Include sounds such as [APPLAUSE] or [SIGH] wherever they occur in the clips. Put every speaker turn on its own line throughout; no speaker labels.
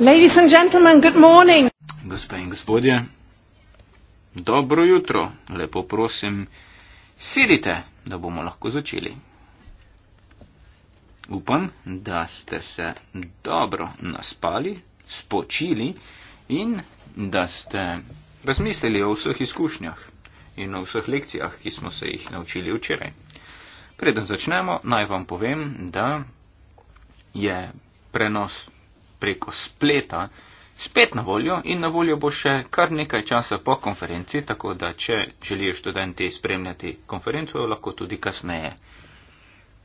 Ladies and gentlemen, good morning.
Gospe in gospodje, dobro jutro, lepo prosim, sedite, da bomo lahko začeli. Upam, da ste se dobro naspali, spočili in da ste razmislili o vseh izkušnjah in o vseh lekcijah, ki smo se jih naučili včeraj. Preden začnemo, naj vam povem, da je prenos preko spleta spet na voljo in na voljo bo še kar nekaj časa po konferenci, tako da če želijo študenti spremljati konferenco, lahko tudi kasneje.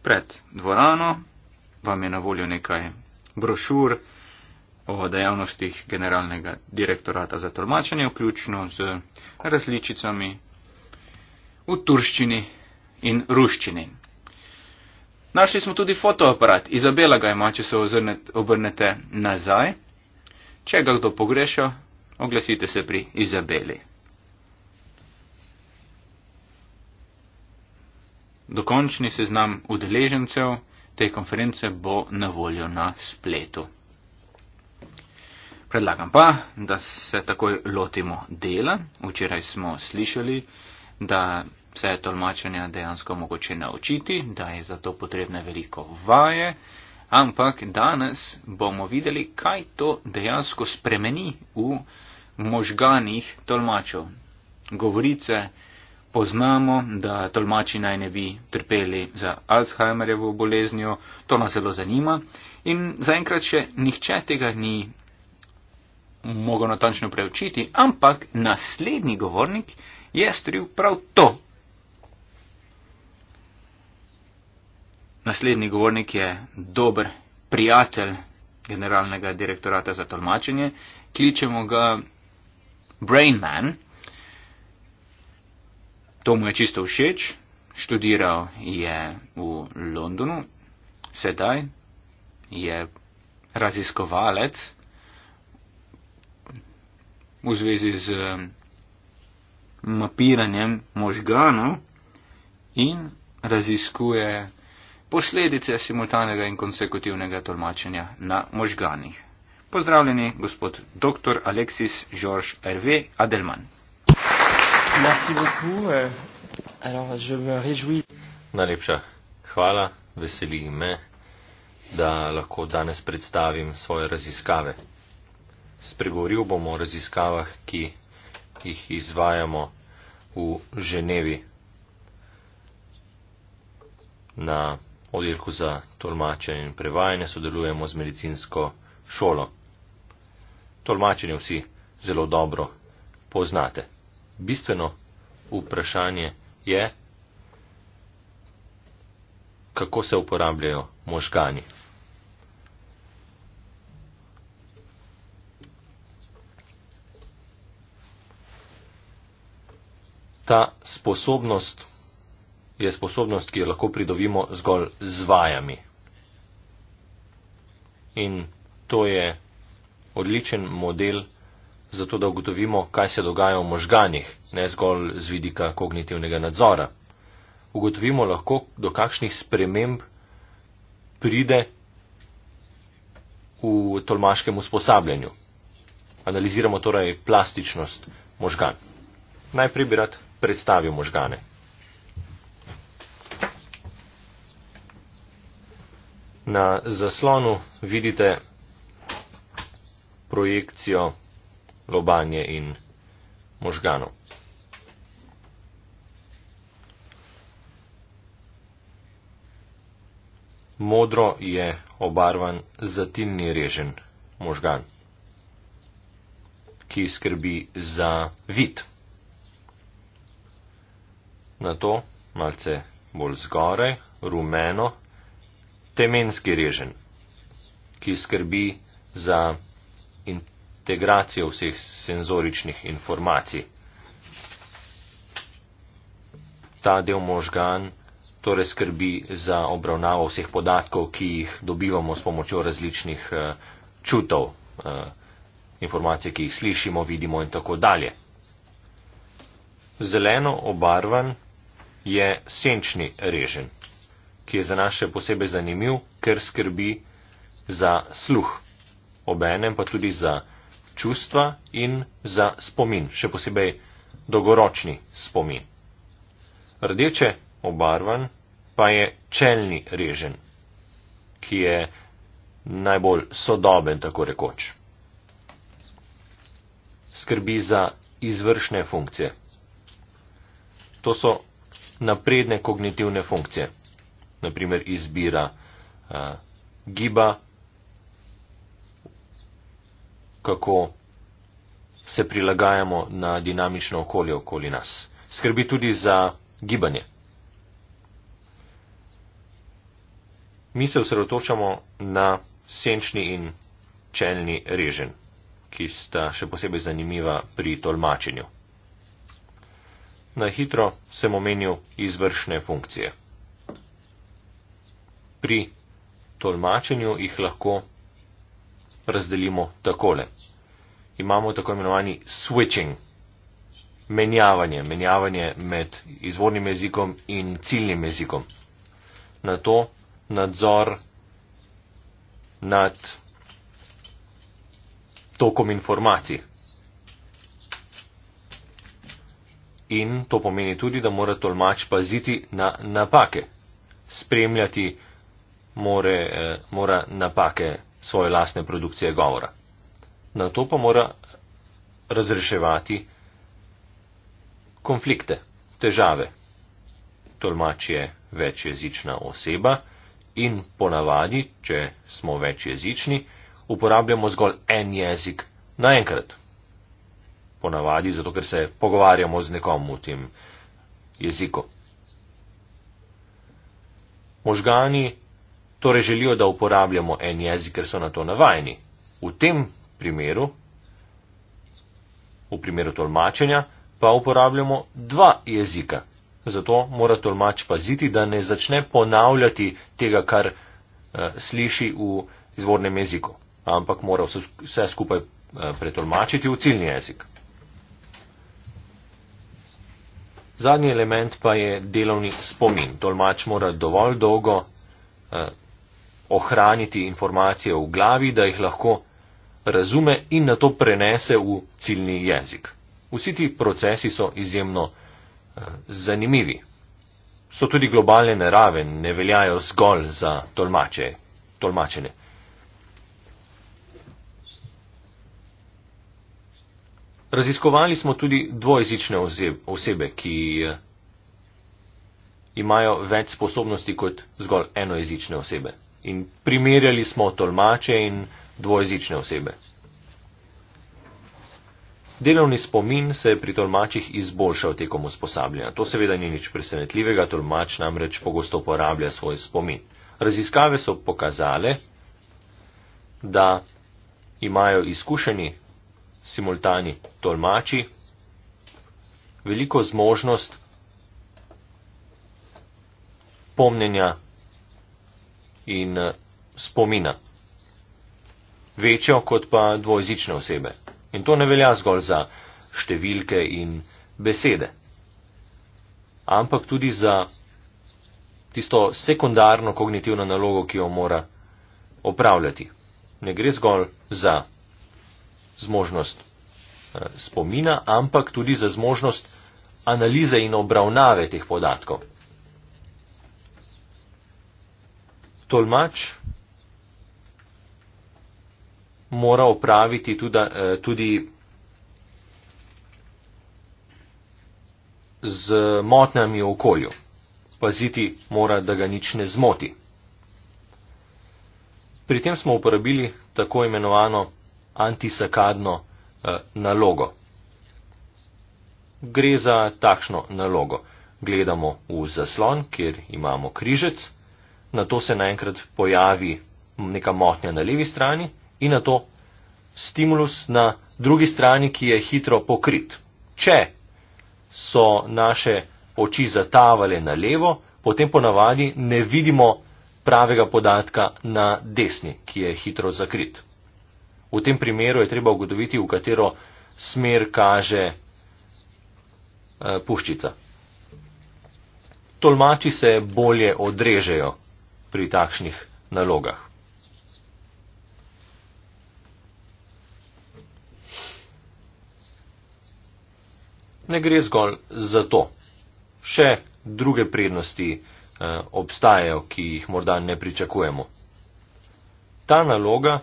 Pred dvorano vam je na voljo nekaj brošur o dejavnostih generalnega direktorata za tolmačenje, vključno z različicami v turščini in ruščini. Našli smo tudi fotoaparat, Izabela ga ima, če se obrnete nazaj. Če ga kdo pogreša, oglasite se pri Izabeli. Dokončni seznam udeležencev te konference bo na voljo na spletu. Predlagam pa, da se takoj lotimo dela. Včeraj smo slišali, da se tolmačenja dejansko mogoče naučiti, da je za to potrebne veliko vaje, ampak danes bomo videli, kaj to dejansko spremeni v možganih tolmačev. Govorice poznamo, da tolmači naj ne bi trpeli za Alzheimerjevo boleznjo, to nas zelo zanima in zaenkrat še nihče tega ni mogo natančno preučiti, ampak naslednji govornik je stril prav to, Naslednji govornik je dober prijatelj generalnega direktorata za tolmačenje. Kličemo ga Brain Man. To mu je čisto všeč. Študiral je v Londonu. Sedaj je raziskovalec v zvezi z um, mapiranjem možganov in raziskuje posledice simultanega in konsekutivnega tolmačenja na možganih. Pozdravljeni gospod dr. Alexis Georges Hervé Adelman.
Eh.
Najlepša hvala, veseli me, da lahko danes predstavim svoje raziskave. Spregovoril bomo o raziskavah, ki jih izvajamo v Ženevi na oddelku za tolmačenje in prevajanje sodelujemo z medicinsko šolo. Tolmačenje vsi zelo dobro poznate. Bistveno vprašanje je, kako se uporabljajo možgani. Ta sposobnost je sposobnost, ki jo lahko pridobimo zgolj z vajami. In to je odličen model za to, da ugotovimo, kaj se dogaja v možganjih, ne zgolj z vidika kognitivnega nadzora. Ugotovimo lahko, do kakšnih sprememb pride v tolmaškem usposabljanju. Analiziramo torej plastičnost možgan. Najprej bi rad predstavil možgane. Na zaslonu vidite projekcijo lobanje in možganov. Modro je obarvan zatilni režen možgan, ki skrbi za vid. Na to malce bolj zgore, rumeno temenski režen, ki skrbi za integracijo vseh senzoričnih informacij. Ta del možgan torej skrbi za obravnavo vseh podatkov, ki jih dobivamo s pomočjo različnih uh, čutov, uh, eh, informacije, ki jih slišimo, vidimo in tako dalje. Zeleno obarvan je senčni režen ki je za nas še posebej zanimiv, ker skrbi za sluh, obenem pa tudi za čustva in za spomin, še posebej dolgoročni spomin. Rdeče obarvan pa je čelni režen, ki je najbolj sodoben, tako rekoč. Skrbi za izvršne funkcije. To so napredne kognitivne funkcije naprimer izbira uh, giba, kako se prilagajamo na dinamično okolje okoli nas. Skrbi tudi za gibanje. Mi se osredotočamo na senčni in čelni režen, ki sta še posebej zanimiva pri tolmačenju. Na hitro sem omenil izvršne funkcije pri tolmačenju jih lahko razdelimo takole. Imamo tako imenovani switching, menjavanje, menjavanje med izvornim jezikom in ciljnim jezikom. Na to nadzor nad tokom informacij. In to pomeni tudi, da mora tolmač paziti na napake, spremljati informacije, more, eh, mora napake svoje lastne produkcije govora. Na to pa mora razreševati konflikte, težave. Tolmač je večjezična oseba in ponavadi, če smo večjezični, uporabljamo zgolj en jezik naenkrat. Ponavadi zato, ker se pogovarjamo z nekom v tem jeziku. Možgani torej želijo, da uporabljamo en jezik, ker so na to navajeni. V tem primeru, v primeru tolmačenja, pa uporabljamo dva jezika. Zato mora tolmač paziti, da ne začne ponavljati tega, kar uh, sliši v izvornem jeziku, ampak mora vse, vse skupaj uh, pretolmačiti v ciljni jezik. Zadnji element pa je delovni spomin. Tolmač mora dovolj dolgo uh, ohraniti informacije v glavi, da jih lahko razume in na to prenese v ciljni jezik. Vsi ti procesi so izjemno eh, zanimivi. So tudi globalne narave, ne veljajo zgolj za tolmače, tolmačene. Raziskovali smo tudi dvojezične osebe, ki eh, imajo več sposobnosti kot zgolj enojezične osebe in primerjali smo tolmače in dvojezične osebe. Delovni spomin se je pri tolmačih izboljšal tekom usposabljanja. To seveda ni nič presenetljivega, tolmač namreč pogosto uporablja svoj spomin. Raziskave so pokazale, da imajo izkušeni simultani tolmači veliko zmožnost pomnenja in eh, spomina. Večjo kot pa dvojezične osebe. In to ne velja zgolj za številke in besede, ampak tudi za tisto sekundarno kognitivno nalogo, ki jo mora opravljati. Ne gre zgolj za zmožnost eh, spomina, ampak tudi za zmožnost analize in obravnave teh podatkov. tolmač mora opraviti tudi, eh, tudi z motnjami v okolju. Paziti mora, da ga nič ne zmoti. Pri tem smo uporabili tako imenovano antisakadno eh, nalogo. Gre za takšno nalogo. Gledamo v zaslon, kjer imamo križec na to se naenkrat pojavi neka motnja na levi strani in na to stimulus na drugi strani, ki je hitro pokrit. Če so naše oči zatavale na levo, potem ponavadi ne vidimo pravega podatka na desni, ki je hitro zakrit. V tem primeru je treba ugotoviti, v katero smer kaže eh, puščica. Tolmači se bolje odrežejo pri takšnih nalogah. Ne gre zgolj za to. Še druge prednosti eh, obstajajo, ki jih morda ne pričakujemo. Ta naloga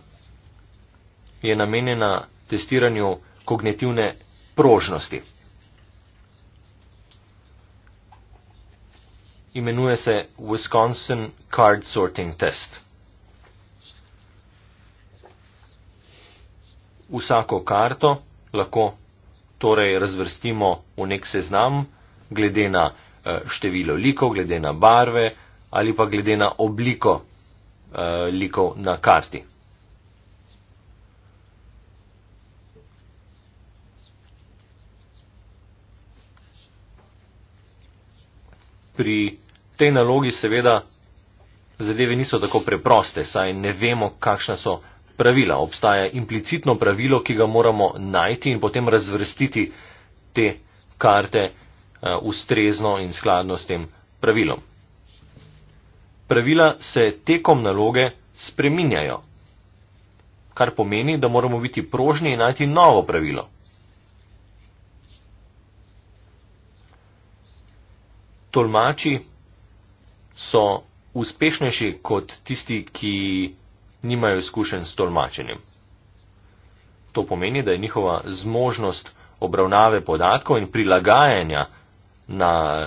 je namenjena testiranju kognitivne prožnosti. imenuje se Wisconsin Card Sorting Test. Vsako karto lahko torej razvrstimo v nek seznam glede na eh, število likov, glede na barve ali pa glede na obliko eh, likov na karti. pri tej nalogi seveda zadeve niso tako preproste, saj ne vemo, kakšna so pravila. Obstaja implicitno pravilo, ki ga moramo najti in potem razvrstiti te karte eh, ustrezno in skladno s tem pravilom. Pravila se tekom naloge spreminjajo, kar pomeni, da moramo biti prožni in najti novo pravilo. tolmači so uspešnejši kot tisti, ki nimajo izkušenj s tolmačenjem. To pomeni, da je njihova zmožnost obravnave podatkov in prilagajanja na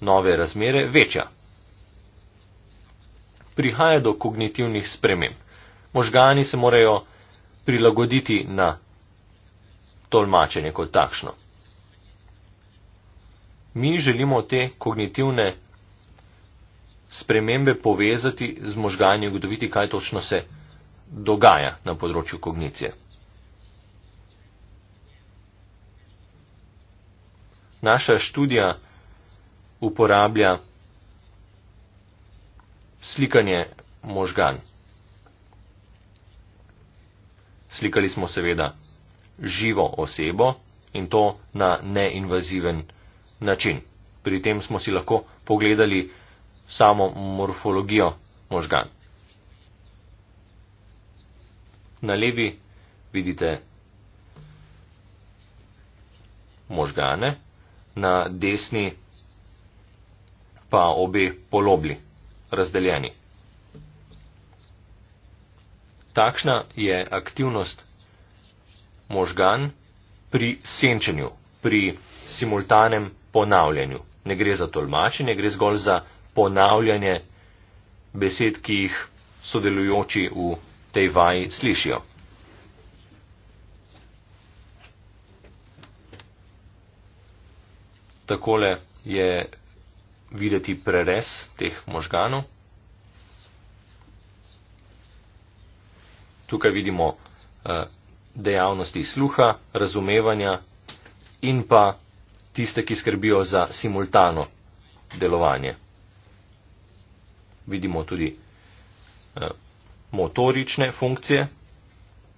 nove razmere večja. Prihaja do kognitivnih sprememb. Možgani se morajo prilagoditi na tolmačenje kot takšno. Mi želimo te kognitivne spremembe povezati z možganji, ugotoviti, kaj točno se dogaja na področju kognicije. Naša študija uporablja slikanje možgan. Slikali smo seveda živo osebo in to na neinvaziven način način. Pri tem smo si lahko pogledali samo morfologijo možgan. Na levi vidite možgane, na desni pa obe polobli, razdeljeni. Takšna je aktivnost možgan pri senčenju, pri simultanem ponavljanju. Ne gre za tolmačenje, gre zgolj za ponavljanje besed, ki jih sodelujoči v tej vaji slišijo. Takole je videti prerez teh možganov. Tukaj vidimo eh, dejavnosti sluha, razumevanja in pa tiste, ki skrbijo za simultano delovanje. Vidimo tudi eh, motorične funkcije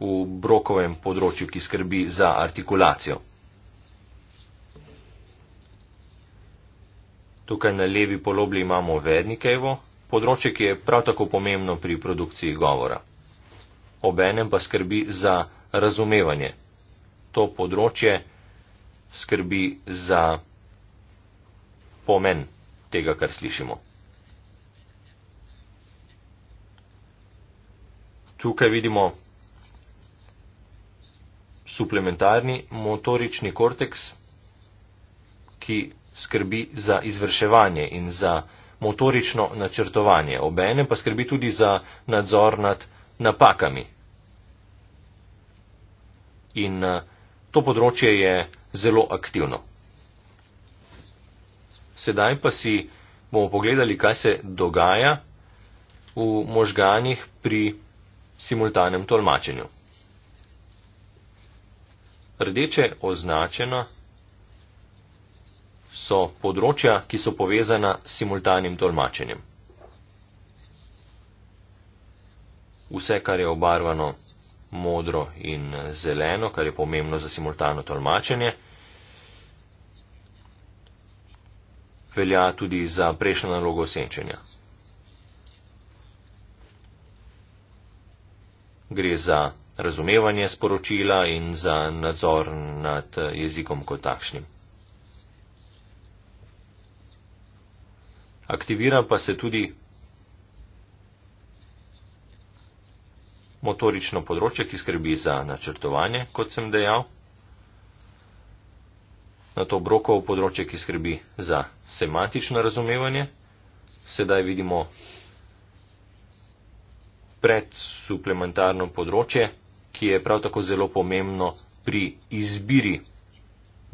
v brokovem področju, ki skrbi za artikulacijo. Tukaj na levi polobli imamo vednikevo področje, ki je prav tako pomembno pri produkciji govora. Obenem pa skrbi za razumevanje. To področje skrbi za pomen tega, kar slišimo. Tukaj vidimo suplementarni motorični korteks, ki skrbi za izvrševanje in za motorično načrtovanje. Obene pa skrbi tudi za nadzor nad napakami. In eh, to področje je zelo aktivno. Sedaj pa si bomo pogledali, kaj se dogaja v možganjih pri simultanem tolmačenju. Rdeče označena so področja, ki so povezana s simultanim tolmačenjem. Vse, kar je obarvano modro in zeleno, kar je pomembno za simultano tolmačenje, velja tudi za prejšnjo nalogo osenčenja. Gre za razumevanje sporočila in za nadzor nad jezikom kot takšnim. Aktivira pa se tudi motorično področje, ki skrbi za načrtovanje, kot sem dejal na to brokovo področje, ki skrbi za semantično razumevanje. Sedaj vidimo predsuplementarno področje, ki je prav tako zelo pomembno pri izbiri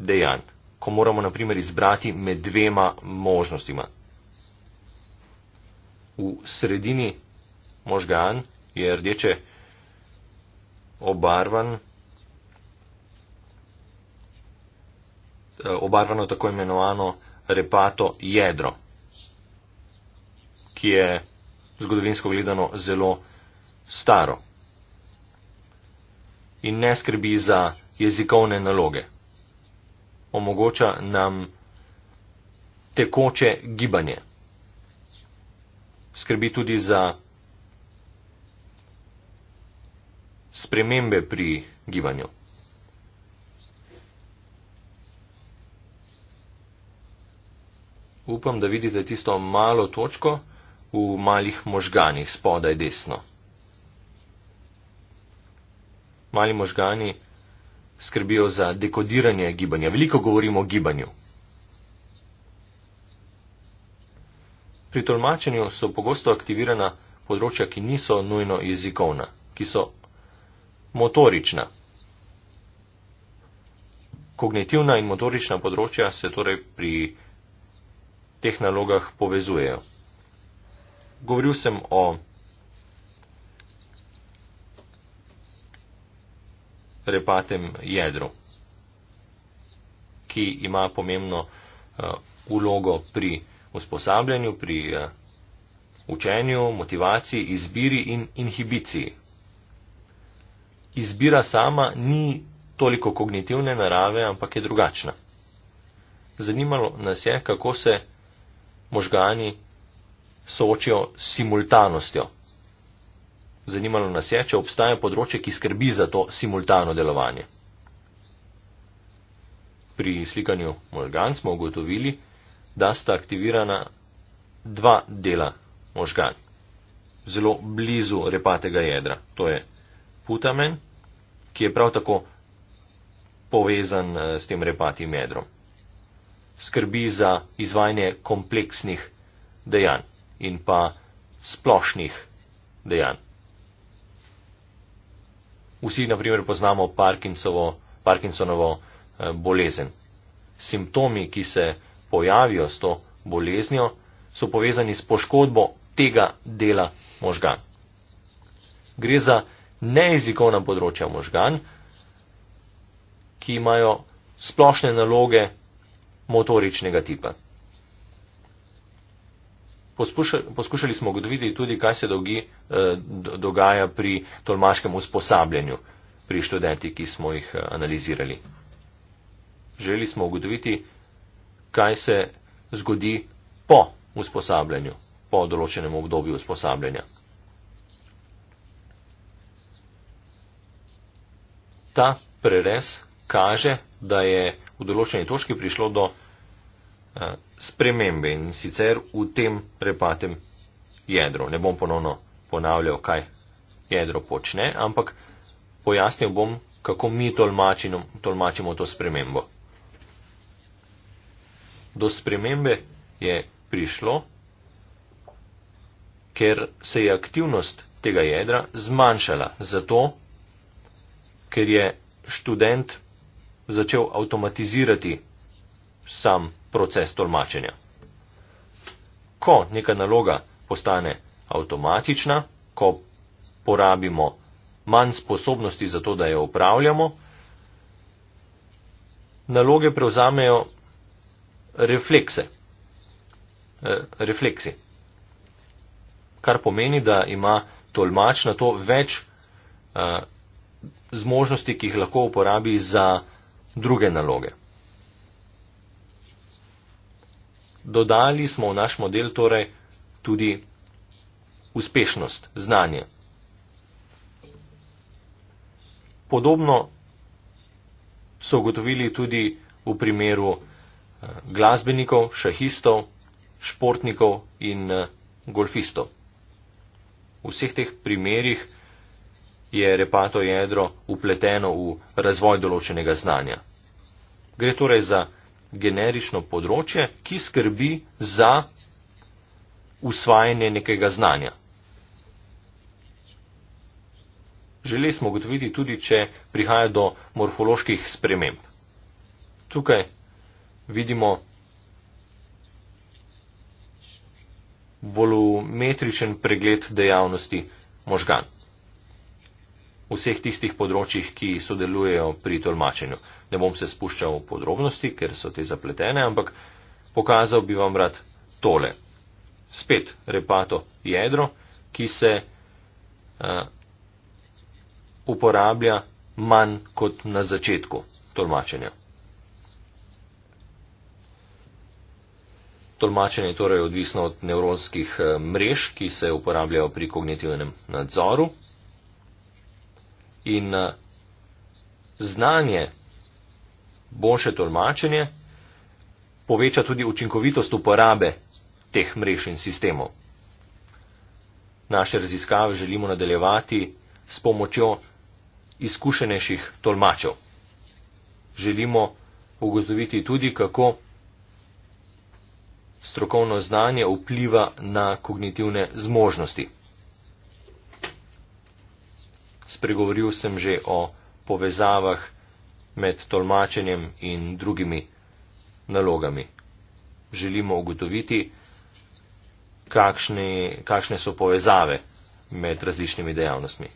dejanj, ko moramo naprimer izbrati med dvema možnostima. V sredini možgan je rdeče obarvan obarvano tako imenovano repato jedro, ki je zgodovinsko gledano zelo staro in ne skrbi za jezikovne naloge. Omogoča nam tekoče gibanje. Skrbi tudi za spremembe pri gibanju. upam, da vidite tisto malo točko v malih možganih, spodaj desno. Mali možgani skrbijo za dekodiranje gibanja. Veliko govorimo o gibanju. Pri tolmačenju so pogosto aktivirana področja, ki niso nujno jezikovna, ki so motorična. Kognitivna in motorična področja se torej pri tolmačenju teh nalogah povezujejo. Govoril sem o repatem jedru, ki ima pomembno uh, eh, ulogo pri usposabljanju, pri uh, učenju, motivaciji, izbiri in inhibiciji. Izbira sama ni toliko kognitivne narave, ampak je drugačna. Zanimalo nas je, kako se možgani soočijo s simultanostjo. Zanimalo nas je, če obstaja področje, ki skrbi za to simultano delovanje. Pri slikanju možgan smo ugotovili, da sta aktivirana dva dela možgan, zelo blizu repatega jedra, to je putamen, ki je prav tako povezan eh, s tem repatim jedrom skrbi za izvajanje kompleksnih dejanj in pa splošnih dejanj. Vsi, na primer, poznamo Parkinsonovo eh, bolezen. Simptomi, ki se pojavijo s to boleznjo, so povezani s poškodbo tega dela možgan. Gre za nejezikovna področja možgan, ki imajo splošne naloge motoričnega tipa. Poskuša, poskušali smo ugotoviti tudi, kaj se dolgi, eh, dogaja pri tolmaškem usposabljanju pri študentih, ki smo jih eh, analizirali. Želeli smo ugotoviti, kaj se zgodi po usposabljanju, po določenem obdobju usposabljanja. Ta preres kaže, da je v določeni točki prišlo do eh, spremembe in sicer v tem prepatem jedru. Ne bom ponovno ponavljal, kaj jedro počne, ampak pojasnil bom, kako mi tolmačimo, tolmačimo to spremembo. Do spremembe je prišlo, ker se je aktivnost tega jedra zmanjšala, zato ker je študent začel avtomatizirati sam proces tolmačenja. Ko neka naloga postane avtomatična, ko porabimo manj sposobnosti za to, da jo upravljamo, naloge prevzamejo reflekse, e, refleksi, kar pomeni, da ima tolmač na to več e, zmožnosti, ki jih lahko uporabi za druge naloge. Dodali smo v naš model torej tudi uspešnost, znanje. Podobno so ugotovili tudi v primeru eh, glasbenikov, šahistov, športnikov in eh, golfistov. V vseh teh primerjih je repato jedro upleteno v razvoj določenega znanja. Gre torej za generično področje, ki skrbi za usvajanje nekega znanja. Želeli smo ugotoviti tudi, če prihaja do morfoloških sprememb. Tukaj vidimo volumetričen pregled dejavnosti možganov vseh tistih področjih, ki sodelujejo pri tolmačenju. Ne bom se spuščal v podrobnosti, ker so te zapletene, ampak pokazal bi vam rad tole. Spet repato jedro, ki se uh, uporablja manj kot na začetku tolmačenja. Tolmačenje je torej odvisno od nevronskih eh, mrež, ki se uporabljajo pri kognitivnem nadzoru, in eh, znanje, boljše tolmačenje, poveča tudi učinkovitost uporabe teh mrež in sistemov. Naše raziskave želimo nadaljevati s pomočjo izkušenejših tolmačev. Želimo ugotoviti tudi, kako strokovno znanje vpliva na kognitivne zmožnosti spregovoril sem že o povezavah med tolmačenjem in drugimi nalogami. Želimo ugotoviti, kakšne, kakšne so povezave med različnimi dejavnostmi.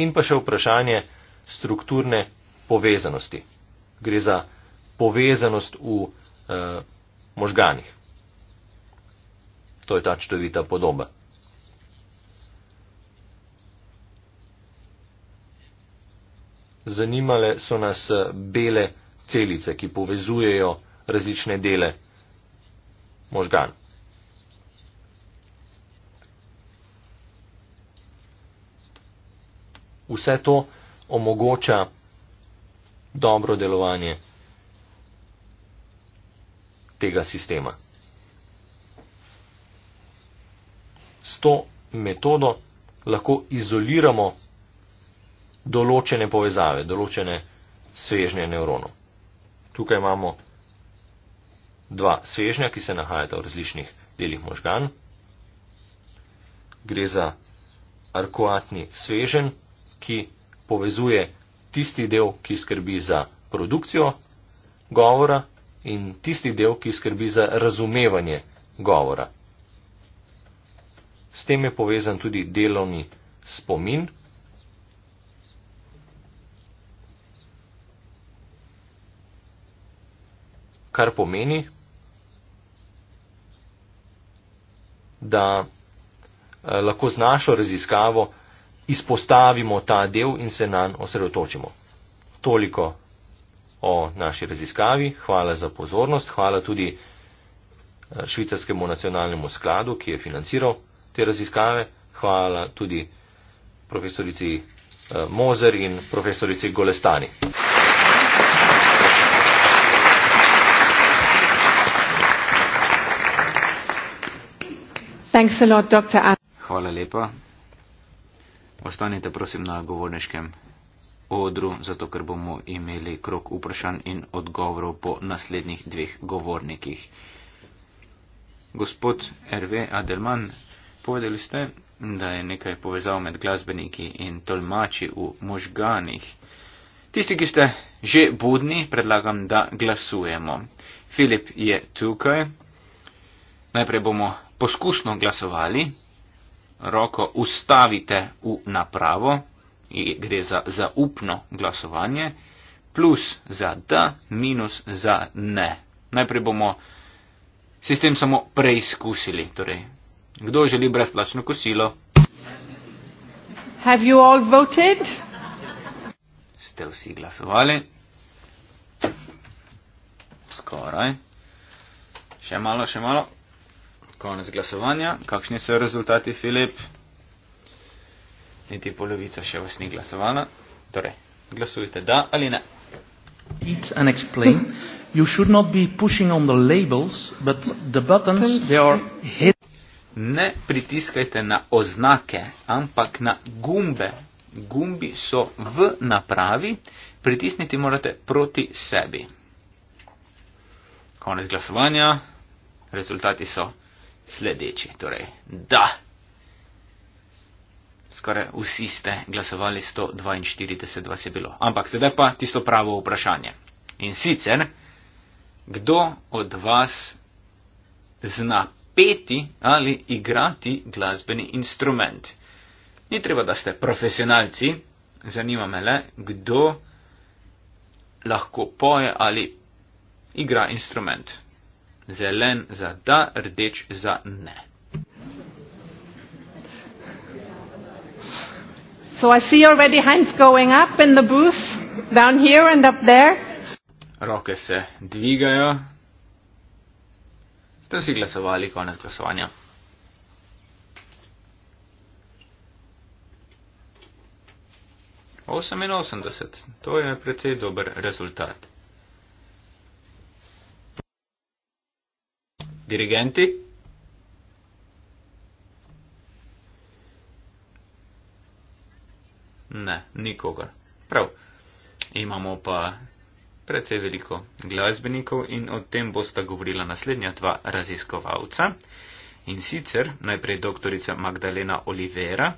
In pa še vprašanje strukturne povezanosti. Gre za povezanost v eh, možganih. To je ta čudovita podoba. zanimale so nas eh, bele celice, ki povezujejo različne dele možgan. Vse to omogoča dobro delovanje tega sistema. S to metodo lahko izoliramo določene povezave, določene svežnje nevrono. Tukaj imamo dva svežnja, ki se nahajata v različnih delih možgan. Gre za arkoatni svežen, ki povezuje tisti del, ki skrbi za produkcijo govora in tisti del, ki skrbi za razumevanje govora. S tem je povezan tudi delovni spomin, kar pomeni, da eh, lahko z našo raziskavo izpostavimo ta del in se nanj osredotočimo. Toliko o naši raziskavi. Hvala za pozornost. Hvala tudi eh, Švicarskemu nacionalnemu skladu, ki je financiral te raziskave. Hvala tudi profesorici eh, Mozer in profesorici Golestani.
Hvala lepa. Ostanite prosim na govorniškem odru, zato ker bomo imeli krok vprašanj in odgovorov po naslednjih dveh govornikih. Gospod R.V. Adelman, povedali ste, da je nekaj povezal med glasbeniki in tolmači v možganih. Tisti, ki ste že budni, predlagam, da glasujemo. Filip je tukaj. Najprej bomo poskusno glasovali, roko ustavite v napravo, gre za zaupno glasovanje, plus za da, minus za ne. Najprej bomo sistem samo preizkusili. Torej, kdo želi brezplačno kosilo? Ste vsi glasovali? Skoraj. Še malo, še malo konec glasovanja. Kakšni so rezultati, Filip? Niti polovica še vas ni glasovala. Torej, glasujte da ali ne. It's an explain. You should not be pushing on the labels, but the buttons, they are hidden. Ne pritiskajte na oznake, ampak na gumbe. Gumbi so v napravi, pritisniti morate proti sebi. Konec glasovanja, rezultati so sledeči. Torej, da. Skoraj vsi ste glasovali, 142 vas je bilo. Ampak sedaj pa tisto pravo vprašanje. In sicer, kdo od vas zna peti ali igrati glasbeni instrument? Ni treba, da ste profesionalci, zanima me le, kdo lahko poje ali igra instrument zelen za da, rdeč za ne.
So I see already hands going up in the booth, down here and up there.
Roke se dvigajo. Ste vsi glasovali, konec glasovanja. Osem in osemdeset, to je precej dober rezultat. dirigenti. Ne, nikogar. Prav, imamo pa precej veliko glasbenikov in o tem bosta govorila naslednja dva raziskovalca. In sicer najprej doktorica Magdalena Olivera,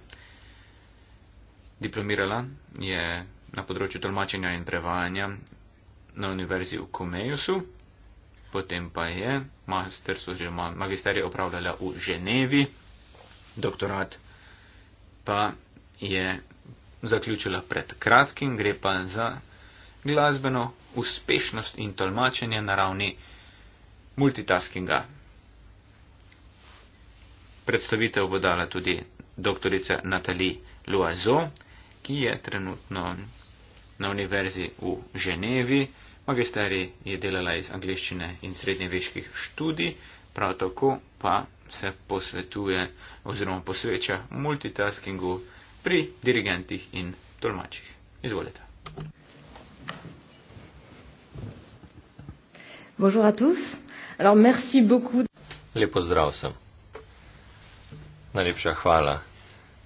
diplomirala je na področju tolmačenja in prevajanja na univerzi v Komejusu potem pa je magisterij opravljala v Ženevi, doktorat pa je zaključila pred kratkim, gre pa za glasbeno uspešnost in tolmačenje na ravni multitaskinga. Predstavitev bo dala tudi doktorica Natalie Loazo, ki je trenutno na univerzi v Ženevi. Magisterij je delala iz angliščine in srednjeveških študij, prav tako pa se posvetuje oziroma posveča multitaskingu pri dirigentih in tolmačih.
Izvolite.
Bonjour à tous. Alors, merci beaucoup.
Lepo zdrav sem. Najlepša hvala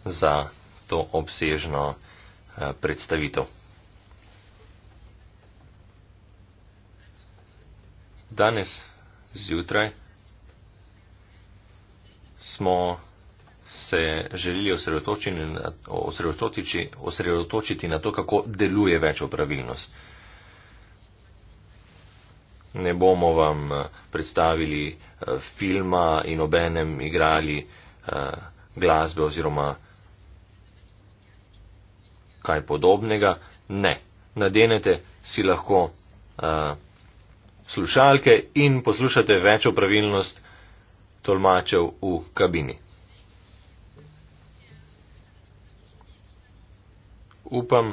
za to obsežno eh, predstavitev. Danes zjutraj smo se želeli osredotočiti, osredotočiti na to, kako deluje več opravilnost. Ne bomo vam eh, predstavili eh, filma in obenem igrali eh, glasbe oziroma kaj podobnega. Ne, nadenete si lahko slušalke in poslušate večjo pravilnost tolmačev v kabini. Upam,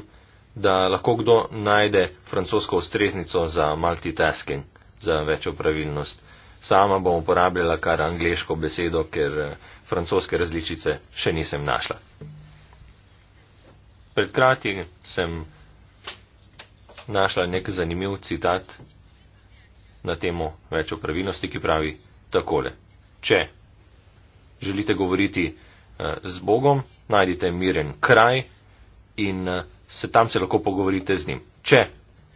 da lahko kdo najde francosko ustreznico za multitasking, za večjo pravilnost. Sama bom uporabljala kar angliško besedo, ker eh, francoske različice še nisem našla. Pred kratkim sem našla nek zanimiv citat na temo več o pravilnosti, ki pravi takole. Če želite govoriti eh, z Bogom, najdite miren kraj in eh, se tam se lahko pogovorite z njim. Če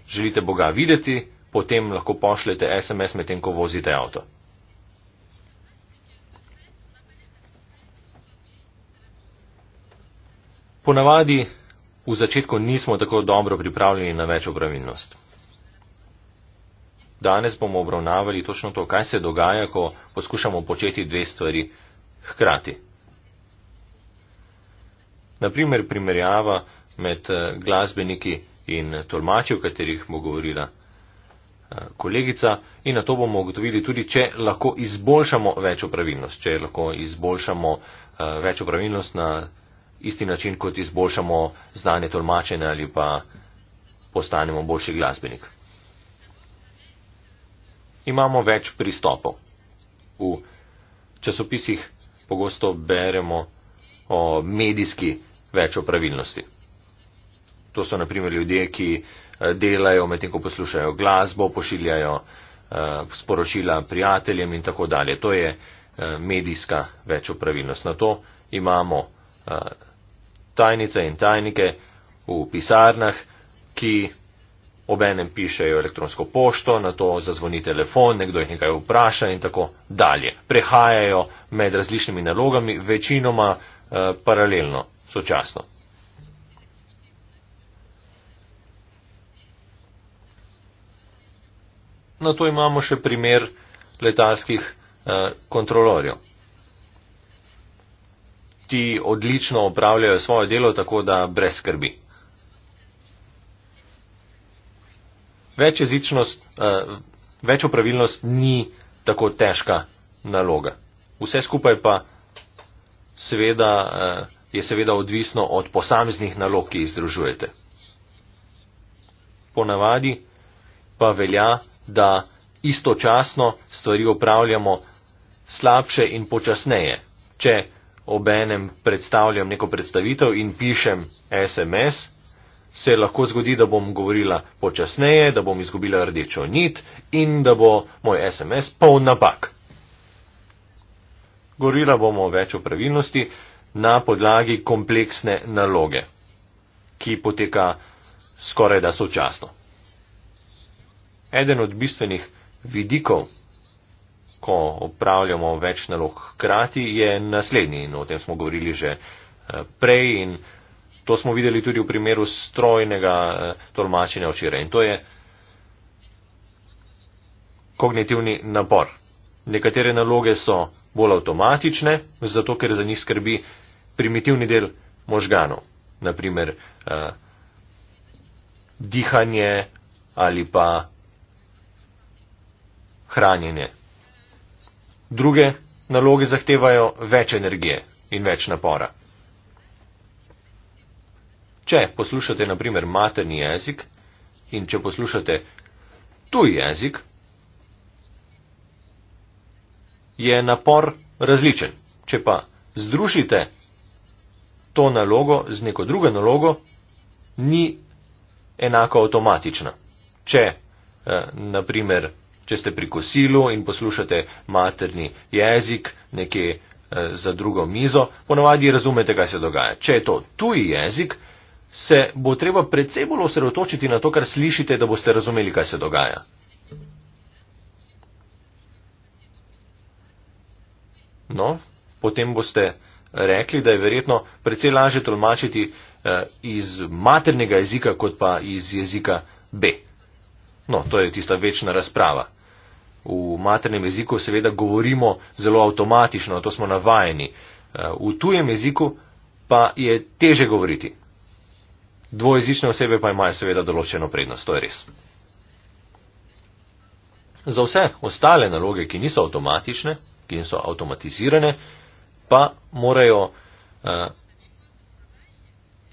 želite Boga videti, potem lahko pošljete SMS medtem, ko vozite avto. Ponavadi v začetku nismo tako dobro pripravljeni na večjo pravilnost. Danes bomo obravnavali točno to, kaj se dogaja, ko poskušamo početi dve stvari hkrati. Naprimer, primerjava med eh, glasbeniki in tolmači, o katerih bo govorila eh, kolegica, in na to bomo ugotovili tudi, če lahko izboljšamo večjo pravilnost, če lahko izboljšamo eh, večjo pravilnost na isti način, kot izboljšamo znanje tolmačenja ali pa postanemo boljši glasbenik imamo več pristopov. V časopisih pogosto beremo o medijski več o pravilnosti. To so naprimer ljudje, ki eh, delajo medtem, ko poslušajo glasbo, pošiljajo uh, sporočila prijateljem in tako dalje. To je uh, medijska več o pravilnost. Na to imamo uh, tajnice in tajnike v pisarnah, ki obenem pišejo elektronsko pošto, na to zazvoni telefon, nekdo jih nekaj vpraša in tako dalje. Prehajajo med različnimi nalogami, večinoma eh, paralelno, sočasno. Na to imamo še primer letalskih eh, kontrolorjev. Ti odlično opravljajo svoje delo, tako da brez skrbi. večjezičnost, eh, večopravilnost ni tako težka naloga. Vse skupaj pa seveda, eh, je seveda odvisno od posameznih nalog, ki jih združujete. Ponavadi pa velja, da istočasno stvari upravljamo slabše in počasneje. Če ob enem predstavljam neko predstavitev in pišem SMS, se lahko zgodi, da bom govorila počasneje, da bom izgubila rdečo nit in da bo moj SMS poln napak. Govorila bomo več o pravilnosti na podlagi kompleksne naloge, ki poteka skoraj da sočasno. Eden od bistvenih vidikov, ko opravljamo več nalog krati, je naslednji in o tem smo govorili že eh, prej in prej. To smo videli tudi v primeru strojnega eh, tolmačenja včeraj in to je kognitivni napor. Nekatere naloge so bolj avtomatične, zato ker za njih skrbi primitivni del možganov, naprimer eh, dihanje ali pa hranjenje. Druge naloge zahtevajo več energije in več napora. Če poslušate naprimer materni jezik in če poslušate tuj jezik, je napor različen. Če pa združite to nalogo z neko drugo nalogo, ni enako avtomatična. Če, eh, naprimer, če ste pri kosilu in poslušate materni jezik nekje eh, za drugo mizo, ponavadi razumete, kaj se dogaja. Če je to tuji jezik, se bo treba predvsej bolj osredotočiti na to, kar slišite, da boste razumeli, kaj se dogaja. No, potem boste rekli, da je verjetno predvsej lažje tolmačiti eh, iz maternega jezika, kot pa iz jezika B. No, to je tista večna razprava. V maternem jeziku seveda govorimo zelo avtomatično, to smo navajeni. Eh, v tujem jeziku pa je teže govoriti. Dvojezične osebe pa imajo seveda določeno prednost, to je res. Za vse ostale naloge, ki niso avtomatične, ki niso avtomatizirane, pa morajo uh,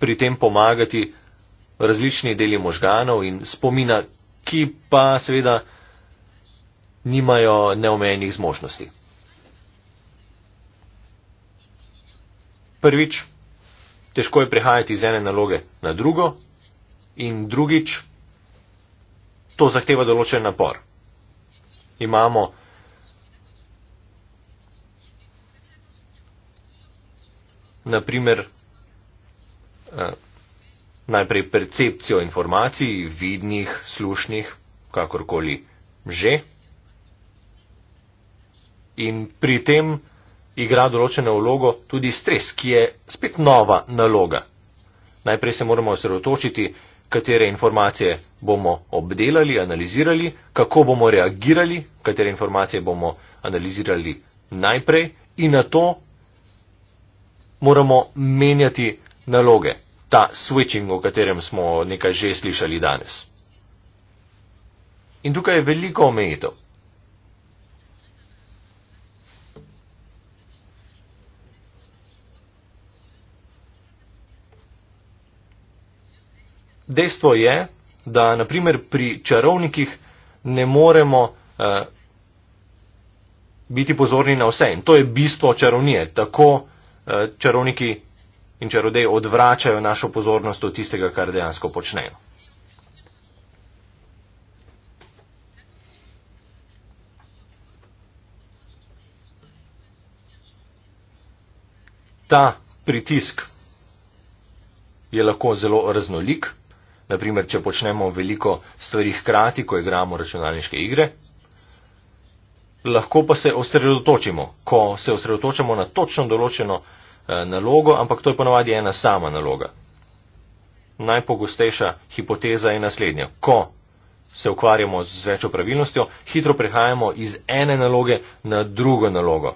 pri tem pomagati različni deli možganov in spomina, ki pa seveda nimajo neomejenih zmožnosti. Prvič, težko je prehajati iz ene naloge na drugo in drugič, to zahteva določen napor. Imamo naprimer eh, najprej percepcijo informacij, vidnih, slušnih, kakorkoli že. In pri tem igra določeno vlogo tudi stres, ki je spet nova naloga. Najprej se moramo osredotočiti, katere informacije bomo obdelali, analizirali, kako bomo reagirali, katere informacije bomo analizirali najprej in na to moramo menjati naloge. Ta switching, o katerem smo nekaj že slišali danes. In tukaj je veliko omejitev. Dejstvo je, da naprimer pri čarovnikih ne moremo eh, biti pozorni na vse. In to je bistvo čarovnije. Tako eh, čarovniki in čarodeji odvračajo našo pozornost od tistega, kar dejansko počnejo. Ta pritisk je lahko zelo raznolik naprimer, če počnemo veliko stvari hkrati, ko igramo računalniške igre, lahko pa se osredotočimo, ko se osredotočamo na točno določeno eh, nalogo, ampak to je ponavadi ena sama naloga. Najpogostejša hipoteza je naslednja. Ko se ukvarjamo z večjo pravilnostjo, hitro prehajamo iz ene naloge na drugo nalogo.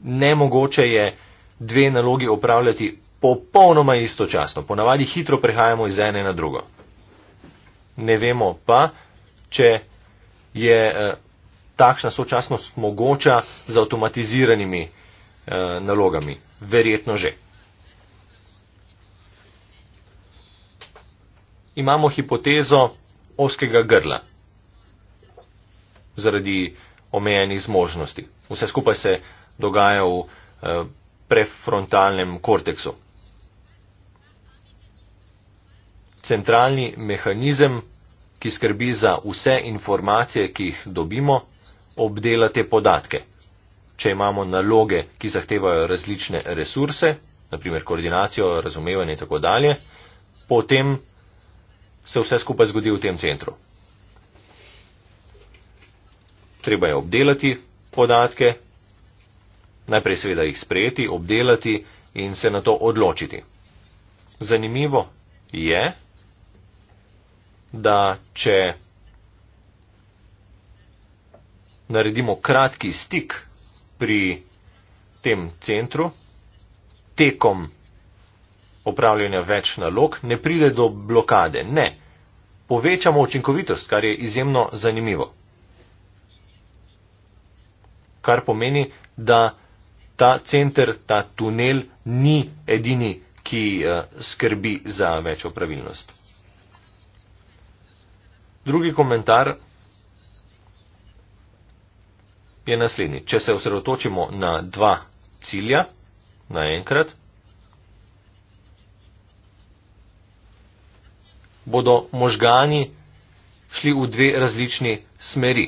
Nemogoče je dve nalogi opravljati popolnoma istočasno, ponavadi hitro prehajamo iz ene na drugo. Ne vemo pa, če je eh, takšna sočasnost mogoča z avtomatiziranimi eh, nalogami. Verjetno že. Imamo hipotezo oskega grla zaradi omejenih zmožnosti. Vse skupaj se dogaja v eh, prefrontalnem korteksu. centralni mehanizem, ki skrbi za vse informacije, ki jih dobimo, obdela te podatke. Če imamo naloge, ki zahtevajo različne resurse, naprimer koordinacijo, razumevanje in tako dalje, potem se vse skupaj zgodi v tem centru. Treba je obdelati podatke, najprej seveda jih sprejeti, obdelati in se na to odločiti. Zanimivo je, da če naredimo kratki stik pri tem centru, tekom opravljanja več nalog, ne pride do blokade. Ne, povečamo učinkovitost, kar je izjemno zanimivo. Kar pomeni, da ta center, ta tunel ni edini, ki eh, skrbi za večjo pravilnost. Drugi komentar je naslednji. Če se osredotočimo na dva cilja naenkrat, bodo možgani šli v dve različni smeri.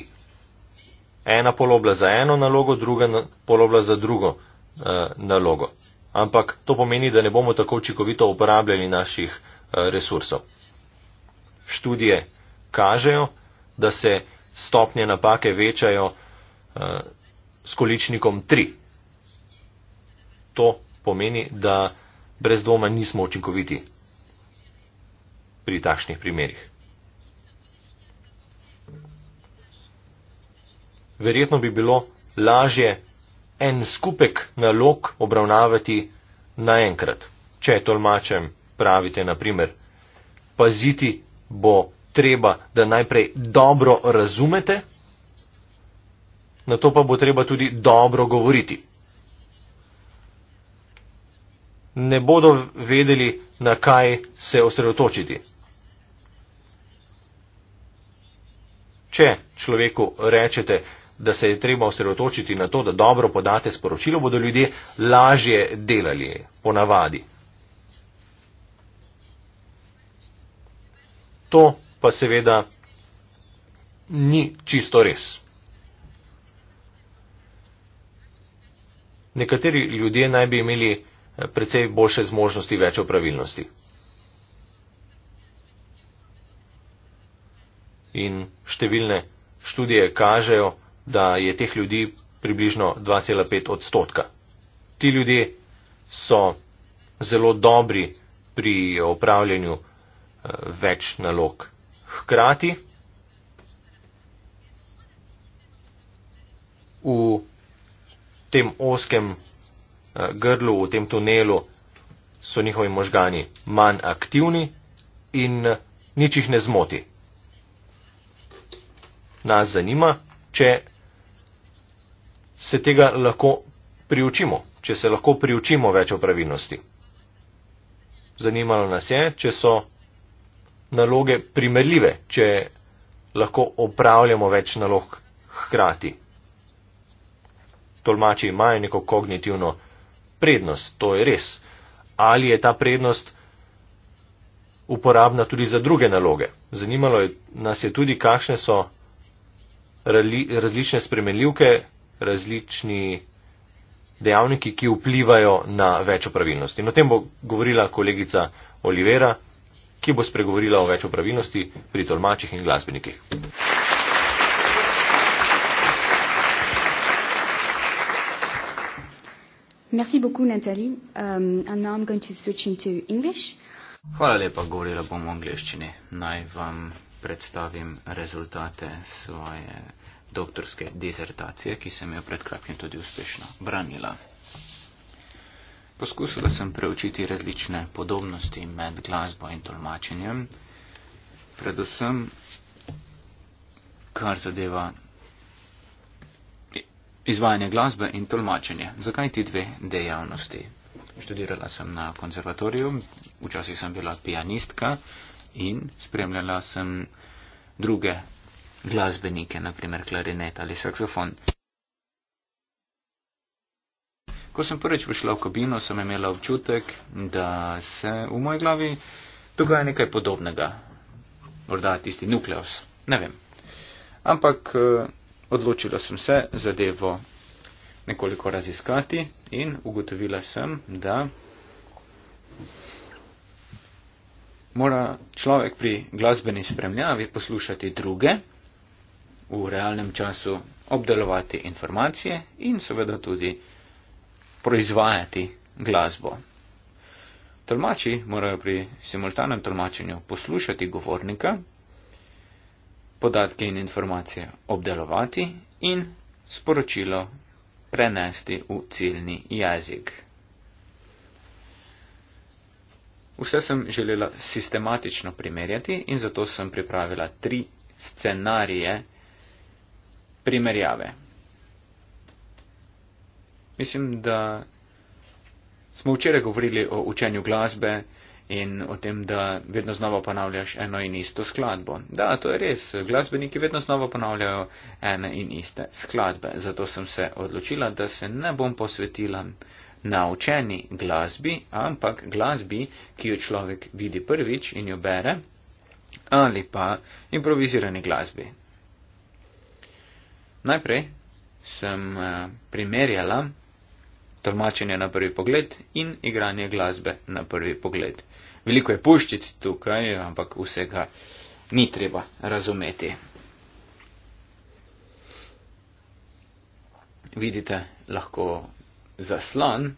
Ena polobla za eno nalogo, druga polobla za drugo eh, nalogo. Ampak to pomeni, da ne bomo tako učinkovito uporabljali naših eh, resursov. Študije kažejo, da se stopnje napake večajo eh, s količnikom 3. To pomeni, da brez dvoma nismo učinkoviti pri takšnih primerjih. Verjetno bi bilo lažje en skupek nalog obravnavati naenkrat. Če tolmačem, pravite naprimer, paziti bo treba, da najprej dobro razumete, na to pa bo treba tudi dobro govoriti. Ne bodo vedeli, na kaj se osredotočiti. Če človeku rečete, da se je treba osredotočiti na to, da dobro podate sporočilo, bodo ljudje lažje delali, ponavadi. To pa seveda ni čisto res. Nekateri ljudje naj bi imeli eh, precej boljše zmožnosti, več opravilnosti. In številne študije kažejo, da je teh ljudi približno 2,5 odstotka. Ti ljudje so zelo dobri pri opravljanju eh, več nalog hkrati v tem oskem eh, grlu, v tem tunelu so njihovi možgani manj aktivni in eh, nič jih ne zmoti. Nas zanima, če se tega lahko priučimo, če se lahko priučimo več o pravilnosti. Zanimalo nas je, če so naloge primerljive, če lahko opravljamo več nalog hkrati. Tolmači imajo neko kognitivno prednost, to je res. Ali je ta prednost uporabna tudi za druge naloge? Zanimalo je, nas je tudi, kakšne so različne spremenljivke, različni dejavniki, ki vplivajo na večjo pravilnost. In o tem bo govorila kolegica Olivera ki bo spregovorila o več opravilnosti pri tolmačih in glasbenikih.
Um,
Hvala lepa, govorila bom o angliščini. Naj vam predstavim rezultate svoje doktorske dizertacije, ki sem jo pred kratkim tudi uspešno branila. Poskusila sem preučiti različne podobnosti med glasbo in tolmačenjem, predvsem kar zadeva izvajanje glasbe in tolmačenje. Zakaj ti dve dejavnosti? Študirala sem na konservatoriju, včasih sem bila pianistka in spremljala sem druge glasbenike, naprimer klarinet ali saksofon. Ko sem prvič prišla v kabino, sem imela občutek, da se v moji glavi dogaja nekaj podobnega. Morda tisti nukleus, ne vem. Ampak eh, odločila sem se zadevo nekoliko raziskati in ugotovila sem, da mora človek pri glasbeni spremljavi poslušati druge, v realnem času obdelovati informacije in seveda tudi proizvajati glasbo. Tolmači morajo pri simultanem tolmačenju poslušati govornika, podatke in informacije obdelovati in sporočilo prenesti v ciljni jezik. Vse sem želela sistematično primerjati in zato sem pripravila tri scenarije primerjave. Mislim, da smo včeraj govorili o učenju glasbe in o tem, da vedno znova ponavljaš eno in isto skladbo. Da, to je res. Glasbeniki vedno znova ponavljajo ene in iste skladbe. Zato sem se odločila, da se ne bom posvetila naučeni glasbi, ampak glasbi, ki jo človek vidi prvič in jo bere, ali pa improvizirani glasbi. Najprej sem eh, primerjala tolmačenje na prvi pogled in igranje glasbe na prvi pogled. Veliko je puščic tukaj, ampak vsega ni treba razumeti. Vidite lahko zaslon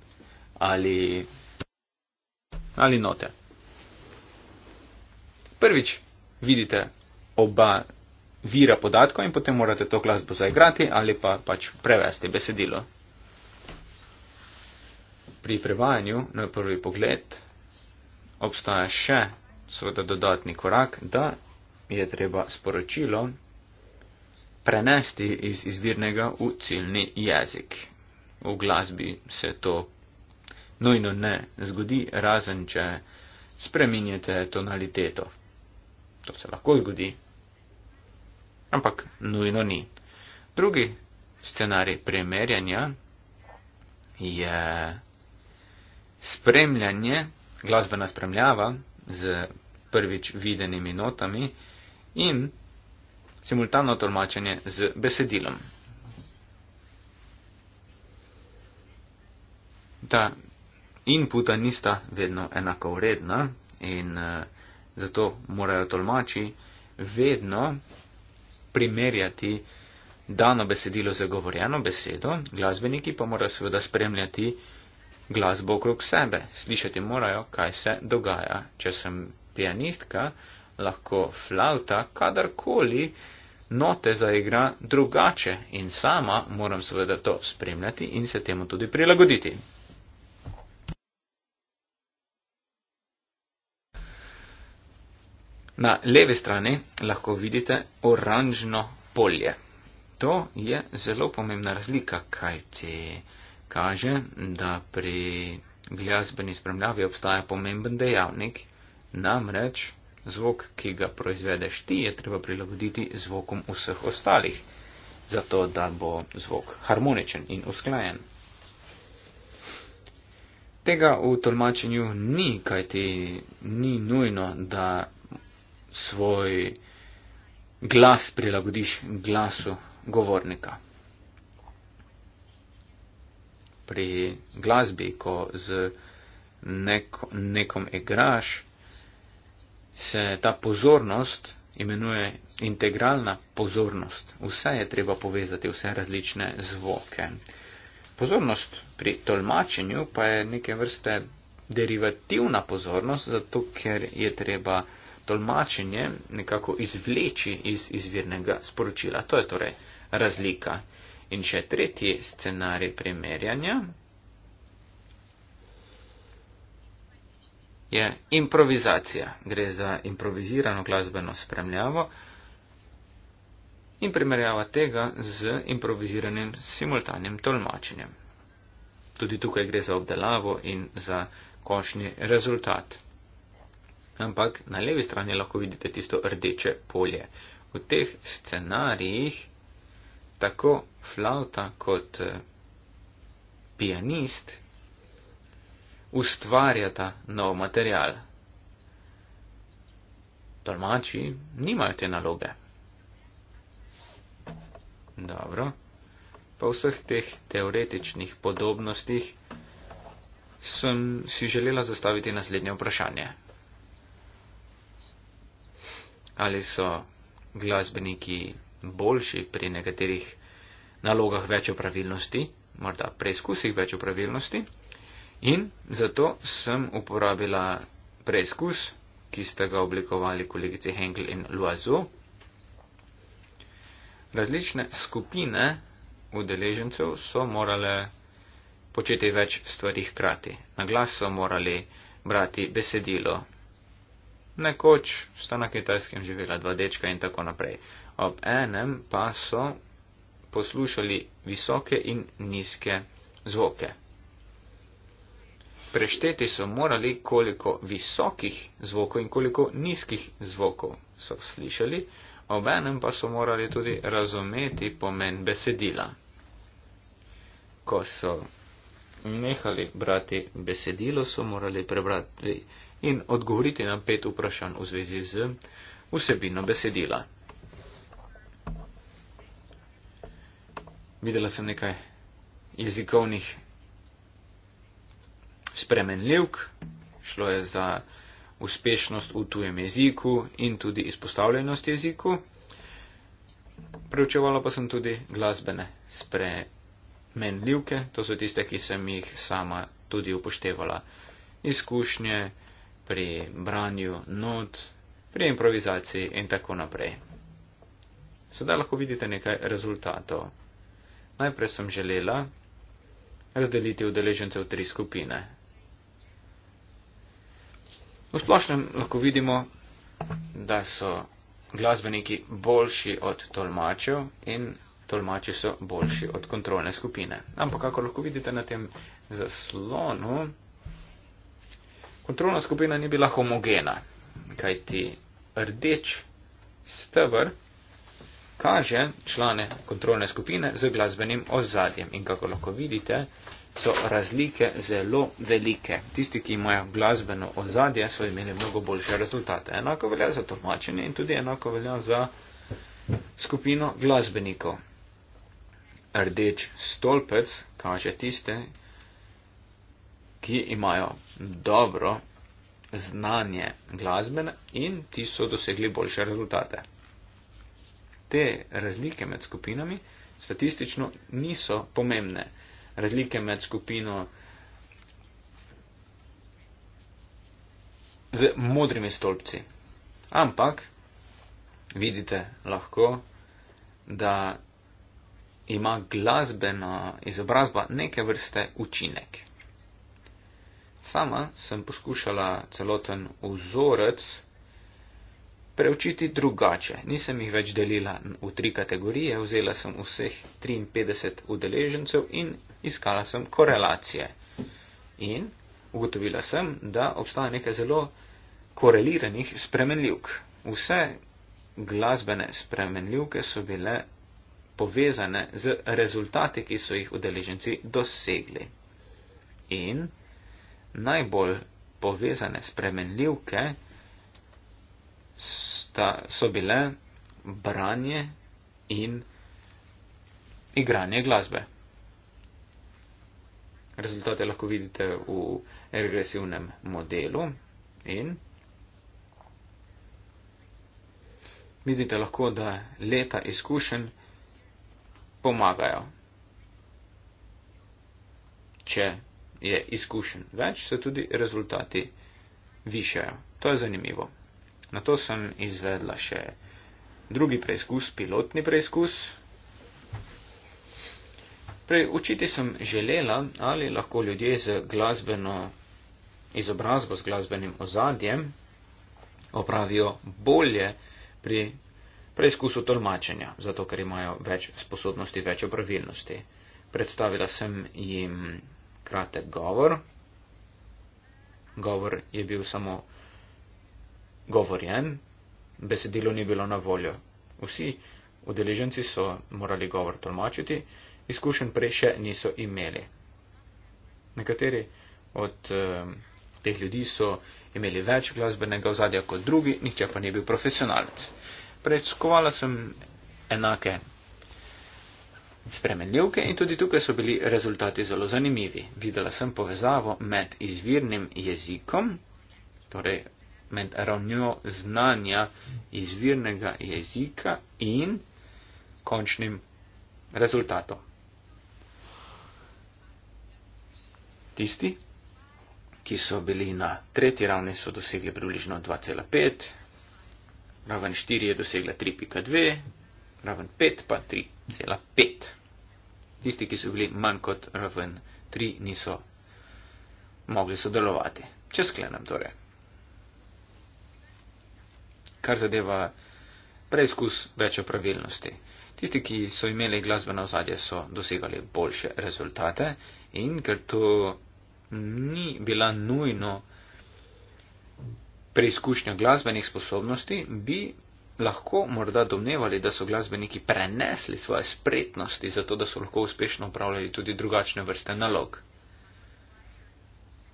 ali, ali note. Prvič vidite oba vira podatkov in potem morate to glasbo zaigrati ali pa pač prevesti besedilo pri prevajanju na prvi pogled obstaja še seveda dodatni korak, da je treba sporočilo prenesti iz izvirnega v ciljni jezik. V glasbi se to nojno ne zgodi, razen če spreminjate tonaliteto. To se lahko zgodi, ampak nujno ni. Drugi scenarij primerjanja je spremljanje, glasbena spremljava z prvič videnimi notami in simultano tolmačenje z besedilom. Ta inputa nista vedno enako vredna in uh, zato morajo tolmači vedno primerjati dano besedilo z govorjeno besedo, glasbeniki pa morajo seveda spremljati uh, glasbo okrog sebe. Slišati morajo, kaj se dogaja. Če sem pianistka, lahko flauta kadarkoli note zaigra drugače in sama moram seveda to spremljati in se temu tudi prilagoditi. Na levi strani lahko vidite oranžno polje. To je zelo pomembna razlika, kajti. Te kaže, da pri glasbeni spremljavi obstaja pomemben dejavnik, namreč zvok, ki ga proizvedeš ti, je treba prilagoditi zvokom vseh ostalih, zato da bo zvok harmoničen in usklajen. Tega v tolmačenju ni, kaj ti ni nujno, da svoj glas prilagodiš glasu govornika pri glasbi, ko z neko, nekom igraš, se ta pozornost imenuje integralna pozornost. Vse je treba povezati, vse različne zvoke. Pozornost pri tolmačenju pa je neke vrste derivativna pozornost, zato ker je treba tolmačenje nekako izvleči iz izvirnega sporočila. To je torej razlika. In še tretji scenarij primerjanja je improvizacija. Gre za improvizirano glasbeno spremljavo in primerjava tega z improviziranim simultanim tolmačenjem. Tudi tukaj gre za obdelavo in za končni rezultat. Ampak na levi strani lahko vidite tisto rdeče polje. V teh scenarijih tako flauta kot eh, pianist ustvarjata nov material. Tolmači nimajo te naloge. Dobro, po vseh teh teoretičnih podobnostih sem si želela zastaviti naslednje vprašanje. Ali so glasbeniki boljši pri nekaterih nalogah več pravilnosti, morda preizkusih več pravilnosti. In zato sem uporabila preizkus, ki sta ga oblikovali kolegice Hengel in Loazo. Različne skupine udeležencev so morale početi več stvari hkrati. Na glas so morali brati besedilo. Nekoč sta na kitajskem živela dva dečka in tako naprej. Ob enem pa so poslušali visoke in nizke zvoke. Prešteti so morali, koliko visokih zvokov in koliko nizkih zvokov so slišali, obenem pa so morali tudi razumeti pomen besedila. Ko so nehali brati besedilo, so morali prebrati in odgovoriti na pet vprašanj v zvezi z vsebino besedila. videla sem nekaj jezikovnih spremenljivk, šlo je za uspešnost v tujem jeziku in tudi izpostavljenost jeziku. Preučevala pa sem tudi glasbene spremenljivke, to so tiste, ki sem jih sama tudi upoštevala. Izkušnje pri branju not, pri improvizaciji in tako naprej. Sedaj lahko vidite nekaj rezultatov. Najprej sem želela razdeliti udeležence v tri skupine. V splošnem lahko vidimo, da so glasbeniki boljši od tolmačev in tolmači so boljši od kontrolne skupine. Ampak, kako lahko vidite na tem zaslonu, kontrolna skupina ni bila homogena, kajti rdeč stebr kaže člane kontrolne skupine z glasbenim ozadjem. In kako lahko vidite, so razlike zelo velike. Tisti, ki imajo glasbeno ozadje, so imeli mnogo boljše rezultate. Enako velja za tolmačenje in tudi enako velja za skupino glasbenikov. Rdeč stolpec kaže tiste, ki imajo dobro znanje glasbene in ti so dosegli boljše rezultate te razlike med skupinami statistično niso pomembne. Razlike med skupino z modrimi stolpci. Ampak vidite lahko, da ima glasbena izobrazba neke vrste učinek. Sama sem poskušala celoten vzorec, preučiti drugače. Nisem jih več delila v tri kategorije, vzela sem vseh 53 udeležencev in iskala sem korelacije. In ugotovila sem, da obstaja nekaj zelo koreliranih spremenljivk. Vse glasbene spremenljivke so bile povezane z rezultati, ki so jih udeleženci dosegli. In najbolj povezane spremenljivke sta, so bile branje in igranje glasbe. Rezultate lahko vidite v regresivnem modelu in vidite lahko, da leta izkušenj pomagajo. Če je izkušenj več, se tudi rezultati višajo. To je zanimivo. Na to sem izvedla še drugi preizkus, pilotni preizkus. Učiti sem želela, ali lahko ljudje z glasbeno izobrazbo, z glasbenim ozadjem, opravijo bolje pri preizkusu tolmačenja, zato ker imajo več sposobnosti, več opravilnosti. Predstavila sem jim kratek govor. Govor je bil samo govorjen, besedilo ni bilo na voljo. Vsi udeleženci so morali govor tolmačiti, izkušen prej še niso imeli. Nekateri od eh, teh ljudi so imeli več glasbenega ozadja kot drugi, nihče pa ni bil profesionalec. Preiskovala sem enake spremenljivke in tudi tukaj so bili rezultati zelo zanimivi. Videla sem povezavo med izvirnim jezikom, torej med ravnjo znanja izvirnega jezika in končnim rezultatom. Tisti, ki so bili na tretji ravni, so dosegli približno 2,5, raven 4 je dosegla 3,2, raven 5 pa 3,5. Tisti, ki so bili manj kot raven 3, niso mogli sodelovati. Če sklenem torej kar zadeva preizkus več pravilnosti. Tisti, ki so imeli glasbeno ozadje, so dosegali boljše rezultate in ker to ni bila nujno preizkušnja glasbenih sposobnosti, bi lahko morda domnevali, da so glasbeniki prenesli svoje spretnosti, zato da so lahko uspešno upravljali tudi drugačne vrste nalog.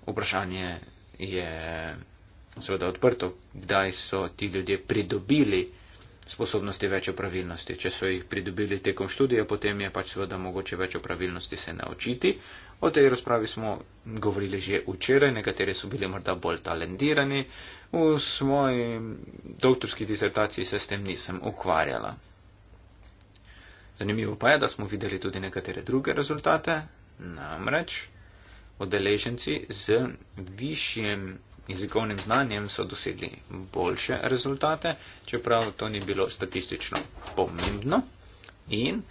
Vprašanje je seveda odprto, kdaj so ti ljudje pridobili sposobnosti več opravilnosti. Če so jih pridobili tekom študija, potem je pač seveda mogoče več opravilnosti se naučiti. O tej razpravi smo govorili že včeraj, nekateri so bili morda bolj talentirani. V svoji doktorski disertaciji se s tem nisem ukvarjala. Zanimivo pa je, da smo videli tudi nekatere druge rezultate, namreč odeleženci z višjim jezikovnim znanjem so dosegli boljše rezultate, čeprav to ni bilo statistično pomembno. In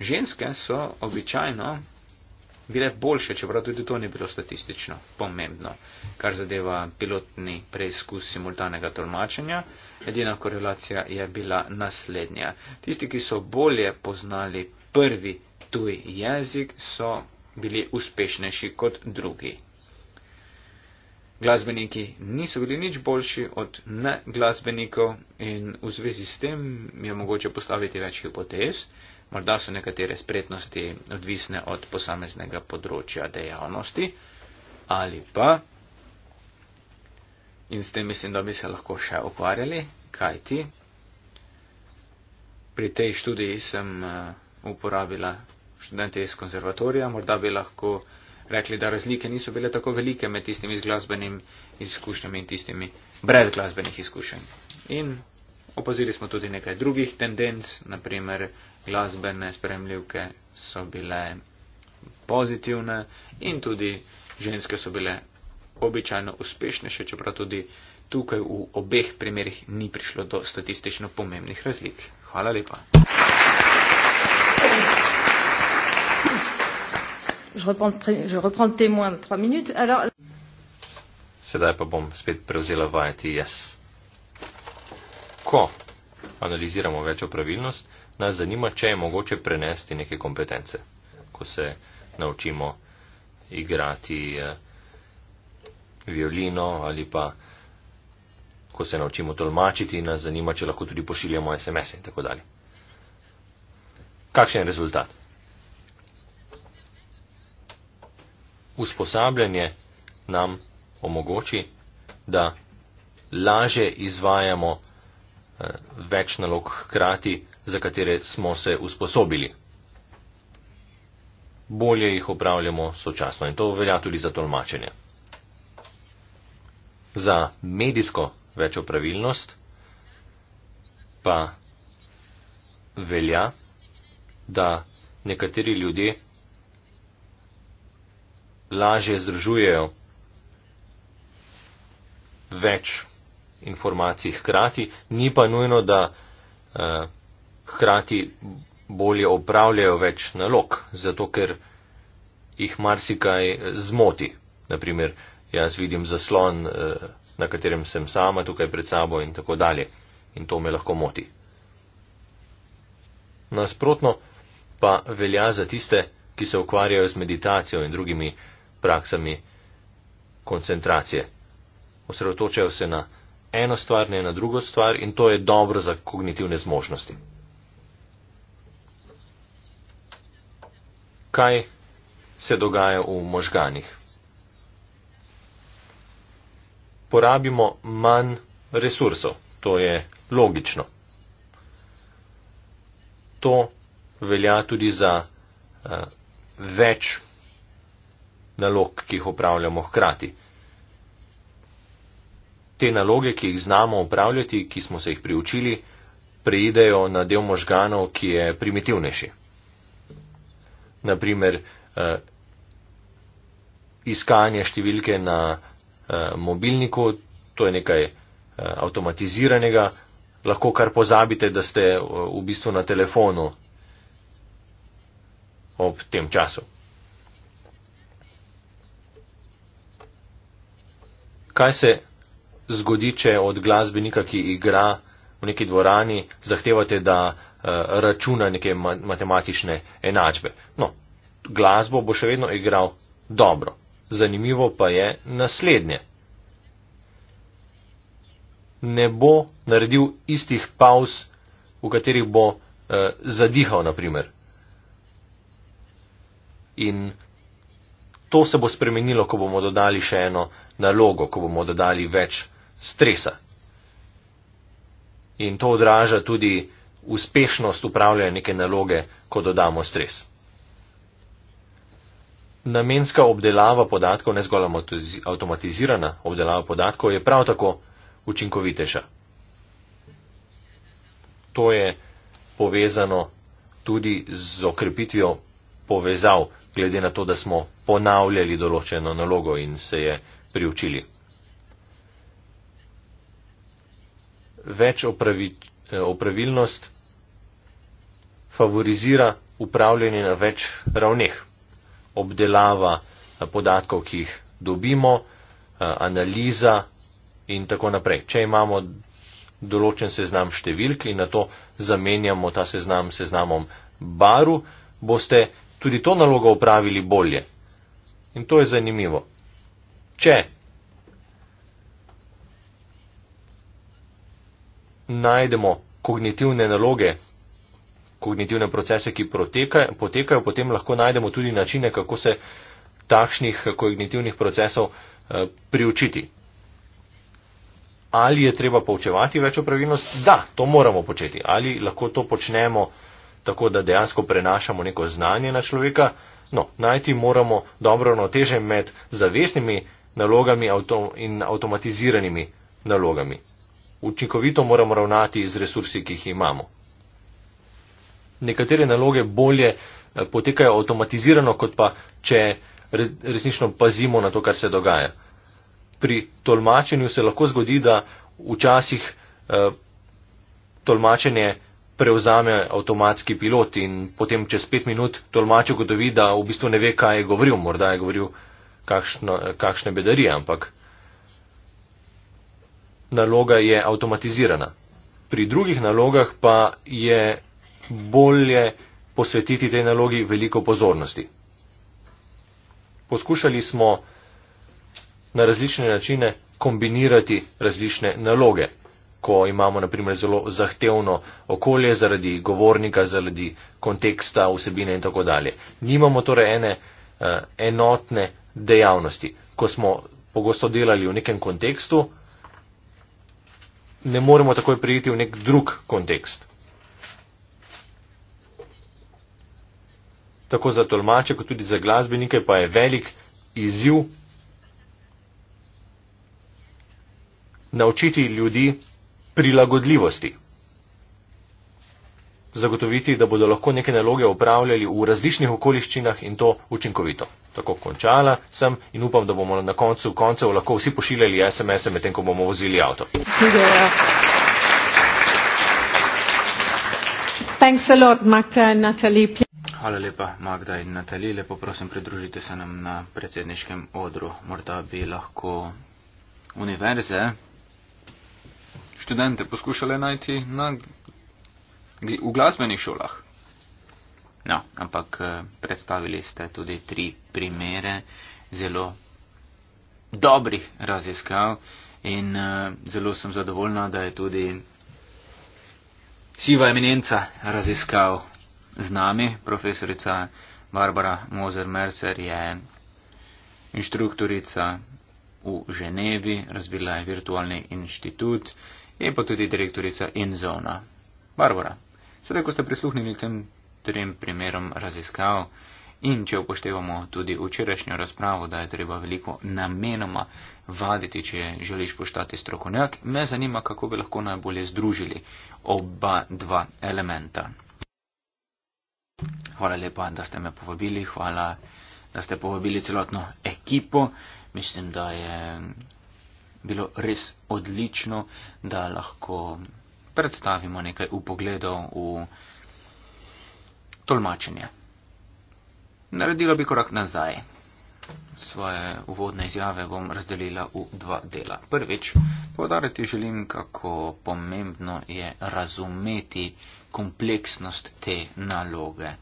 ženske so običajno bile boljše, čeprav tudi to ni bilo statistično pomembno, kar zadeva pilotni preizkus simultanega tolmačenja. Edina korelacija je bila naslednja. Tisti, ki so bolje poznali prvi tuj jezik, so bili uspešnejši kot drugi glasbeniki niso bili nič boljši od ne glasbenikov in v zvezi s tem je mogoče postaviti več hipotez. Morda so nekatere spretnosti odvisne od posameznega področja dejavnosti ali pa. In s tem mislim, da bi se lahko še ukvarjali, kaj ti. Pri tej študiji sem eh, uporabila študente iz konzervatorija, morda bi lahko uh, rekli, da razlike niso bile tako velike med tistimi z glasbenimi izkušnjami in tistimi brez glasbenih izkušenj. In opazili smo tudi nekaj drugih tendenc, naprimer glasbene spremljivke so bile pozitivne in tudi ženske so bile običajno uspešnejše, čeprav tudi tukaj v obeh primerih ni prišlo do statistično pomembnih razlik. Hvala lepa.
Je reprends, je reprends le témoin de trois minutes. Alors...
Sedaj pa bom spet prevzela vajeti jaz. Ko analiziramo večjo pravilnost, nas zanima, če je mogoče prenesti neke kompetence. Ko se naučimo igrati eh, violino ali pa ko se naučimo tolmačiti, nas zanima, če lahko tudi pošiljamo SMS-e in tako dalje. Kakšen je rezultat? usposabljanje nam omogoči, da laže izvajamo eh, več nalog hkrati, za katere smo se usposobili. Bolje jih upravljamo sočasno in to velja tudi za tolmačenje. Za medijsko večjo pravilnost pa velja, da nekateri ljudje lažje združujejo več informacij hkrati, ni pa nujno, da eh, hkrati bolje opravljajo več nalog, zato ker jih marsikaj eh, zmoti. Naprimer, jaz vidim zaslon, eh, na katerem sem sama tukaj pred sabo in tako dalje. In to me lahko moti. Nasprotno pa velja za tiste, ki se ukvarjajo z meditacijo in drugimi praksami koncentracije. Osredotočajo se na eno stvar, ne na drugo stvar in to je dobro za kognitivne zmožnosti. Kaj se dogaja v možganih? Porabimo manj resursov, to je logično. To velja tudi za uh, več nalog, ki jih upravljamo hkrati. Te naloge, ki jih znamo upravljati, ki smo se jih priučili, preidejo na del možganov, ki je primitivnejši. Naprimer, eh, iskanje številke na eh, mobilniku, to je nekaj eh, avtomatiziranega, lahko kar pozabite, da ste v bistvu na telefonu ob tem času. kaj se zgodi, če od glasbenika, ki igra v neki dvorani, zahtevate, da eh, računa neke matematične enačbe. No, glasbo bo še vedno igral dobro. Zanimivo pa je naslednje. Ne bo naredil istih pauz, v katerih bo eh, zadihal, naprimer. In to se bo spremenilo, ko bomo dodali še eno nalogo, ko bomo dodali več stresa. In to odraža tudi uspešnost upravljanja neke naloge, ko dodamo stres. Namenska obdelava podatkov, ne zgolj avtomatizirana obdelava podatkov, je prav tako učinkovitejša. To je povezano tudi z okrepitvijo povezav, glede na to, da smo ponavljali določeno nalogo in se je priučili. Več opravilnost favorizira upravljanje na več ravneh. Obdelava eh, podatkov, ki jih dobimo, eh, analiza in tako naprej. Če imamo določen seznam številk in na to zamenjamo ta seznam seznamom baru, boste tudi to nalogo upravili bolje. In to je zanimivo. Če najdemo kognitivne naloge, kognitivne procese, ki protekajo, potekajo, potem lahko najdemo tudi načine, kako se takšnih kognitivnih procesov eh, priučiti. Ali je treba poučevati več o pravilnosti? Da, to moramo početi. Ali lahko to počnemo eh, tako da dejansko prenašamo neko znanje na človeka, no, najti moramo dobro ravnoteže med zavestnimi nalogami in avtomatiziranimi nalogami. Učinkovito moramo ravnati z resursi, ki jih imamo. Nekatere naloge bolje eh, potekajo avtomatizirano, kot pa če resnično pazimo na to, kar se dogaja. Pri tolmačenju se lahko zgodi, da včasih eh, tolmačenje eh, prevzame avtomatski pilot in potem čez pet minut tolmaču gotovi, da v bistvu ne ve, kaj je govoril, morda je govoril kakšno, kakšne bedarije, ampak naloga je avtomatizirana. Pri drugih nalogah pa je bolje posvetiti tej nalogi veliko pozornosti. Poskušali smo na različne načine kombinirati različne naloge ko imamo naprimer zelo zahtevno okolje zaradi govornika, zaradi konteksta, vsebine in tako dalje. Nimamo torej ene uh, enotne dejavnosti. Ko smo pogosto delali v nekem kontekstu, ne moremo takoj prijeti v nek drug kontekst. Tako za tolmače, kot tudi za glasbenike pa je velik izziv naučiti ljudi, prilagodljivosti. Zagotoviti, da bodo lahko neke naloge upravljali v različnih okoliščinah in to učinkovito. Tako končala sem in upam, da bomo na koncu koncev lahko vsi pošiljali SMS-e, medtem ko bomo vozili avto. Hvala lepa, Magda
in Natalija. Lepo prosim, pridružite se nam na predsedniškem odru. Morda bi lahko univerze študente poskušale najti na, v glasbenih šolah. No, ampak eh, predstavili ste tudi tri primere zelo dobrih raziskav in eh, zelo sem zadovoljna, da je tudi siva eminenca raziskav z nami. Profesorica Barbara Moser-Mercer je inštruktorica v Ženevi, razvila je virtualni inštitut in pa tudi direktorica Inzona. Barbara, sedaj, ko ste prisluhnili tem trem primerom raziskav in če upoštevamo tudi včerajšnjo razpravo, da je treba veliko namenoma vaditi, če želiš postati strokovnjak, me zanima, kako bi lahko najbolje združili oba dva elementa. Hvala lepa, da ste me povabili, hvala, da ste povabili celotno ekipo. Mislim, da je bilo res odlično, da lahko predstavimo nekaj upogledov v tolmačenje. Naredila bi korak nazaj. Svoje uvodne izjave bom razdelila v dva dela. Prvič, povdariti želim, kako pomembno je razumeti kompleksnost te naloge.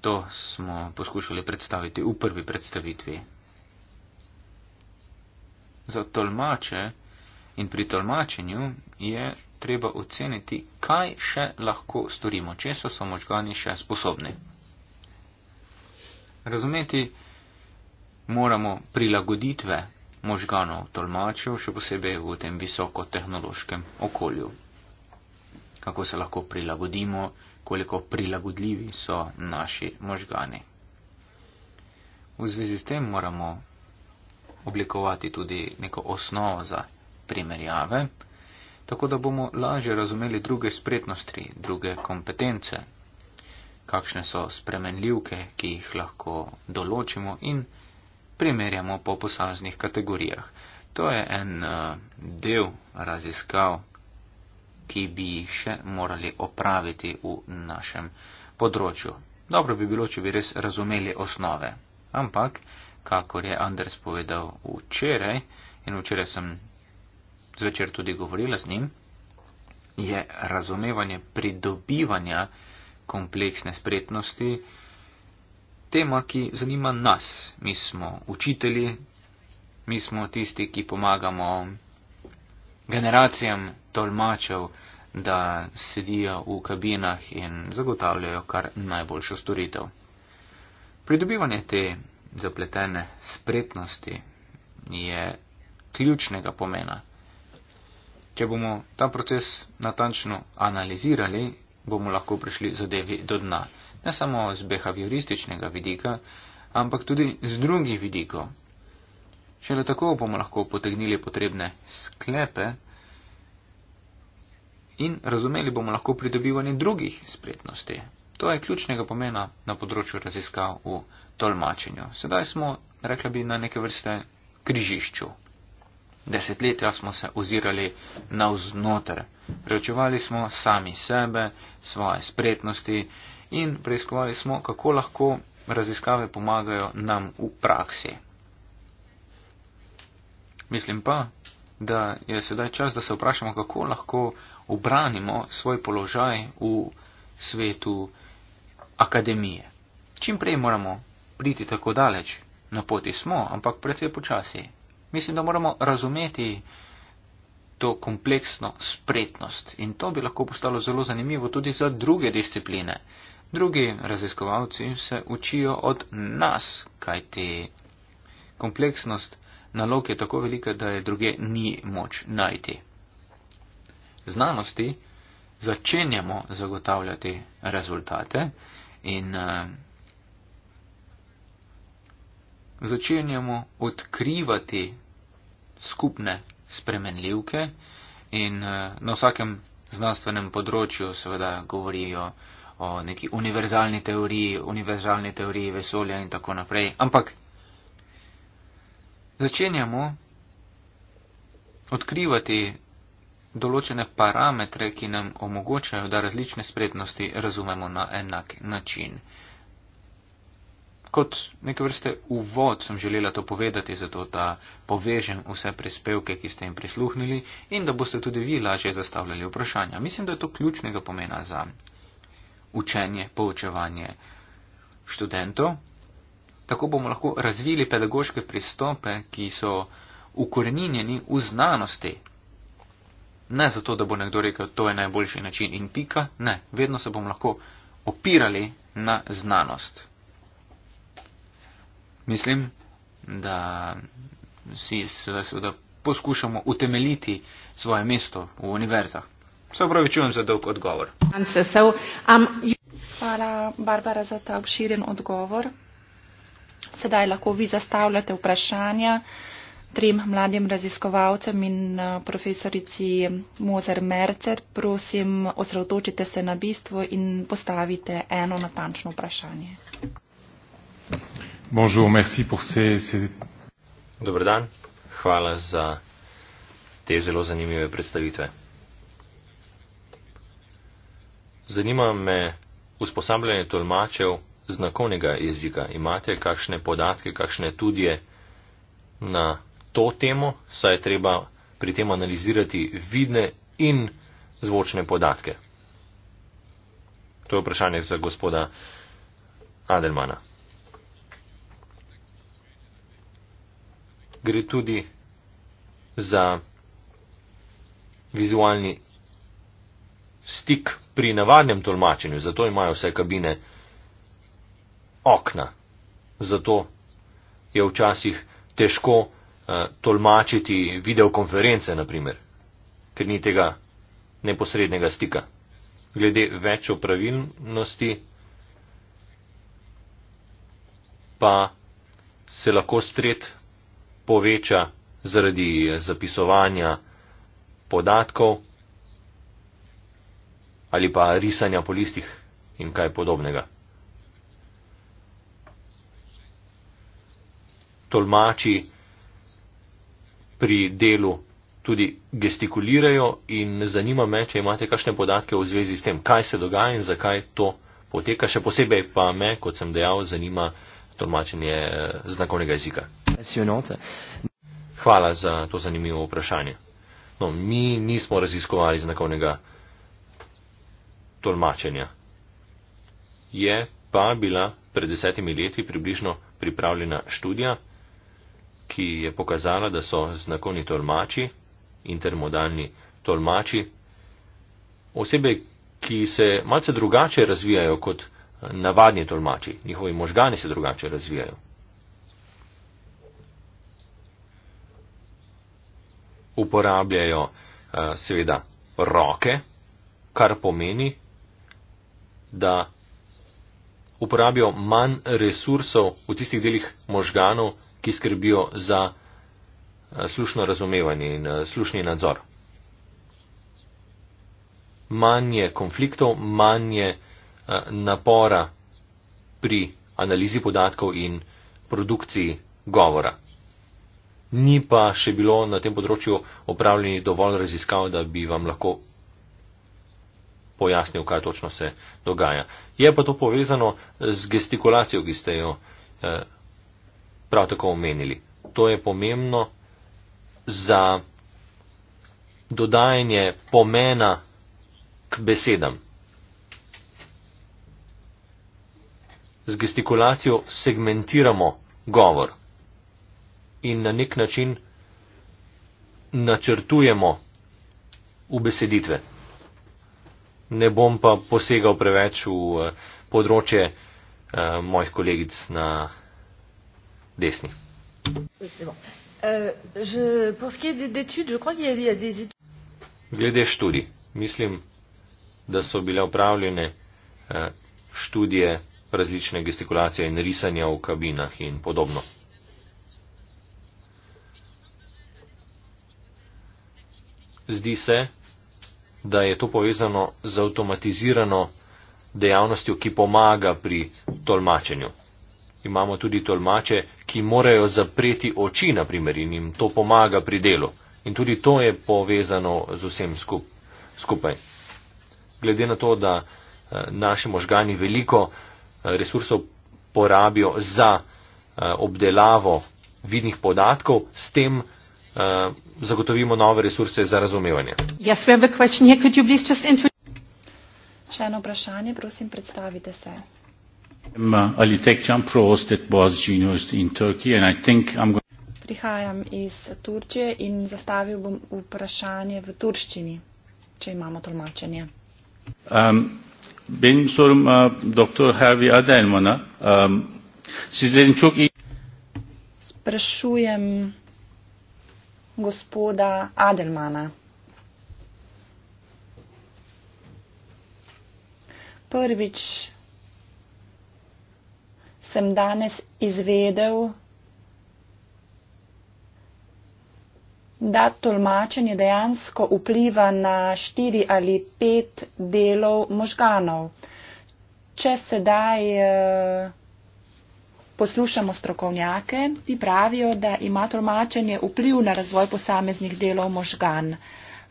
To smo poskušali predstaviti v prvi predstavitvi za tolmače in pri tolmačenju je treba oceniti, kaj še lahko storimo, česa so možgani še sposobni. Razumeti moramo prilagoditve možganov tolmačev, še posebej v tem visokotehnološkem okolju. Kako se lahko prilagodimo, koliko prilagodljivi so naši možgani. V zvezi s tem moramo oblikovati tudi neko osnovo za primerjave, tako da bomo lažje razumeli druge spretnosti, druge kompetence, kakšne so spremenljivke, ki jih lahko določimo in primerjamo po posameznih kategorijah. To je en eh, del raziskav, ki bi jih še morali opraviti v našem področju. Dobro bi bilo, če bi res razumeli osnove, ampak kakor je Anders povedal včeraj, in včeraj sem zvečer tudi govorila z njim, je razumevanje pridobivanja kompleksne spretnosti tema, ki zanima nas. Mi smo učitelji, mi smo tisti, ki pomagamo generacijam tolmačev, da sedijo v kabinah in zagotavljajo kar najboljšo storitev. Pridobivanje te zapletene spretnosti je ključnega pomena. Če bomo ta proces natančno analizirali, bomo lahko prišli zadevi do dna. Ne samo z behaviorističnega vidika, ampak tudi z drugih vidikov. Šele tako bomo lahko potegnili potrebne sklepe in razumeli bomo lahko pridobivanje drugih spretnosti. To je ključnega pomena na področju raziskav v tolmačenju. Sedaj smo, rekla bi, na neke vrste križišču. Desetletja smo se ozirali navznoter, preučevali smo sami sebe, svoje spretnosti in preiskovali smo, kako lahko raziskave pomagajo nam v praksi. Mislim pa, da je sedaj čas, da se vprašamo, kako lahko obranimo svoj položaj v svetu akademije. Čim prej moramo priti tako daleč. Na poti smo, ampak precej počasi. Mislim, da moramo razumeti to kompleksno spretnost in to bi lahko postalo zelo zanimivo tudi za druge discipline. Drugi raziskovalci se učijo od nas, kajti kompleksnost nalog je tako velika, da je druge ni moč najti. Znanosti začenjamo zagotavljati rezultate in uh, začenjamo odkrivati skupne spremenljivke in eh, na vsakem znanstvenem področju seveda govorijo o neki univerzalni teoriji, univerzalni teoriji vesolja in tako naprej. Ampak začenjamo odkrivati določene parametre, ki nam omogočajo, da različne spretnosti razumemo na enak način kot neke vrste uvod sem želela to povedati, zato da povežem vse prispevke, ki ste jim prisluhnili in da boste tudi vi lažje zastavljali vprašanja. Mislim, da je to ključnega pomena za učenje, poučevanje študentov. Tako bomo lahko razvili pedagoške pristope, ki so ukorenjeni v znanosti. Ne zato, da bo nekdo rekel, to je najboljši način in pika, ne, vedno se bomo lahko opirali na znanost mislim, da si seveda poskušamo utemeljiti svoje mesto v univerzah. Se upravičujem za dolg odgovor.
Um, Hvala,
Barbara, za ta obširen odgovor. Sedaj lahko vi zastavljate vprašanja trem mladim raziskovalcem in uh, profesorici Mozer Mercer. Prosim, osredotočite se na bistvo in postavite eno natančno vprašanje.
Hvala.
Bonjour, merci pour ces, ces...
Dobar dan, hvala za te zelo zanimive predstavitve. Zanima me usposabljanje tolmačev znakovnega jezika. Imate kakšne podatke, kakšne tudije na to temo, saj je treba pri tem analizirati vidne in zvočne podatke. To je vprašanje za gospoda Adelmana. gre tudi za vizualni stik pri navadnem tolmačenju, zato imajo vse kabine okna. Zato je včasih težko uh, tolmačiti videokonference, naprimer, ker ni tega neposrednega stika. Glede več o pravilnosti pa se lahko stret poveča zaradi zapisovanja podatkov ali pa risanja po listih in kaj podobnega. Tolmači pri delu tudi gestikulirajo in zanima me, če imate kakšne podatke v zvezi s tem, kaj se dogaja in zakaj to poteka. Še posebej pa me, kot sem dejal, zanima tolmačenje znakovnega jezika passionnante. Hvala za to zanimivo vprašanje. No, mi nismo raziskovali znakovnega tolmačenja. Je pa bila pred desetimi leti približno pripravljena študija, ki je pokazala, da so znakovni tolmači, intermodalni tolmači, osebe, ki se malce drugače razvijajo kot navadni tolmači. Njihovi možgani se drugače razvijajo. uporabljajo eh, seveda roke, kar pomeni, da uporabijo manj resursov v tistih delih možganov, ki skrbijo za eh, slušno razumevanje in eh, slušni nadzor. Manj je konfliktov, manj je napora pri analizi podatkov in produkciji govora ni pa še bilo na tem področju opravljenih dovolj raziskav, da bi vam lahko pojasnil, kaj točno se dogaja. Je pa to povezano z gestikulacijo, ki ste jo eh, prav tako omenili. To je pomembno za dodajanje pomena k besedam. Z gestikulacijo segmentiramo govor in na nek način načrtujemo ubeseditve. Ne bom pa posegal preveč v eh, področje eh, mojih kolegic na desni. Eh, Glede študij, mislim, da so bile upravljene eh, študije različne gestikulacije in risanja v kabinah in podobno. zdi se, da je to povezano z avtomatizirano dejavnostjo, ki pomaga pri tolmačenju. Imamo tudi tolmače, ki morajo zapreti oči, naprimer, in jim to pomaga pri delu. In tudi to je povezano z vsem skup, skupaj. Glede na to, da eh, naši možgani veliko eh, resursov porabijo za eh, obdelavo vidnih podatkov, s tem Eh, zagotovimo nove resurse za razumevanje.
Še eno vprašanje, prosim, predstavite se. Uh, Prihajam iz Turčije in zastavil bom vprašanje v turščini, če imamo tolmačenje.
Um, benim sorum uh, doktor Harvey Adelman'a. Um, sizlerin çok iyi...
Sprašujem gospoda Adelmana. Prvič sem danes izvedel, da tolmačenje dejansko vpliva na štiri ali pet delov možganov. Če sedaj uh, poslušamo strokovnjake, ti pravijo, da ima tolmačenje vpliv na razvoj posameznih delov možgan.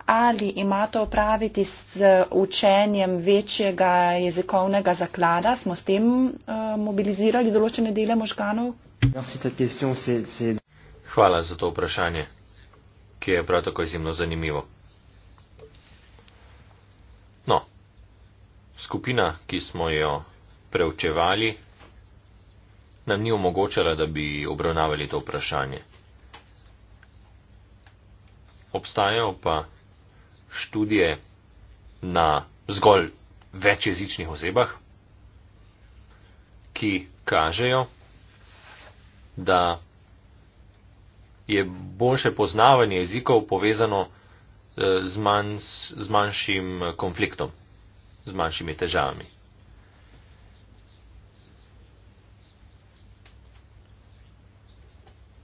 Ali ima to opraviti z učenjem večjega jezikovnega zaklada? Smo s tem uh, mobilizirali določene dele možganov?
Hvala za to vprašanje, ki je prav tako izjemno zanimivo. No, skupina, ki smo jo preučevali, nam ni omogočala, da bi obravnavali to vprašanje. Obstajajo pa študije na zgolj večjezičnih osebah, ki kažejo, da je boljše poznavanje jezikov povezano eh, z, manj, z manjšim konfliktom, z manjšimi težavami.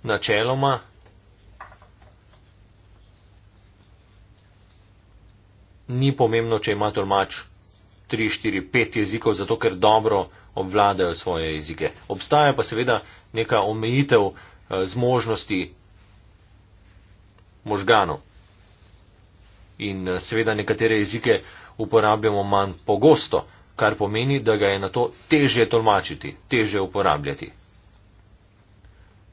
načeloma ni pomembno, če ima tolmač 3, 4, 5 jezikov, zato ker dobro obvladajo svoje jezike. Obstaja pa seveda neka omejitev eh, zmožnosti možganov. In eh, seveda nekatere jezike uporabljamo manj pogosto, kar pomeni, da ga je na to teže tolmačiti, teže uporabljati.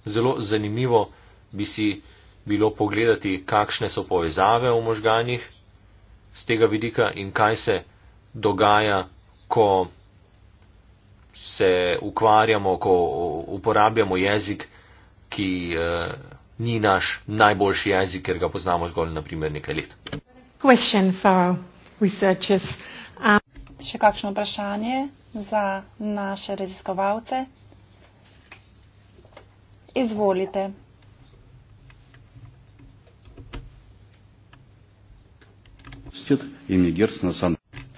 Zelo zanimivo bi si bilo pogledati, kakšne so povezave v možganjih z tega vidika in kaj se dogaja, ko se ukvarjamo, ko uporabljamo jezik, ki eh, ni naš najboljši jezik, ker ga poznamo zgolj naprimer nekaj let.
Še kakšno vprašanje za naše
raziskovalce? Izvolite.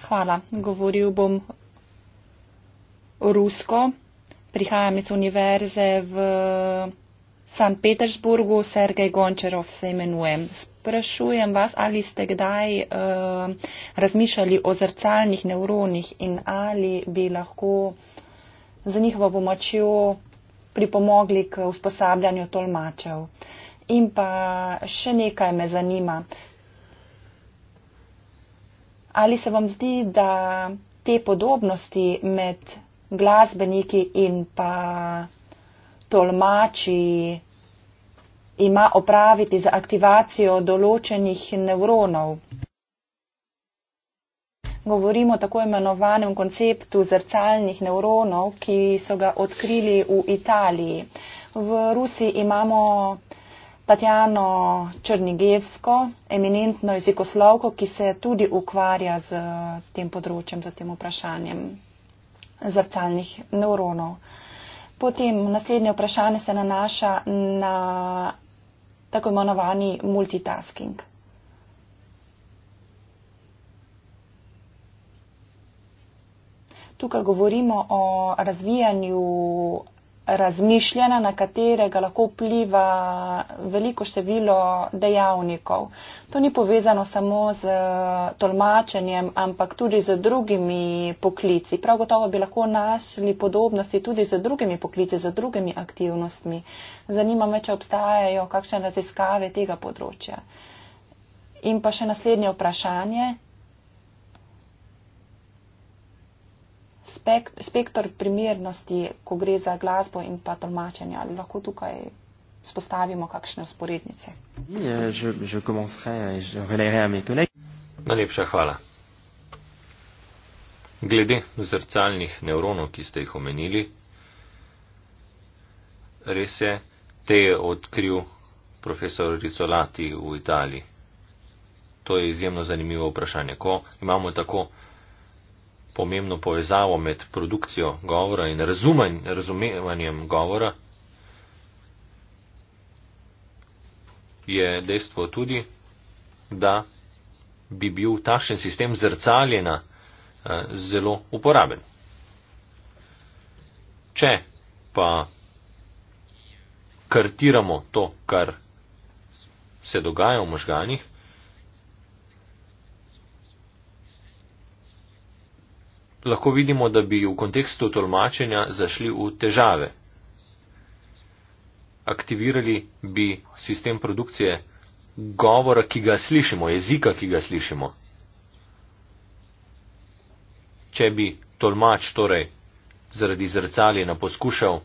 Hvala. Govoril bom rusko. Prihajam iz univerze v Sankt Petersburgu, Sergej Gončerov se imenujem. Sprašujem vas, ali ste kdaj uh, razmišljali o zrcalnih nevronih in ali bi lahko za njihovo pomočjo pripomogli k usposabljanju tolmačev. In pa še nekaj me zanima. Ali se vam zdi, da te podobnosti med glasbeniki in pa tolmači ima opraviti z aktivacijo določenih nevronov? govorimo o tako imenovanem konceptu zrcalnih neuronov, ki so ga odkrili v Italiji. V Rusiji imamo Tatjano Črnigevsko, eminentno jezikoslovko, ki se tudi ukvarja z tem področjem, z tem vprašanjem zrcalnih neuronov. Potem naslednje vprašanje se nanaša na tako imenovani multitasking. Tukaj govorimo o razvijanju razmišljanja, na katerega lahko vpliva veliko število dejavnikov. To ni povezano samo z eh, tolmačenjem, ampak tudi z drugimi poklici. Prav gotovo bi lahko našli podobnosti tudi z drugimi poklici, z drugimi aktivnostmi. Zanima me, če obstajajo kakšne raziskave tega področja. In pa še naslednje vprašanje. spektr primernosti, ko gre za glasbo in pa tolmačenje. Ali lahko tukaj spostavimo kakšne usporednice?
Euh, euh,
Najlepša hvala. Glede zrcalnih nevronov, ki ste jih omenili, res je, te je odkril profesor Ricolati v Italiji. To je izjemno zanimivo vprašanje. Ko imamo tako pomembno povezavo med produkcijo govora in razumevanjem govora, je dejstvo tudi, da bi bil takšen sistem zrcaljena eh, zelo uporaben. Če pa kartiramo to, kar se dogaja v možganjih, lahko vidimo, da bi v kontekstu tolmačenja zašli v težave. Aktivirali bi sistem produkcije govora, ki ga slišimo, jezika, ki ga slišimo. Če bi tolmač torej zaradi zrcaljena poskušal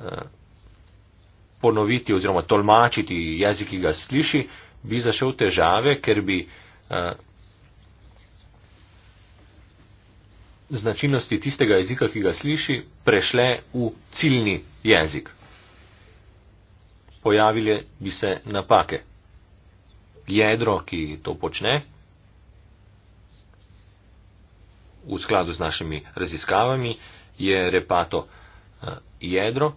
eh, ponoviti oziroma tolmačiti jezik, ki ga sliši, bi zašel v težave, ker bi eh, značilnosti tistega jezika, ki ga sliši, prešle v ciljni jezik. Pojavile bi se napake. Jedro, ki to počne, v skladu z našimi raziskavami, je repato eh, jedro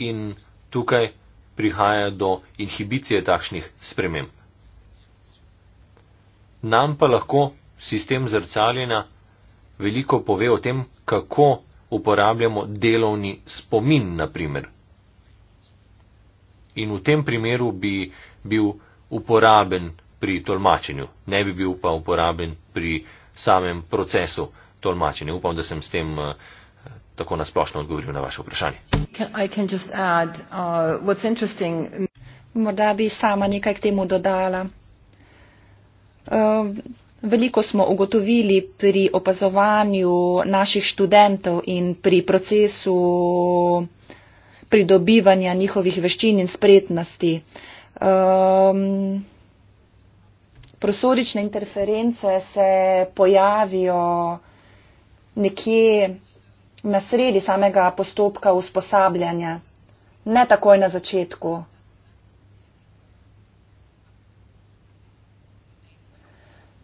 in tukaj prihaja do inhibicije takšnih sprememb. Nam pa lahko sistem zrcaljenja veliko pove o tem, kako uporabljamo delovni spomin, naprimer. In v tem primeru bi bil uporaben pri tolmačenju, ne bi bil pa uporaben pri samem procesu tolmačenja. Upam, da sem s tem eh, tako nasplošno odgovoril na vaše vprašanje.
Can, add, uh, interesting... Morda bi sama nekaj k temu dodala. Uh, Veliko smo ugotovili pri opazovanju naših študentov in pri procesu pridobivanja njihovih veščin in spretnosti. Um, prosodične interference se pojavijo nekje na sredi samega postopka usposabljanja, ne takoj na začetku.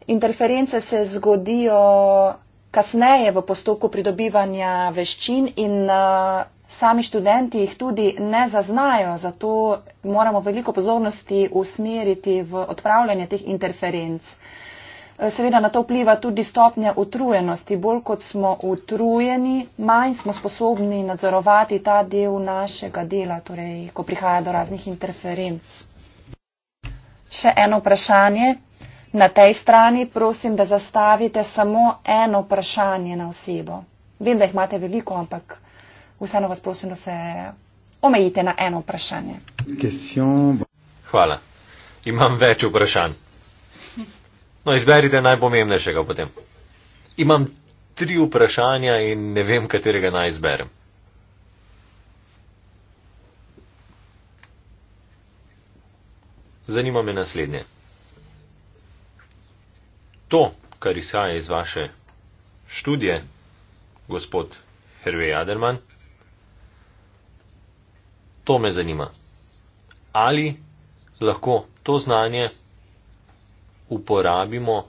Interference se zgodijo kasneje v postopku pridobivanja veščin in uh, sami študenti jih tudi ne zaznajo, zato moramo veliko pozornosti usmeriti v odpravljanje teh interferenc. Uh, seveda na to vpliva tudi stopnja utrujenosti. Bolj kot smo utrujeni, manj smo sposobni nadzorovati ta del našega dela, torej ko prihaja do raznih interferenc. Še eno vprašanje. Na tej strani prosim, da zastavite samo eno vprašanje na osebo. Vem, da jih imate veliko, ampak vseeno vas prosim, da se omejite na eno vprašanje.
Hvala. Imam več vprašanj. No, izberite najpomembnejšega potem. Imam tri vprašanja in ne vem, katerega naj izberem. Zanima me naslednje to, kar izhaja iz vaše študije, gospod Hervej Aderman, to me zanima. Ali lahko to znanje uporabimo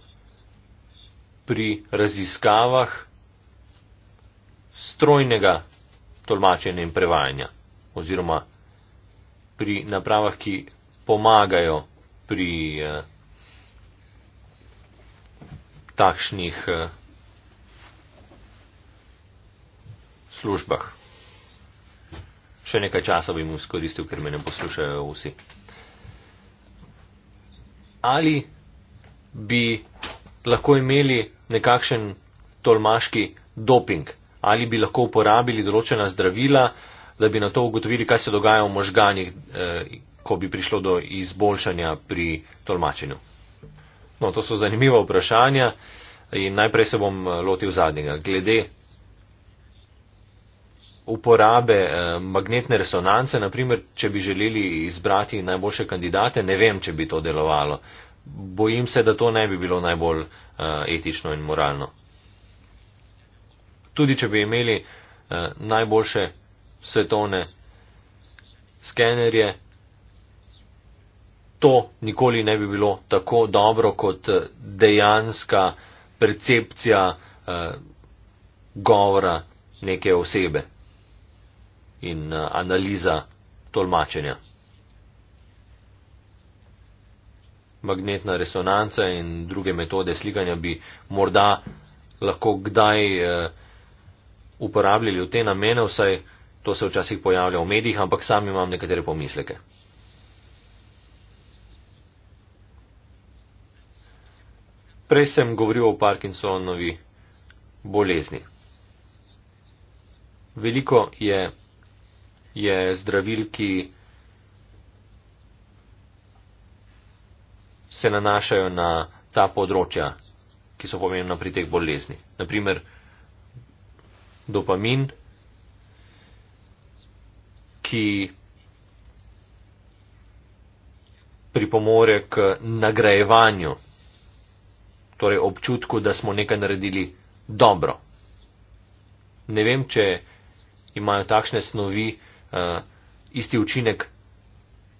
pri raziskavah strojnega tolmačenja in prevajanja oziroma pri napravah, ki pomagajo pri eh, takšnih eh, službah. Še nekaj časa bi mu izkoristil, ker me ne poslušajo vsi. Ali bi lahko imeli nekakšen tolmaški doping, ali bi lahko uporabili določena zdravila, da bi na to ugotovili, kaj se dogaja v možganjih, eh, ko bi prišlo do izboljšanja pri tolmačenju. No, to so zanimiva vprašanja in najprej se bom eh, lotil zadnjega. Glede uporabe eh, magnetne resonance, naprimer, če bi želeli izbrati najboljše kandidate, ne vem, če bi to delovalo. Bojim se, da to ne bi bilo najbolj eh, etično in moralno. Tudi, če bi imeli najboljše svetovne skenerje, to nikoli ne bi bilo tako dobro kot eh, dejanska percepcija eh, govora neke osebe in eh, analiza tolmačenja. Magnetna resonanca in druge metode slikanja bi morda lahko kdaj eh, uporabljali v te namene, vsaj to se včasih pojavlja v medijih, ampak sam imam nekatere pomisleke. Prej sem govoril o Parkinsonovi bolezni. Veliko je, je zdravil, ki se nanašajo na ta področja, ki so pomembna pri teh bolezni. Naprimer, dopamin, ki pripomore k nagrajevanju torej občutku, da smo nekaj naredili dobro. Ne vem, če imajo takšne snovi uh, isti učinek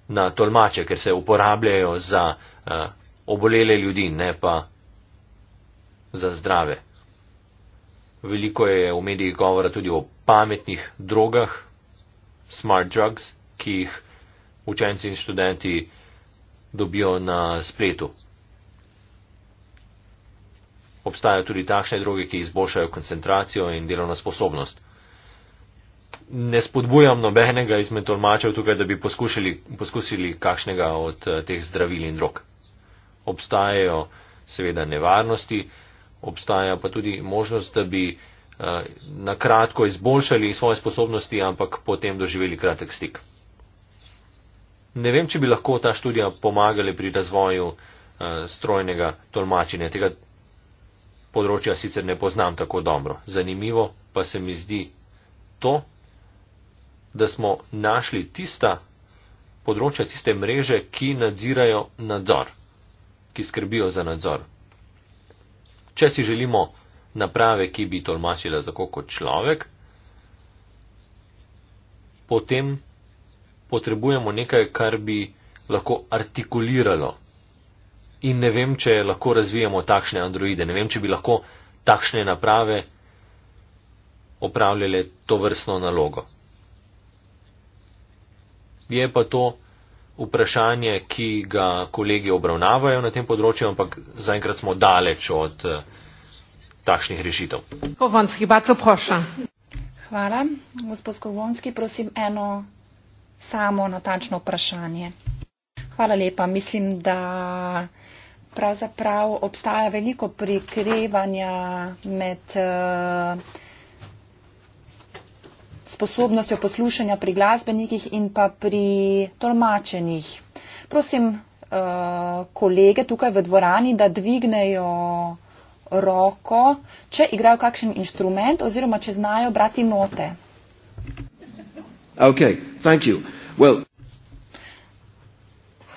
na tolmače, ker se uporabljajo za uh, obolele ljudi, ne pa za zdrave. Veliko je v medijih govora tudi o pametnih drogah, smart drugs, ki jih učenci in študenti dobijo na spletu obstajajo tudi takšne droge, ki izboljšajo koncentracijo in delovno sposobnost. Ne spodbujam nobenega izmed tolmačev tukaj, da bi poskušali, poskusili kakšnega od eh, teh zdravil in drog. Obstajajo seveda nevarnosti, obstaja pa tudi možnost, da bi eh, na kratko izboljšali svoje sposobnosti, ampak potem doživeli kratek stik. Ne vem, če bi lahko ta študija pomagala pri razvoju eh, strojnega tolmačenja, tega področja sicer ne poznam tako dobro. Zanimivo pa se mi zdi to, da smo našli tista področja, tiste mreže, ki nadzirajo nadzor, ki skrbijo za nadzor. Če si želimo naprave, ki bi tolmačila tako kot človek, potem potrebujemo nekaj, kar bi lahko artikuliralo in ne vem, če lahko razvijamo takšne androide, ne vem, če bi lahko takšne naprave opravljale to vrstno nalogo. Je pa to vprašanje, ki ga kolegi obravnavajo na tem področju, ampak zaenkrat smo daleč od eh, takšnih rešitev.
Kovonski, Hvala. Gospod Skovonski, prosim eno samo natačno vprašanje. Hvala lepa. Mislim, da pravzaprav obstaja veliko prikrivanja med eh, sposobnostjo poslušanja pri glasbenikih in pa pri tolmačenih. Prosim eh, kolege tukaj v dvorani, da dvignejo roko, če igrajo kakšen inštrument oziroma če znajo brati note.
Okay, thank you. Well.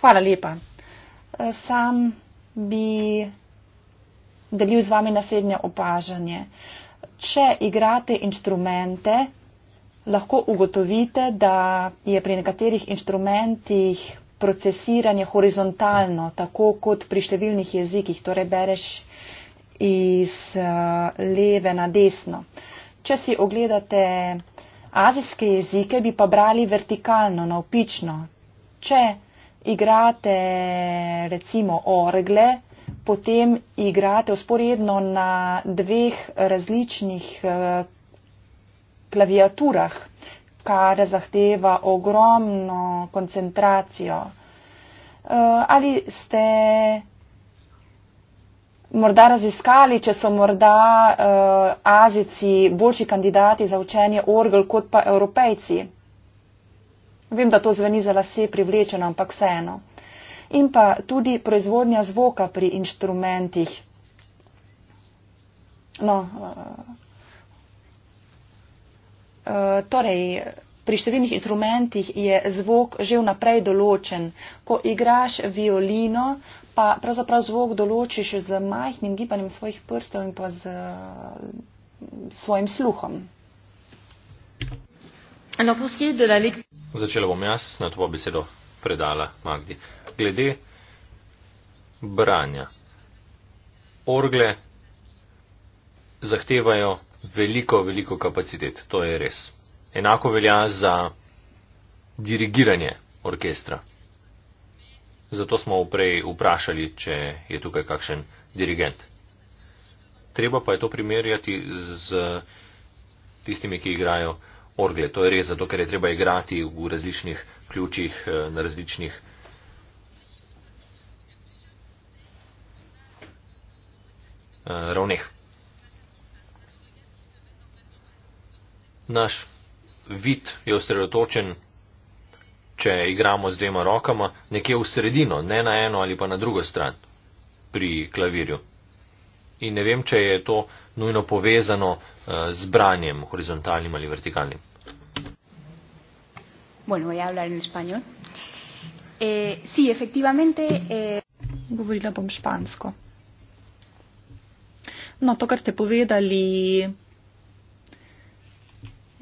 Hvala lepa. Eh, sam bi delil z vami naslednje opažanje. Če igrate instrumente, lahko ugotovite, da je pri nekaterih instrumentih procesiranje horizontalno, tako kot pri številnih jezikih, torej bereš iz eh, leve na desno. Če si ogledate azijske jezike, bi pa brali vertikalno, navpično. Če igrate recimo orgle, potem igrate usporedno na dveh različnih eh, klaviaturah, kar zahteva ogromno koncentracijo. Eh, ali ste morda raziskali, če so morda eh, azici boljši kandidati za učenje orgel kot pa evropejci? Vem, da to zveni za lase privlečeno, ampak vseeno. In pa tudi proizvodnja zvoka pri inštrumentih. No, eh, eh, torej, pri številnih instrumentih je zvok že vnaprej določen. Ko igraš violino, pa pravzaprav zvok določiš z majhnim gibanjem svojih prstov in pa z eh, svojim sluhom.
Alors pour ce qui est de la lecture...
Začela bom jaz, na to pa besedo predala Magdi. Glede branja. Orgle zahtevajo veliko, veliko kapacitet, to je res. Enako velja za dirigiranje orkestra. Zato smo prej vprašali, če je tukaj kakšen dirigent. Treba pa je to primerjati z tistimi, ki igrajo orgle. To je res, zato ker je treba igrati v različnih ključih, eh, na različnih. Eh, ravneh. Naš vid je osredotočen, če igramo z dvema rokama, nekje v sredino, ne na eno ali pa na drugo stran pri klavirju in ne vem, če je to nujno povezano eh, z branjem horizontalnim ali vertikalnim.
Bueno,
voy a hablar en español. Eh, sí, efectivamente. Eh... Govorila bom špansko. No, to, kar ste povedali,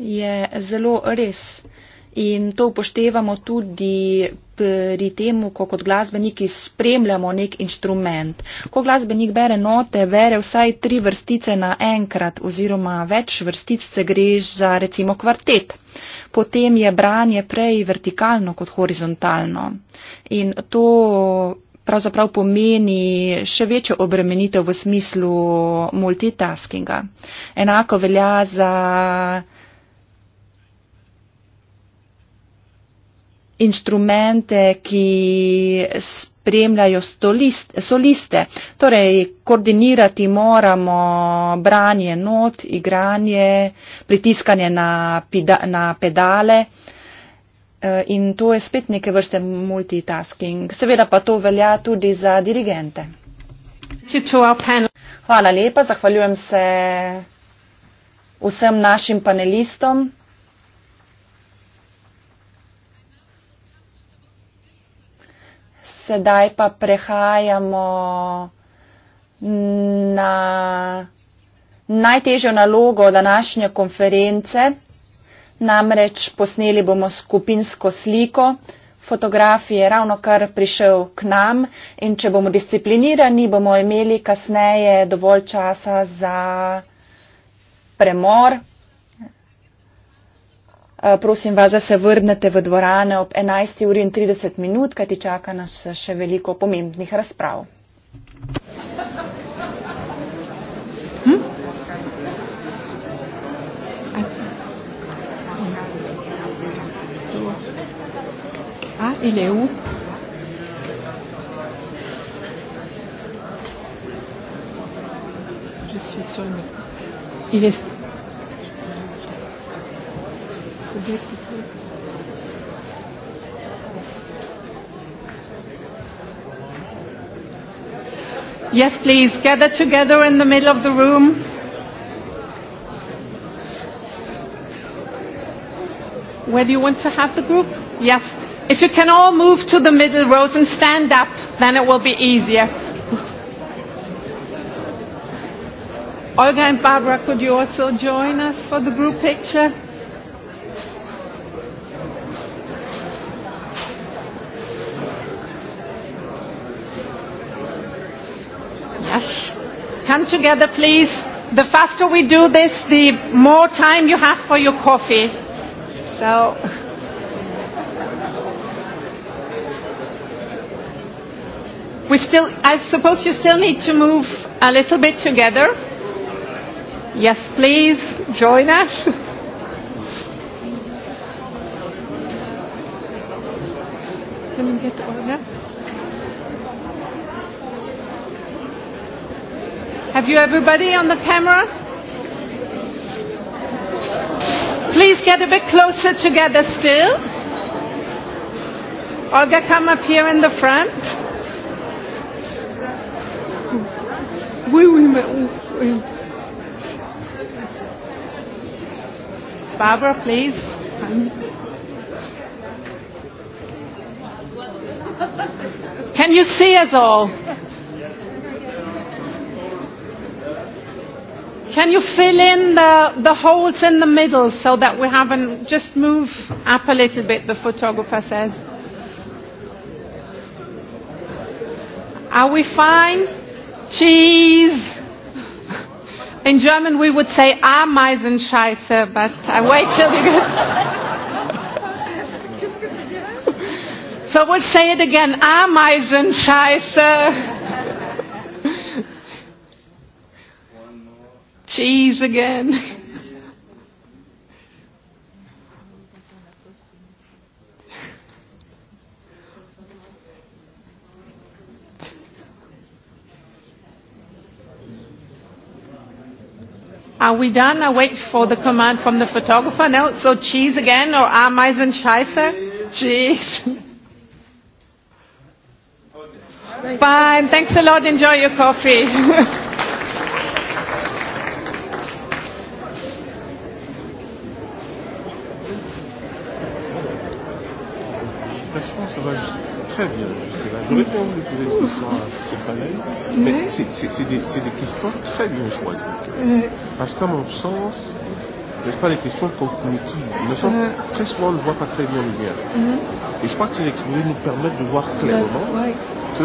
je zelo res. Eh, In to upoštevamo tudi pri tem, ko kot glasbeniki spremljamo nek inštrument. Ko glasbenik bere note, bere vsaj tri vrstice naenkrat oziroma več vrstic se gre za recimo kvartet. Potem je branje prej vertikalno kot horizontalno. In to pravzaprav pomeni še večjo obremenitev v smislu multitaskinga. Enako velja za inštrumente, ki spremljajo stolist, soliste. Torej, koordinirati moramo branje not, igranje, pritiskanje na, pida, na pedale. Eh, in to je spet neke vrste multitasking. Seveda pa to velja tudi za dirigente. Hvala lepa, zahvaljujem se vsem našim panelistom. sedaj pa prehajamo na najtežjo nalogo današnje konference. Namreč posneli bomo skupinsko sliko. Fotograf je ravno kar prišel k nam in če bomo disciplinirani, bomo imeli kasneje dovolj časa za premor, Eh, prosim vas, da se vrnete v dvorane ob 11.30 minut, kajti čaka nas še veliko pomembnih razprav.
Hm?
A, Il est subjekti. Yes, please, gather together in the middle of the room. Where do you want to have the group? Yes. If you can all move to the middle rows and stand up, then it will be easier. Olga and Barbara, could you also join us for the group picture? Yes. Come together, please. The faster we do this, the more time you have for your coffee. So. We still, I suppose you still need to move a little bit together. Yes, please join us. Let me get the order. Have you everybody on the camera? Please get a bit closer together still. Olga, come up here in the front. Barbara, please. Can you see us all? Can you fill in the, the holes in the middle so that we haven't just move up a little bit, the photographer says. Are we fine? Cheese. In German we would say Ameisenscheiße, but I wait till you get [LAUGHS] So we'll say it again, Ameisenscheiße. cheese again. Are we done? I wait for the command from the photographer. No, so cheese again or Ameisen Scheißer? Cheese. Fine. Thanks a lot. Enjoy your coffee. [LAUGHS]
sauvage très bien. J'aurais pas voulu poser ce soir ce panel, mais c'est des, des questions très bien choisies. Euh, Parce qu'à mon sens, ce ne pas des questions cognitives. Ne sont, euh. très souvent, on ne voit pas très bien le lien. Mm-hmm. Et je crois que ces exposés nous permettent de voir clairement que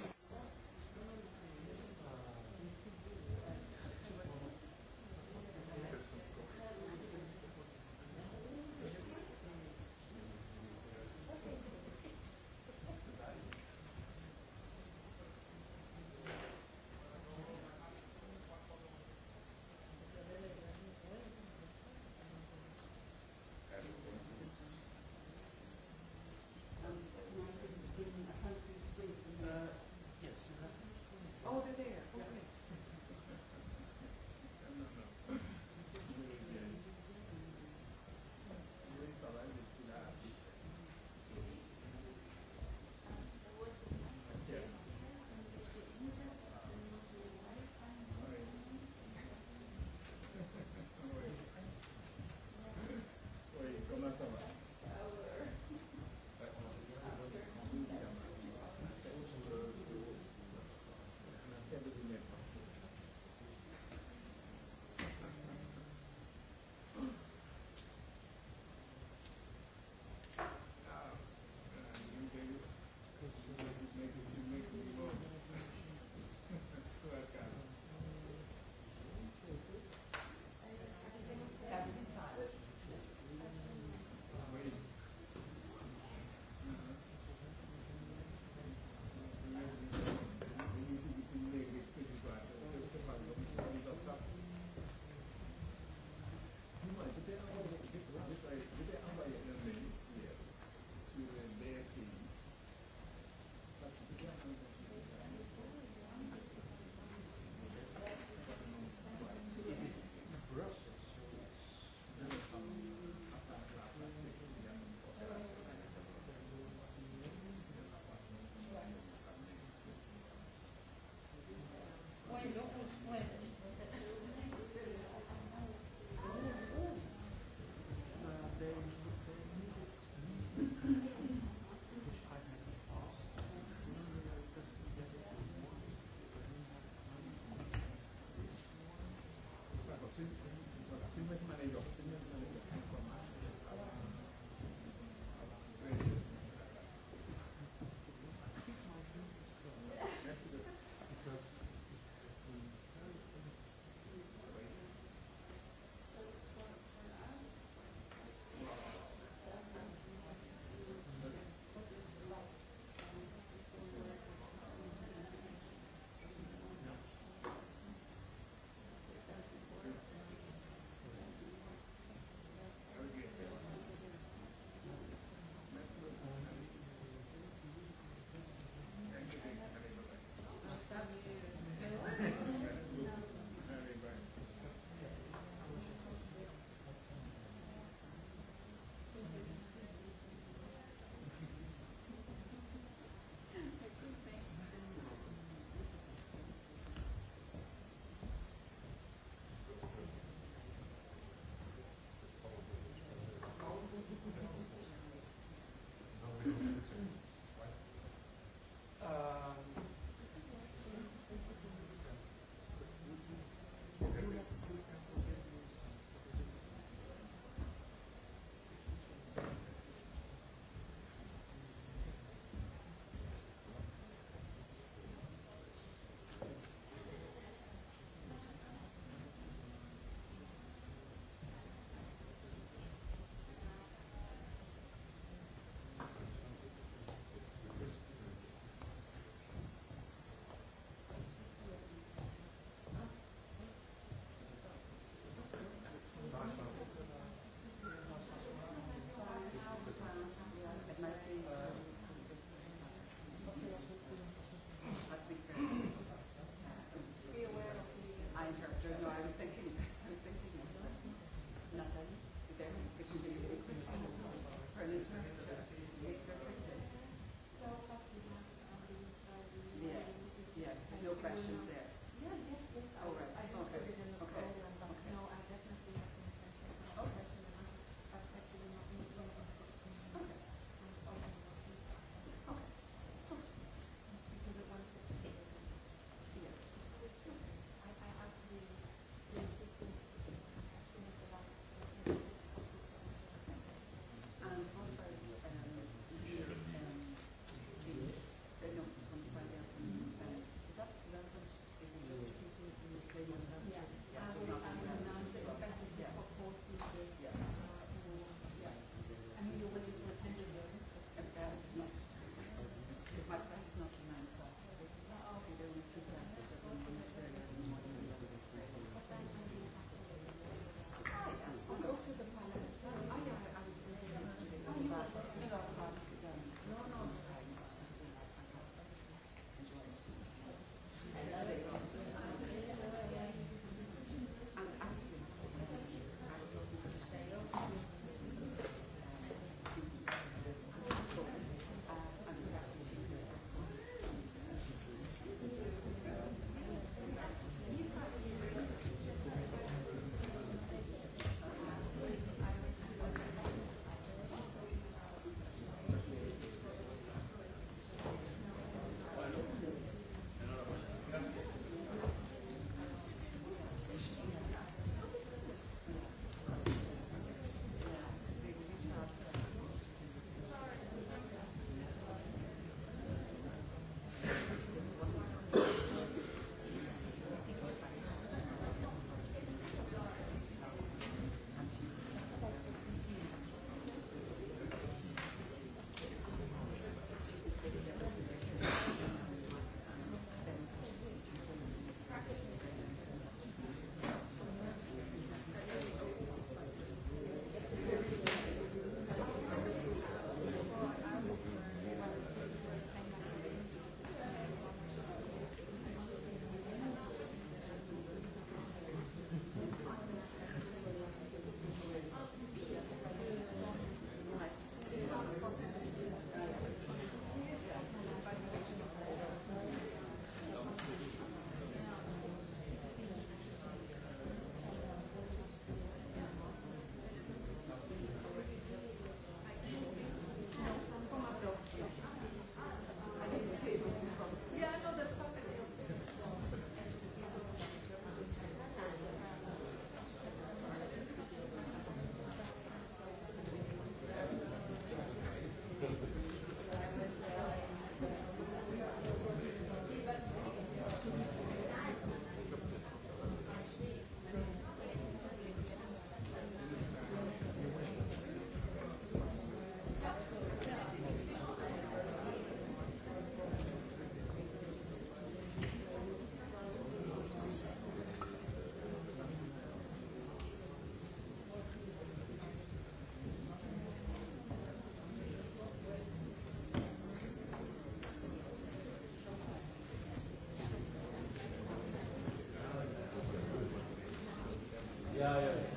Ja, ja, ja.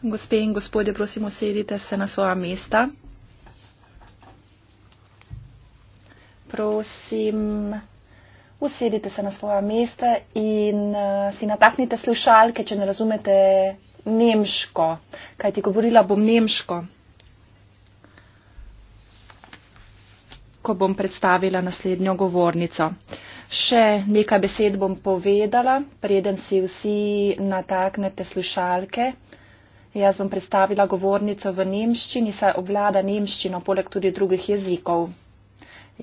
Gospe in gospodje,
prosim, sedite se na svoja mesta. Prosim, usedite se na svoja mesta in uh, si nataknite slušalke, če ne razumete nemško, kaj ti govorila bom nemško, ko bom predstavila naslednjo govornico. Uh, Še nekaj besed bom povedala, preden si vsi nataknete slušalke. Jaz bom predstavila govornico v nemščini, saj obvlada nemščino, poleg tudi drugih jezikov.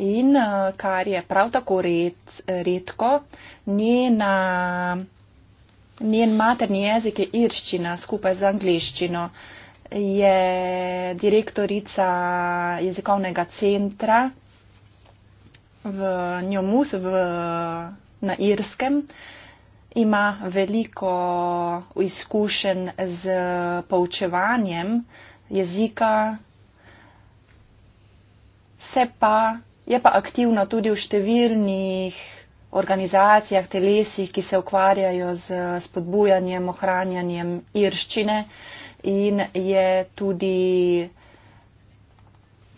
In eh, kar je prav tako red, redko, njena, njen materni jezik je irščina skupaj z angliščino. Je direktorica jezikovnega centra v Njomus v, na Irskem ima veliko izkušenj z poučevanjem jezika, se pa je pa aktivna tudi v številnih organizacijah, telesih, ki se ukvarjajo z spodbujanjem, ohranjanjem irščine in je tudi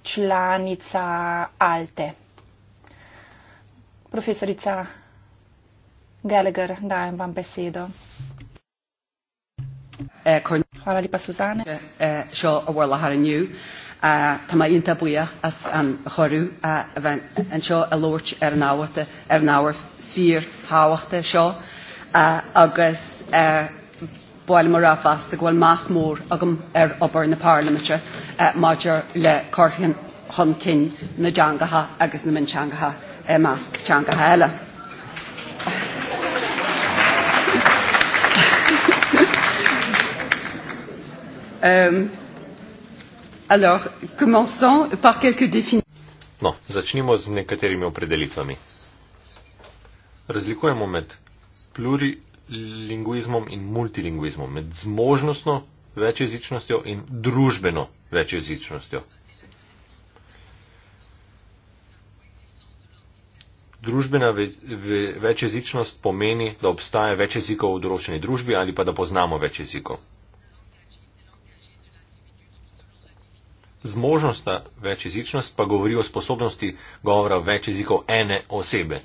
članica Alte. Profesorica Gallagher, dajem vam besedo. Eh, Hvala lepa, Suzane. Eh, eh, uh, Tama inta buia as an horu uh, van an sio a lorch er nawrta er nawr fyr hawachta sio uh, agus uh, boel mora fast agwal mas mor agam er obar na parlamentra uh, major le corchian hon cyn na jangaha agus na minchangaha Emma Skčanka Hele.
No, začnimo z nekaterimi opredelitvami. Razlikujemo med plurilinguizmom in multilinguizmom, med zmožnostno večjezičnostjo in družbeno večjezičnostjo. Družbena ve, ve, večjezičnost pomeni, da obstaja več jezikov v določeni družbi ali pa da poznamo več jezikov. Zmožnost ta večjezičnost pa govori o sposobnosti govora več jezikov ene osebe.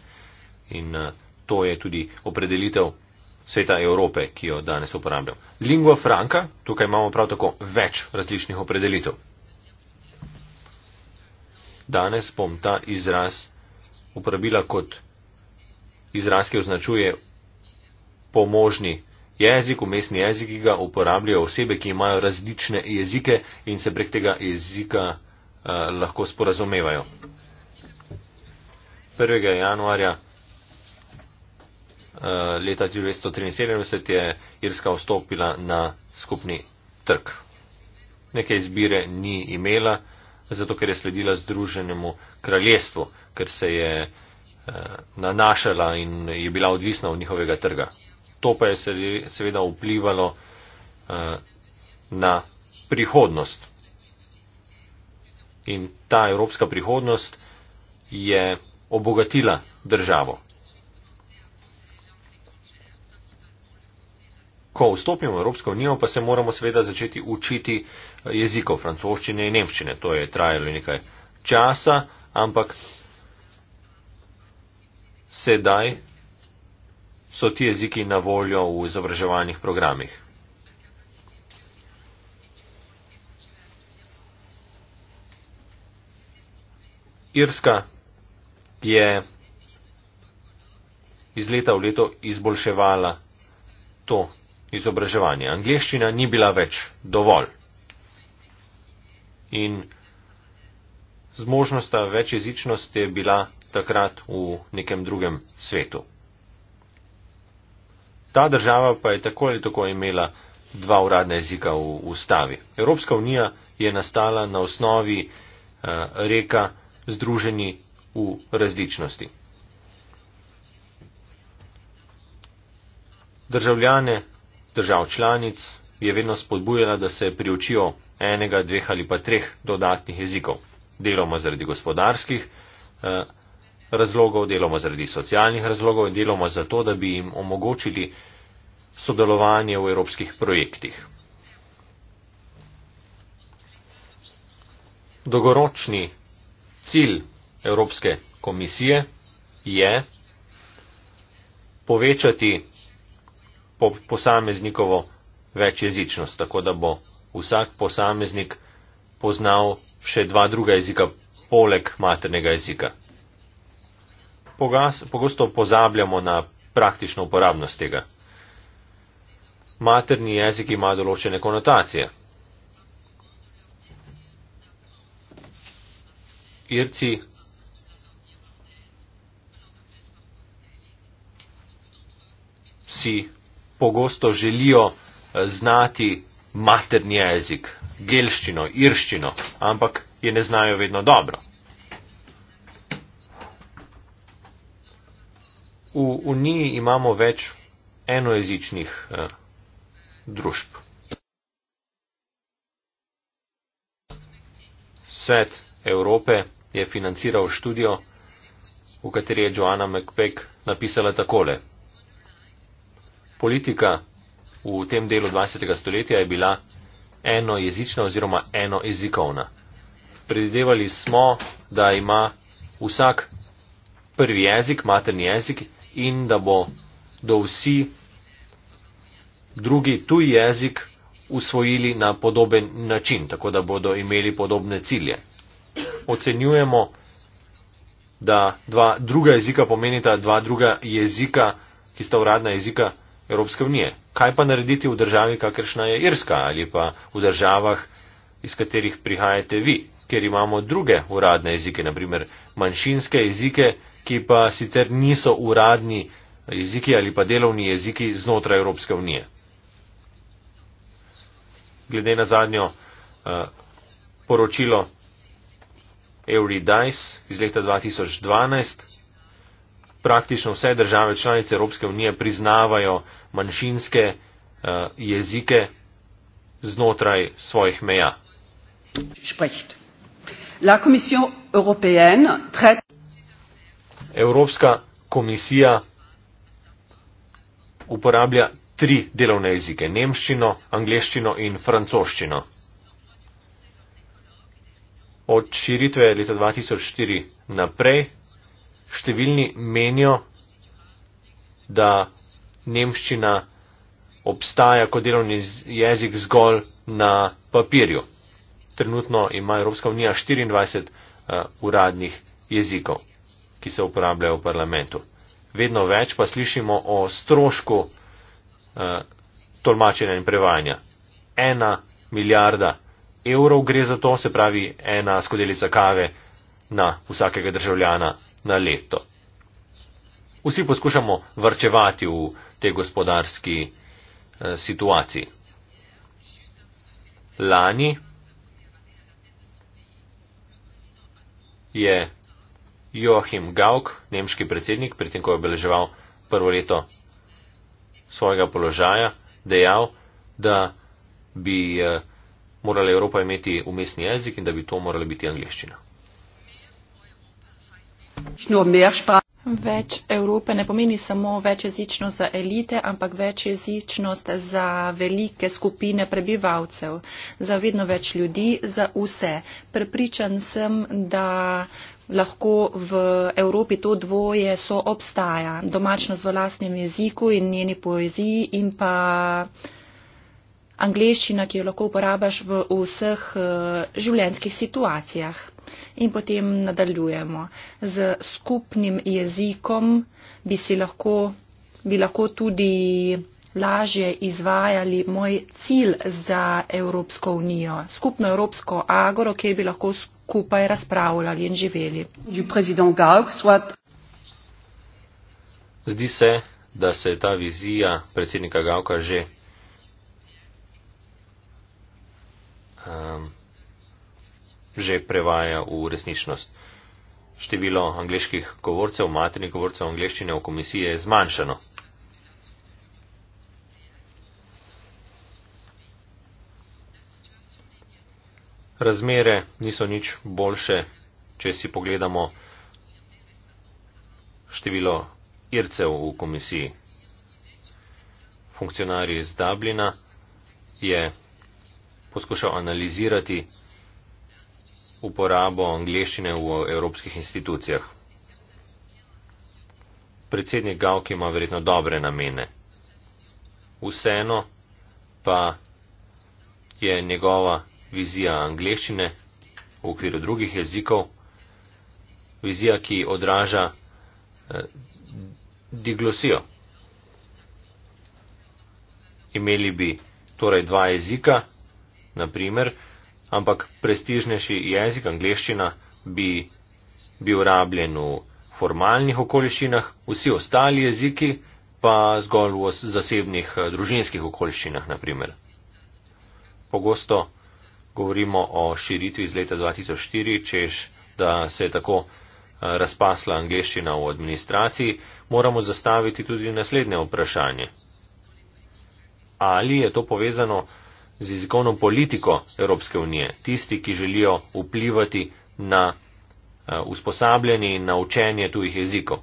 In uh, to je tudi opredelitev sveta Evrope, ki jo danes uporabljam. Lingua franca, tukaj imamo prav tako več različnih opredelitev. Danes bom ta izraz uporabila kot izraz, ki označuje pomožni jezik, umestni jezik, ki ga uporabljajo osebe, ki imajo različne jezike in se prek tega jezika uh, lahko sporazumevajo. 1. januarja uh, leta 1973 je Irska vstopila na skupni trg. Neke izbire ni imela zato ker je sledila Združenemu kraljestvu, ker se je eh, nanašala in je bila odvisna od njihovega trga. To pa je seveda vplivalo eh, na prihodnost. In ta evropska prihodnost je obogatila državo. ko vstopimo v Evropsko unijo, pa se moramo seveda začeti učiti eh, jezikov francoščine in nemščine. To je trajalo nekaj časa, ampak sedaj so ti jeziki na voljo v izobraževalnih programih. Irska je iz leta v leto izboljševala to izobraževanje. Angliščina ni bila več dovolj. In zmožnost večjezičnosti je bila takrat v nekem drugem svetu. Ta država pa je tako ali tako imela dva uradna jezika v ustavi. Evropska unija je nastala na osnovi eh, reka združeni v različnosti. Državljane držav članic je vedno spodbujala, da se priučijo enega, dveh ali pa treh dodatnih jezikov. Deloma zaradi gospodarskih eh, razlogov, deloma zaradi socialnih razlogov in deloma zato, da bi jim omogočili sodelovanje v evropskih projektih. Dogoročni cilj Evropske komisije je povečati po posameznikovo večjezičnost, tako da bo vsak posameznik poznal še dva druga jezika poleg maternega jezika. Pogas, pogosto pozabljamo na praktično uporabnost tega. Materni jezik ima določene konotacije. Irci si pogosto želijo eh, znati materni jezik, gelščino, irščino, ampak je ne znajo vedno dobro. V Uniji imamo več enojezičnih eh, družb. Svet Evrope je financiral študijo, v kateri je Joana McPeck napisala takole politika v tem delu 20. stoletja je bila enojezična oziroma enojezikovna. Predvidevali smo, da ima vsak prvi jezik, materni jezik in da bo do vsi drugi tuji jezik usvojili na podoben način, tako da bodo imeli podobne cilje. Ocenjujemo, da dva druga jezika pomenita dva druga jezika, ki sta uradna jezika Evropske unije. Kaj pa narediti v državi, kakršna je Irska ali pa v državah, iz katerih prihajate vi, kjer imamo druge uradne jezike, naprimer manjšinske jezike, ki pa sicer niso uradni jeziki ali pa delovni jeziki znotraj Evropske unije. Glede na zadnjo uh, poročilo Eury Dice iz leta 2012 praktično vse države članice Evropske unije priznavajo manjšinske uh, jezike znotraj svojih meja. Evropska komisija uporablja tri delovne jezike - nemščino, angliščino in francoščino. Od širitve leta 2004 naprej številni menijo, da nemščina obstaja kot delovni jezik zgolj na papirju. Trenutno ima Evropska unija 24 uh, eh, uradnih jezikov, ki se uporabljajo v parlamentu. Vedno več pa slišimo o strošku uh, tolmačenja in prevajanja. Ena milijarda evrov gre za to, se pravi ena skodelica kave na vsakega državljana na leto. Vsi poskušamo vrčevati v tej gospodarski eh, situaciji. Lani je Joachim Gauk, nemški predsednik, pri tem, ko je obeleževal prvo leto svojega položaja, dejal, da bi eh, morala Evropa imeti umestni jezik in da bi to morala biti angliščina.
Več Evrope ne pomeni samo večjezičnost za elite, ampak večjezičnost za velike skupine prebivalcev, za vedno več ljudi, za vse. Prepričan sem, da lahko v Evropi to dvoje so obstaja. Domačnost v lastnem jeziku in njeni poeziji in pa angliščina, ki jo lahko uporabiš v vseh eh, življenjskih situacijah. In potem nadaljujemo. Z skupnim jezikom bi si lahko, bi lahko tudi lažje izvajali moj cilj za Evropsko unijo, skupno Evropsko agoro, kjer bi lahko skupaj razpravljali in živeli.
Zdi se, da se je ta vizija predsednika Gavka že um, že prevaja v resničnost. Število angliških govorcev, materni govorcev angliščine v komisiji je zmanjšano. Razmere niso nič boljše, če si pogledamo število Ircev v komisiji. Funkcionarji iz Dublina je poskušal analizirati uporabo angleščine v evropskih institucijah. Predsednik Gauk ima verjetno dobre namene. Vseeno pa je njegova vizija angleščine v okviru drugih jezikov, vizija, ki odraža eh, diglosijo. Imeli bi torej dva jezika, na primer, ampak prestižnejši jezik, angliščina, bi bil rabljen v formalnih okoliščinah, vsi ostali jeziki pa zgolj v zasebnih eh, družinskih okoliščinah, na primer. Pogosto govorimo o širitvi iz leta 2004, češ, da se je tako eh, razpasla angliščina v administraciji, moramo zastaviti tudi naslednje vprašanje. Ali je to povezano z jezikovno politiko Evropske unije, tisti, ki želijo vplivati na eh, usposabljanje in na učenje tujih jezikov.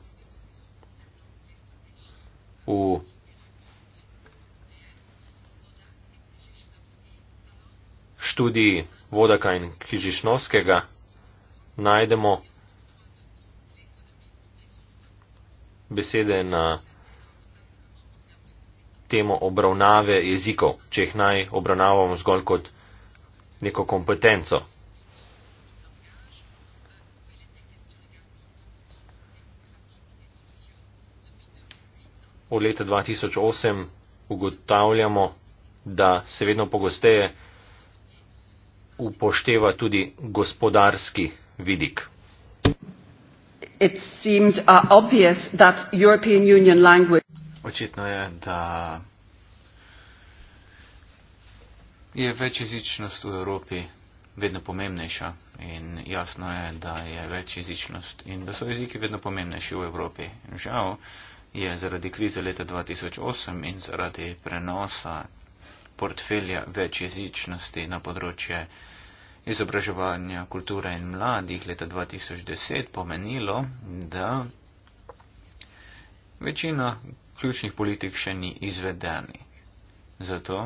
V študiji Vodaka in Kižišnovskega najdemo besede na temo obravnave jezikov, če jih naj obravnavamo zgolj kot neko kompetenco. Od leta 2008 ugotavljamo, da se vedno pogosteje upošteva tudi gospodarski vidik.
Seems, uh,
očitno je, da
je večjezičnost v Evropi vedno pomembnejša in jasno je, da je večjezičnost in da so jeziki vedno pomembnejši v Evropi. Žal je zaradi krize leta 2008 in zaradi prenosa portfelja večjezičnosti na področje izobraževanja kulture in mladih leta 2010 pomenilo, da večina ključnih politik še ni izvedenih. Zato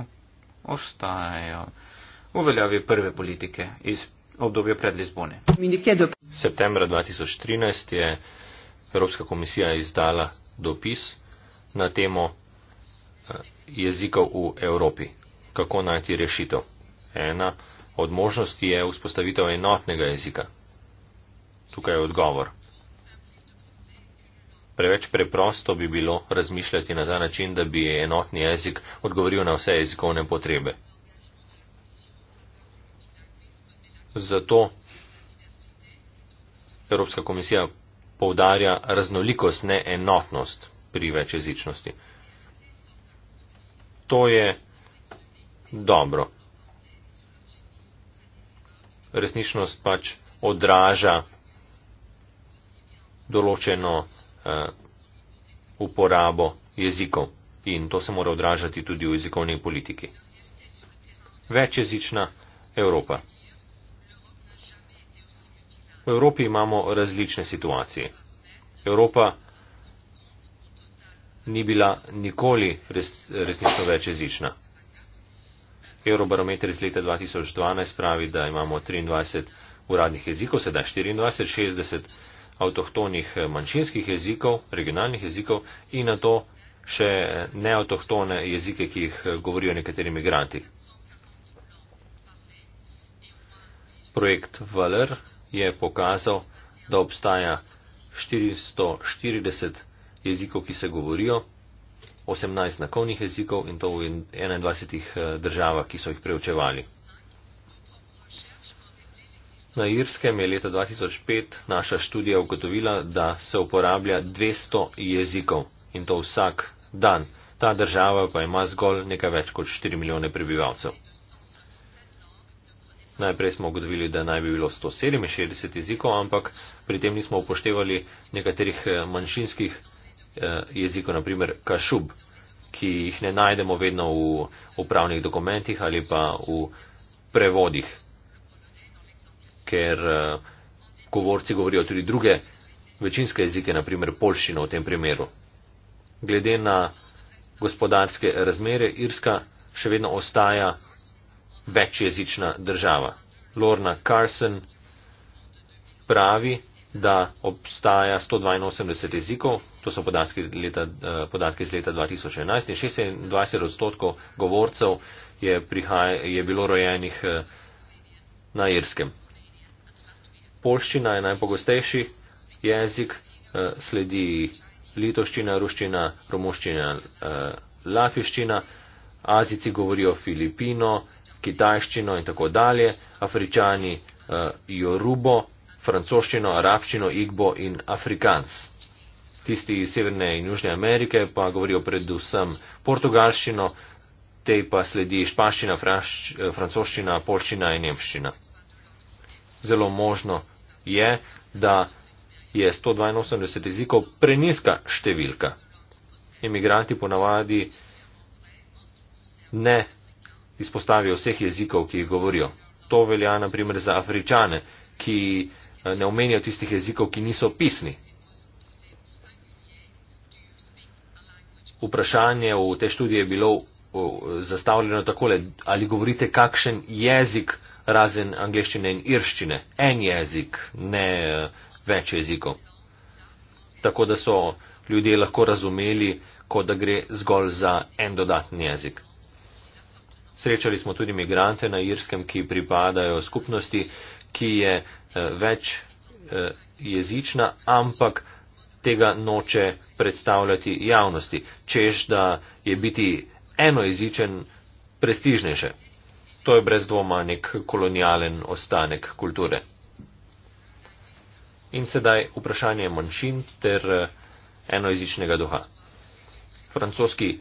ostajajo uveljavi prve
politike iz obdobja pred Lizbone. Septembra 2013 je Evropska komisija izdala dopis na temo eh, jezikov v Evropi. Kako najti rešitev? Ena od možnosti je vzpostavitev enotnega jezika. Tukaj je odgovor. Preveč preprosto bi bilo razmišljati na ta način, da bi enotni jezik odgovoril na vse jezikovne potrebe. Zato Evropska komisija povdarja raznolikost, ne enotnost pri večjezičnosti. To je dobro. Resničnost pač odraža določeno uh, uporabo jezikov in to se mora odražati tudi v jezikovni politiki. Večjezična Evropa. V Evropi imamo različne situacije. Evropa ni bila nikoli res, resnično večjezična. Eurobarometer iz leta 2012 pravi, da imamo 23 uradnih jezikov, sedaj 24, 60 avtohtonih eh, manjšinskih jezikov, regionalnih jezikov in na to še eh, neavtohtone jezike, ki jih eh, govorijo nekateri migranti. Projekt Valer je pokazal, da obstaja 440 jezikov, ki se govorijo, 18 znakovnih jezikov in to v 21 državah, ki so jih preučevali. Na Irskem je leta 2005 naša študija ugotovila, da se uporablja 200 jezikov in to vsak dan. Ta država pa ima zgolj nekaj več kot 4 milijone prebivalcev. Najprej smo ugotovili, da naj bi bilo 167 jezikov, ampak pri tem nismo upoštevali nekaterih eh, manjšinskih eh, jezikov, naprimer kašub, ki jih ne najdemo vedno v upravnih dokumentih ali pa v prevodih ker eh, govorci govorijo tudi druge večinske jezike, naprimer polščino v tem primeru. Glede na gospodarske razmere, Irska še vedno ostaja večjezična država. Lorna Carson pravi, da obstaja 182 jezikov, to so podatki, leta, eh, podatki iz leta 2011 in 26 odstotkov govorcev je, prihaj, je bilo rojenih eh, na Irskem polščina je najpogostejši jezik, eh, sledi litoščina, ruščina, romoščina, eh, latviščina, azici govorijo filipino, kitajščino in tako dalje, afričani eh, jorubo, francoščino, arabščino, igbo in afrikans. Tisti iz Severne in Južne Amerike pa govorijo predvsem portugalščino, tej pa sledi španščina, francoščina, polščina in nemščina. Zelo možno, je, da je 182 jezikov preniska številka. Imigranti ponavadi ne izpostavijo vseh jezikov, ki jih govorijo. To velja naprimer za afričane, ki eh, ne omenijo tistih jezikov, ki niso pisni. Vprašanje v te študije je bilo zastavljeno takole, ali govorite, kakšen jezik razen angleščine in irščine, en jezik, ne eh, več jezikov. Tako da so ljudje lahko razumeli, kot da gre zgolj za en dodatni jezik. Srečali smo tudi imigrante na Irskem, ki pripadajo skupnosti, ki je eh, več eh, jezična, ampak tega noče predstavljati javnosti, čež da je biti enojezičen prestižnejše to je brez dvoma nek kolonijalen ostanek kulture. In sedaj vprašanje manjšin ter eh, enojezičnega duha. Francoski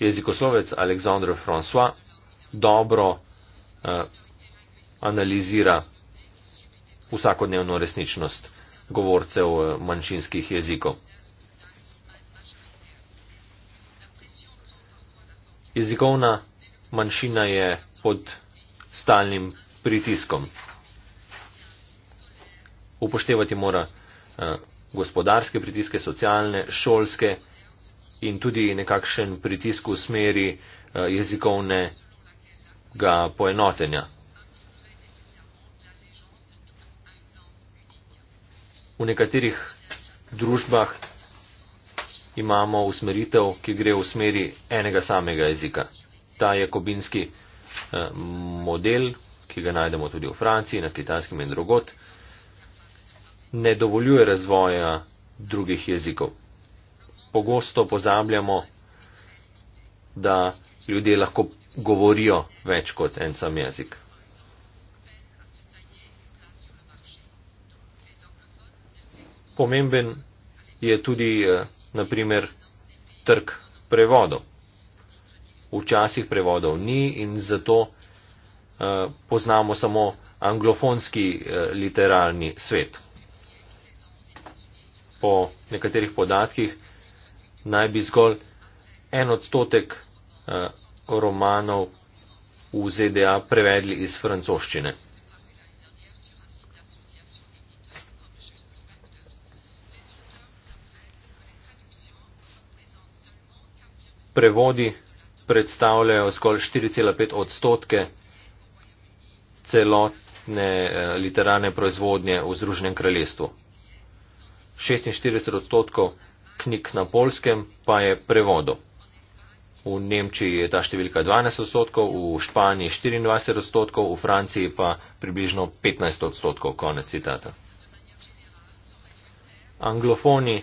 jezikoslovec Aleksandr François dobro eh, analizira vsakodnevno resničnost govorcev eh, manjšinskih jezikov. Jezikovna manjšina je pod stalnim pritiskom. Upoštevati mora eh, gospodarske pritiske, socialne, šolske in tudi nekakšen pritisk v smeri eh, jezikovnega poenotenja. V nekaterih družbah imamo usmeritev, ki gre v smeri enega samega jezika. Ta je kobinski Eh, model, ki ga najdemo tudi v Franciji, na kitajskem in drugot, ne dovoljuje razvoja drugih jezikov. Pogosto pozabljamo, da ljudje lahko govorijo več kot en sam jezik. Pomemben je tudi, eh, naprimer, trg prevodov včasih prevodov ni in zato eh, poznamo samo anglofonski eh, literarni svet. Po nekaterih podatkih naj bi zgolj en odstotek eh, romanov v ZDA prevedli iz francoščine. Prevodi predstavljajo skolj 4,5 odstotke celotne eh, literarne proizvodnje v Združenem kraljestvu. 46 odstotkov knjig na polskem pa je prevodo. V Nemčiji je ta številka 12 odstotkov, v Španiji 24 odstotkov, v Franciji pa približno 15 odstotkov. Konec citata. Anglofoni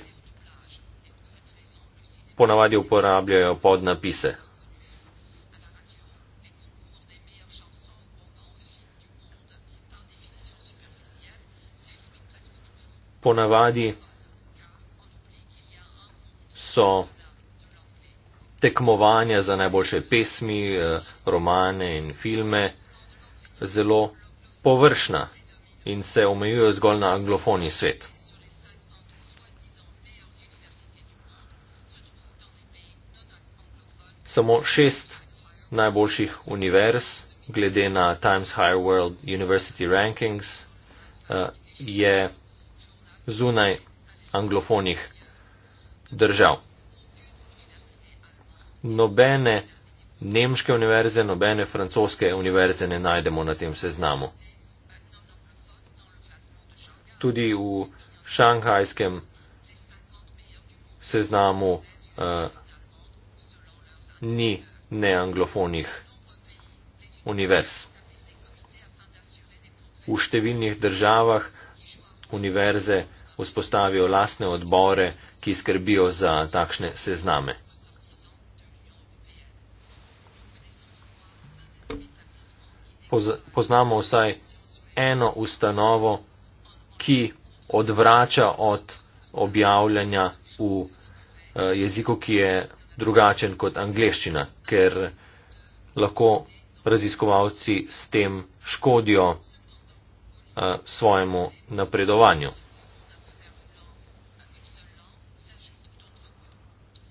ponavadi uporabljajo podnapise. ponavadi so tekmovanja za najboljše pesmi, eh, romane in filme zelo površna in se omejujejo zgolj na anglofoni svet. Samo šest najboljših univerz, glede na Times Higher World University Rankings, eh, je zunaj anglofonih držav. Nobene nemške univerze, nobene francoske univerze ne najdemo na tem seznamu. Tudi v šanghajskem seznamu uh, ni neanglofonih univerz. V številnih državah univerze vzpostavijo lastne odbore, ki skrbijo za takšne sezname. Poznamo vsaj eno ustanovo, ki odvrača od objavljanja v eh, jeziku, ki je drugačen kot angliščina, ker lahko raziskovalci s tem škodijo eh, svojemu napredovanju.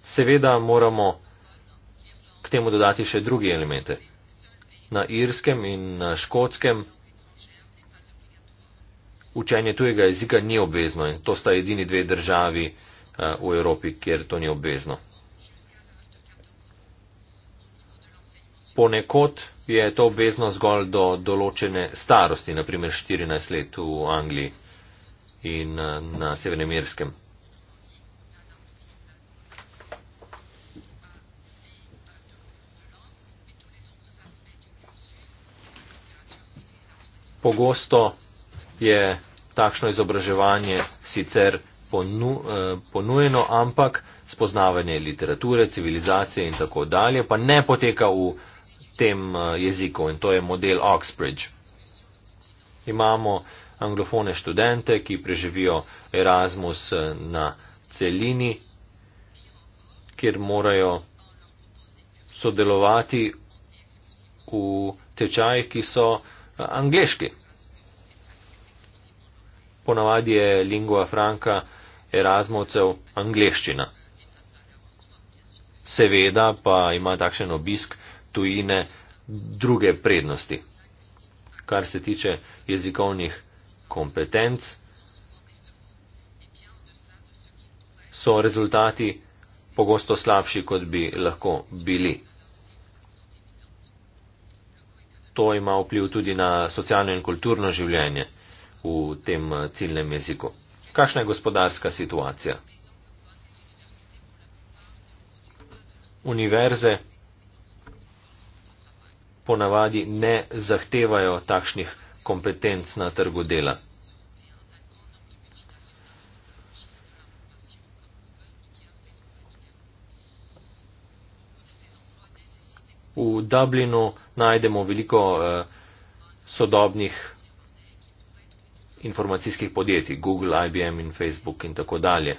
Seveda moramo k temu dodati še druge elemente. Na irskem in na škotskem učenje tujega jezika ni obvezno in to sta edini dve državi eh, v Evropi, kjer to ni obvezno. Ponekod je to obvezno zgolj do določene starosti, naprimer 14 let v Angliji in eh, na severnem irskem. pogosto je takšno izobraževanje sicer ponu, eh, ponujeno, ampak spoznavanje literature, civilizacije in tako dalje pa ne poteka v tem eh, jeziku in to je model Oxbridge. Imamo anglofone študente, ki preživijo Erasmus eh, na celini, kjer morajo sodelovati v tečajih, ki so angliški. Ponavadi je lingua franca Erasmovcev angliščina. Seveda pa ima takšen obisk tujine druge prednosti. Kar se tiče jezikovnih kompetenc, so rezultati pogosto slabši, kot bi lahko bili. to ima vpliv tudi na socialno in kulturno življenje v tem eh, ciljnem jeziku. Kakšna je gospodarska situacija? Univerze ponavadi ne zahtevajo takšnih kompetenc na trgu dela. v Dublinu najdemo veliko eh, sodobnih informacijskih podjetij, Google, IBM in Facebook in tako dalje.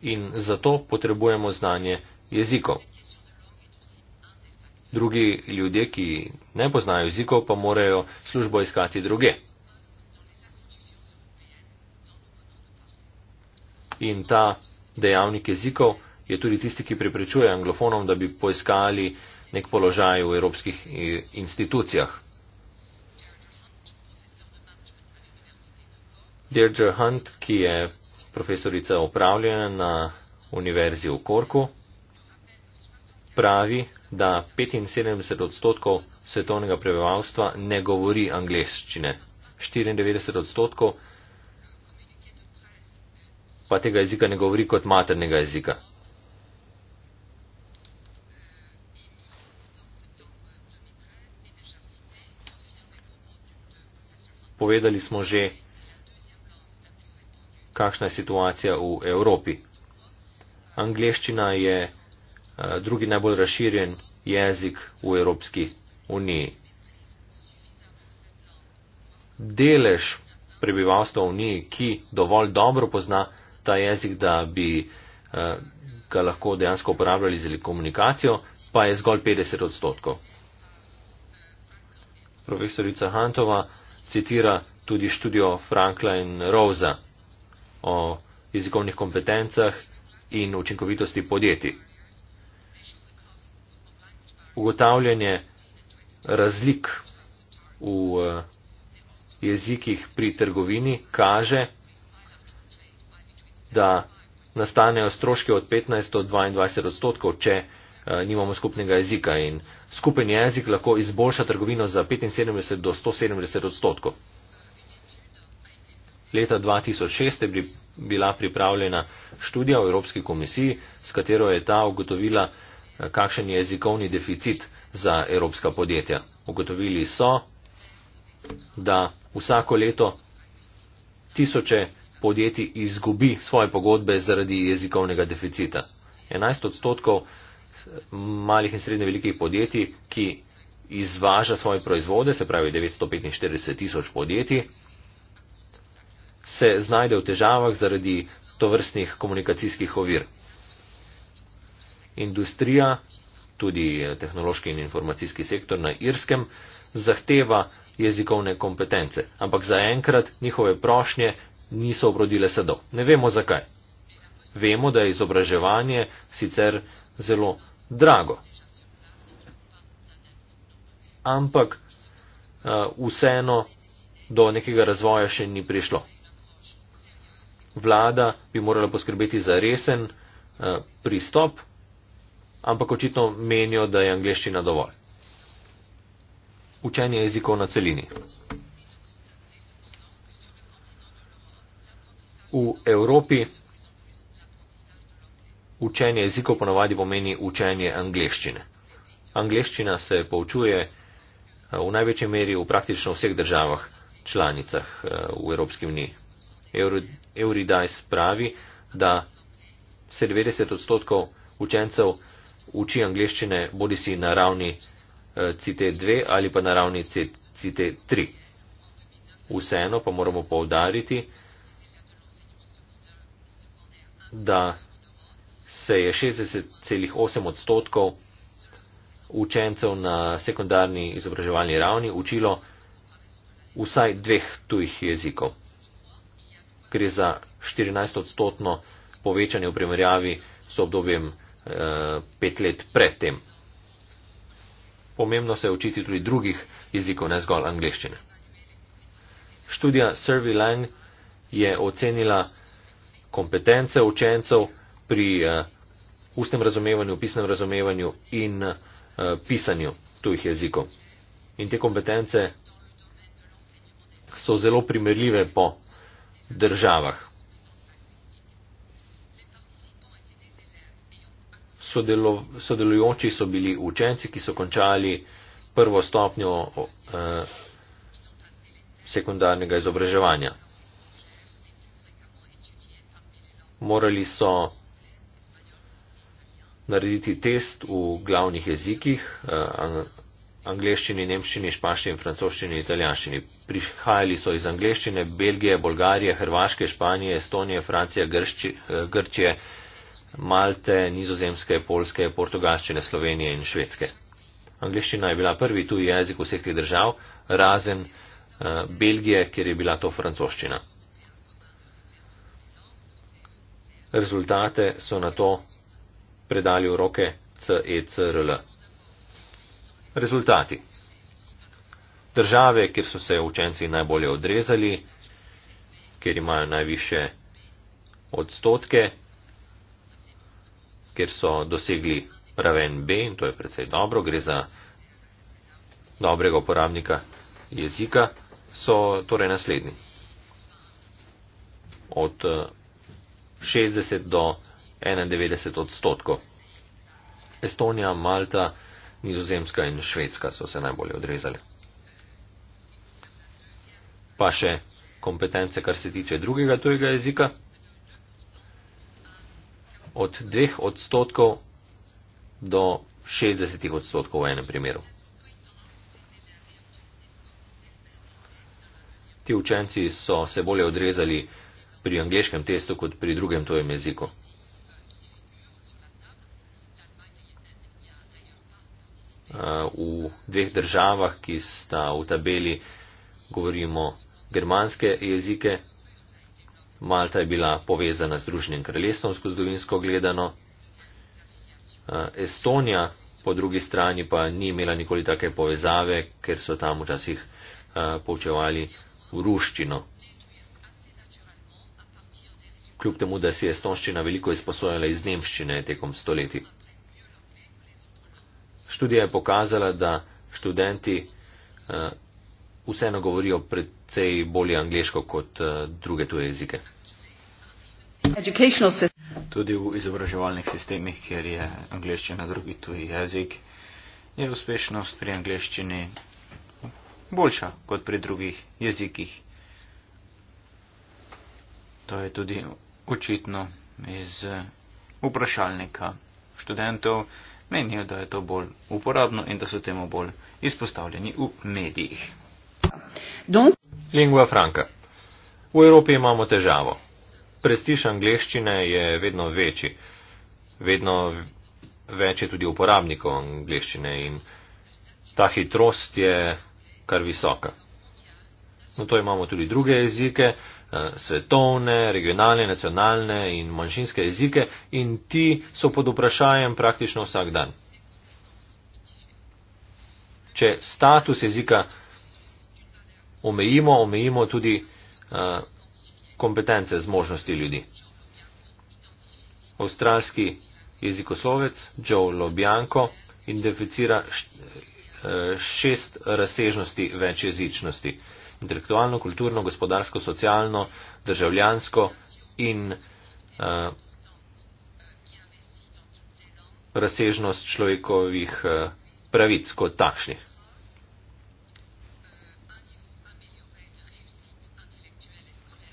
In zato potrebujemo znanje jezikov. Drugi ljudje, ki ne poznajo jezikov, pa morajo službo iskati druge. In ta dejavnik jezikov je tudi tisti, ki preprečuje anglofonom, da bi poiskali nek položaj v evropskih eh, institucijah. Deirdre Hunt, ki je profesorica upravljena na Univerzi v Korku, pravi, da 75 odstotkov svetovnega prebivalstva ne govori angleščine. 94 odstotkov pa tega jezika ne govori kot maternega jezika. povedali smo že, kakšna je situacija v Evropi. Angliščina je eh, drugi najbolj razširjen jezik v Evropski uniji. Delež prebivalstva v uniji, ki dovolj dobro pozna ta jezik, da bi eh, ga lahko dejansko uporabljali za komunikacijo, pa je zgolj 50 odstotkov. Profesorica Hantova citira tudi študijo Frankla in Rosa o jezikovnih kompetencah in učinkovitosti podjetij. Ugotavljanje razlik v eh, jezikih pri trgovini kaže, da nastanejo stroške od 15 do 22 odstotkov, če Eh, nimamo skupnega jezika in skupen jezik lahko izboljša trgovino za 75 do 170 odstotkov. Leta 2006 je bila pripravljena študija v Evropski komisiji, s katero je ta ugotovila, eh, kakšen je jezikovni deficit za evropska podjetja. Ugotovili so, da vsako leto tisoče podjetij izgubi svoje pogodbe zaradi jezikovnega deficita. 11 odstotkov malih in srednje velikih podjetij, ki izvaža svoje proizvode, se pravi 945 tisoč podjetij, se znajde v težavah zaradi tovrstnih komunikacijskih ovir. Industrija, tudi tehnološki in informacijski sektor na Irskem, zahteva jezikovne kompetence, ampak zaenkrat njihove prošnje niso obrodile sedo. Ne vemo zakaj. Vemo, da je izobraževanje sicer zelo drago. Ampak eh, vseeno do nekega razvoja še ni prišlo. Vlada bi morala poskrbeti za resen eh, pristop, ampak očitno menijo, da je angliščina dovolj. Učenje jezikov na celini. V Evropi učenje jezikov ponavadi pomeni učenje angleščine. Angleščina se poučuje eh, v največji meri v praktično vseh državah članicah eh, v Evropski uniji. Euridice pravi, da se 90 odstotkov učencev uči angleščine bodi si na ravni eh, CT2 ali pa na ravni CT3. Vseeno pa moramo povdariti, da se je 60,8 odstotkov učencev na sekundarni izobraževalni ravni učilo vsaj dveh tujih jezikov. Gre za 14 odstotno povečanje v primerjavi s obdobjem eh, pet let predtem. Pomembno se je učiti tudi drugih jezikov, ne zgolj angliščine. Študija Survey Lang je ocenila kompetence učencev pri uh, ustnem razumevanju, pisnem razumevanju in uh, pisanju tujih jezikov. In te kompetence so zelo primerljive po državah. Sodelo, sodelujoči so bili učenci, ki so končali prvo stopnjo eh, sekundarnega izobraževanja. Morali so narediti test v glavnih jezikih, eh, angliščini, nemščini, španščini, francoščini, italijanščini. Prihajali so iz angliščine, Belgije, Bolgarije, Hrvaške, Španije, Estonije, Francije, Grči, eh, Grčije, Malte, Nizozemske, Polske, Portugalščine, Slovenije in Švedske. Angliščina je bila prvi tuji jezik vseh teh držav, razen eh, Belgije, kjer je bila to francoščina. Rezultate so na to predali v roke CECRL. Rezultati. Države, kjer so se učenci najbolje odrezali, kjer imajo najviše odstotke, kjer so dosegli raven B, in to je precej dobro, gre za dobrega uporabnika jezika, so torej naslednji. Od 60 eh, do 90. 91 odstotkov. Estonija, Malta, Nizozemska in Švedska so se najbolje odrezali. Pa še kompetence, kar se tiče drugega tujega jezika. Od 2 odstotkov do 60 odstotkov v enem primeru. Ti učenci so se bolje odrezali pri angliškem testu kot pri drugem tujem jeziku. Eh, v dveh državah, ki sta v tabeli, govorimo germanske jezike. Malta je bila povezana z Združenim kraljestvom, skozdovinsko gledano. Eh, Estonija, po drugi strani, pa ni imela nikoli take povezave, ker so tam včasih eh, poučevali v ruščino. Kljub temu, da si je estonščina veliko izposojala iz nemščine tekom stoletij. Študija je pokazala, da študenti eh, vseeno govorijo predvsej bolje angliško kot eh, druge tuje jezike. Tudi v izobraževalnih sistemih, kjer je
angliščina drugi tuji jezik, je uspešnost pri angliščini boljša kot pri drugih jezikih. To je tudi očitno iz eh, vprašalnika študentov menijo, da je to bolj uporabno in da so temu bolj izpostavljeni v
medijih. Lingua franca. V Evropi imamo težavo. Prestiž angleščine je vedno večji. Vedno več je tudi uporabnikov angleščine in ta hitrost je kar visoka. No to imamo tudi druge jezike, Eh, svetovne, regionalne, nacionalne in manjšinske jezike in ti so pod vprašanjem praktično vsak dan. Če status jezika omejimo, omejimo tudi eh, kompetence, zmožnosti ljudi. Avstralski jezikoslovec Joe Lobjanko identificira eh, šest razsežnosti večjezičnosti. jezičnosti intelektualno, kulturno, gospodarsko, socialno, državljansko in uh, razsežnost človekovih uh, pravic kot takšnih.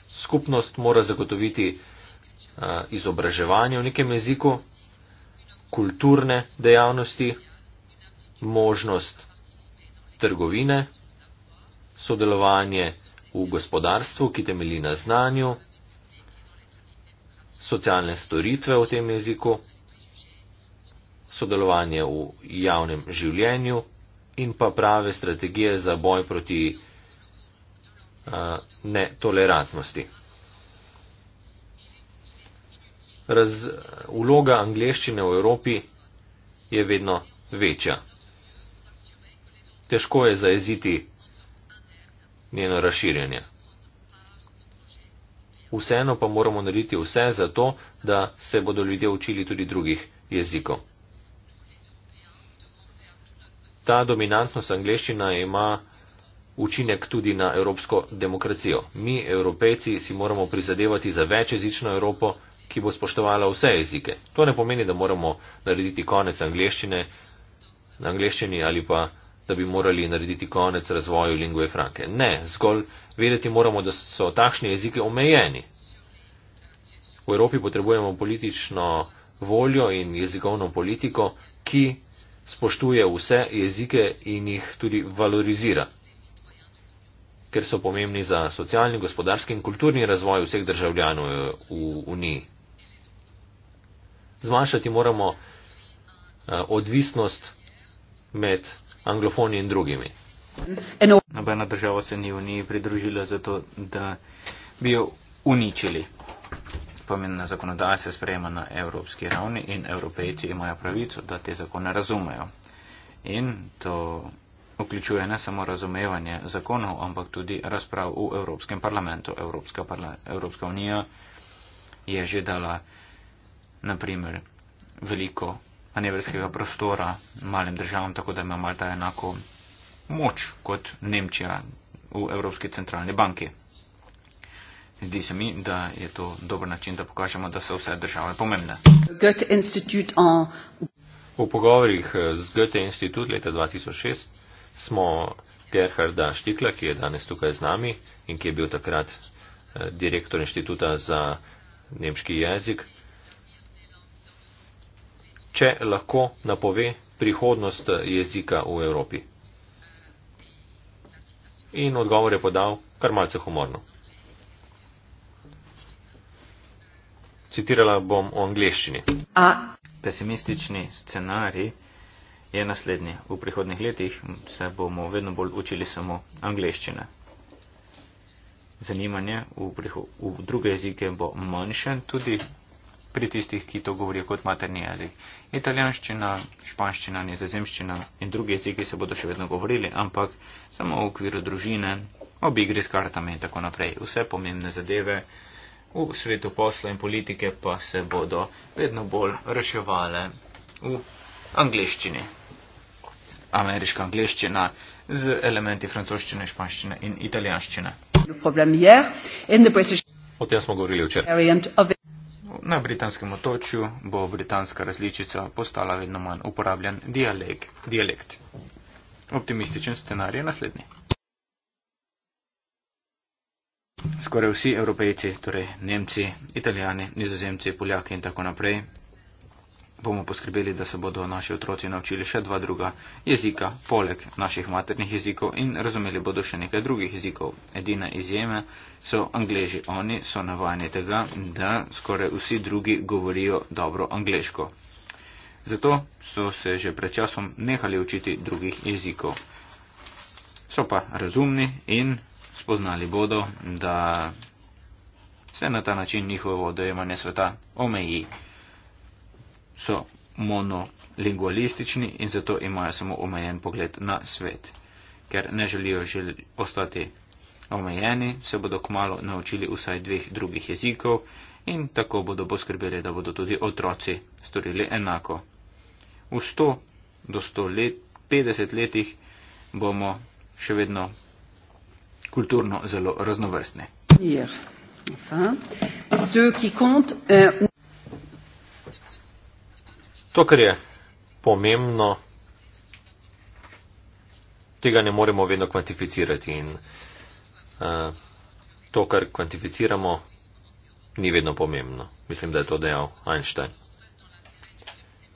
Skupnost mora zagotoviti uh, izobraževanje v nekem jeziku, kulturne dejavnosti, možnost trgovine sodelovanje v gospodarstvu, ki temeli na znanju, socialne storitve v tem jeziku, sodelovanje v javnem življenju in pa prave strategije za boj proti uh, netolerantnosti. Raz, uloga angleščine v Evropi je vedno večja. Težko je zajeziti njeno razširjanje. Vseeno pa moramo narediti vse za to, da se bodo ljudje učili tudi drugih jezikov. Ta dominantnost angleščina ima učinek tudi na evropsko demokracijo. Mi, evropejci, si moramo prizadevati za večjezično Evropo, ki bo spoštovala vse jezike. To ne pomeni, da moramo narediti konec angleščine, angleščini ali pa da bi morali narediti konec razvoju lingue franke. Ne, zgolj vedeti moramo, da so takšni jeziki omejeni. V Evropi potrebujemo politično voljo in jezikovno politiko, ki spoštuje vse jezike in jih tudi valorizira, ker so pomembni za socialni, gospodarski in kulturni razvoj vseh državljanov eh, v Uniji. Zmanjšati moramo eh, odvisnost med anglofoni in drugimi. Nobena država se ni v njih pridružila zato, da bi jo uničili.
Pomembna zakonodaja se sprejema na evropski ravni in evropejci imajo pravico, da te zakone razumejo. In to vključuje ne samo razumevanje zakonov, ampak tudi razprav v Evropskem parlamentu. Evropska, parla, Evropska unija je že dala, naprimer, veliko manevrskega prostora malim državam, tako da ima Malta enako moč kot Nemčija v Evropski centralni banki. Zdi se mi, da je to dober način, da pokažemo, da so vse države pomembne.
V pogovorih z Goethe Institut leta 2006 smo Gerharda Štikla, ki je danes tukaj z nami in ki je bil takrat eh, direktor inštituta za nemški jezik, če lahko napove prihodnost jezika v Evropi. In odgovor je podal kar malce humorno. Citirala bom v angleščini. A. Pesimistični
scenarij je naslednji. V prihodnih letih se bomo vedno bolj učili samo angleščine. Zanimanje v, v druge jezike bo manjše, tudi pri tistih, ki to govorijo kot materni jezik. Italijanščina, španščina, nizozemščina in drugi jeziki se bodo še vedno govorili, ampak samo v okviru družine, ob igri s kartami in tako naprej. Vse pomembne zadeve v svetu posla in politike pa se bodo vedno bolj reševale v angliščini. Ameriška angliščina z elementi francoščine, španščine in italijanščine. Potem smo govorili včeraj na britanskem otočju bo britanska različica postala vedno manj uporabljen dialek, dialekt. Optimističen scenarij je naslednji. Skoraj vsi evropejci, torej Nemci, Italijani, Nizozemci, Poljaki in tako naprej, bomo poskrbeli, da se bodo naši otroci naučili še dva druga jezika, poleg naših maternih jezikov in razumeli bodo še nekaj drugih jezikov. Edina izjeme so angleži. Oni so navajeni tega, da skoraj vsi drugi govorijo dobro angliško. Zato so se že pred časom nehali učiti drugih jezikov. So pa razumni in spoznali bodo, da se na ta način njihovo dojemanje sveta omeji so monolingualistični in zato imajo samo omejen pogled na svet. Ker ne želijo žel ostati omejeni, se bodo kmalo naučili vsaj dveh drugih jezikov in tako bodo poskrbeli, da bodo tudi otroci storili enako. V 100 do 150 letih bomo še vedno kulturno zelo raznovrstni.
Ja. Enfin, ceux qui comptent. Euh...
To, kar je pomembno, tega ne moremo vedno kvantificirati in uh, to, kar kvantificiramo, ni vedno pomembno. Mislim, da je to dejal Einstein.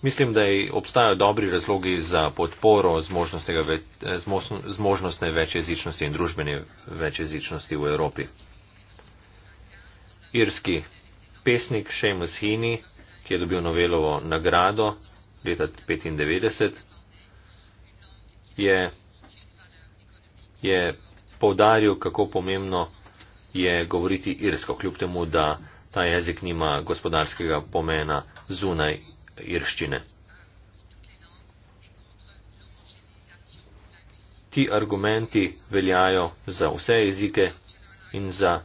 Mislim, da obstajajo dobri razlogi za podporo eh, zmožnostne večjezičnosti in družbene večjezičnosti v Evropi. Irski pesnik Seamus Heaney ki je dobil novelovo nagrado leta 1995, je, je povdaril, kako pomembno je govoriti irsko, kljub temu, da ta jezik nima gospodarskega pomena zunaj irščine. Ti argumenti veljajo za vse jezike in za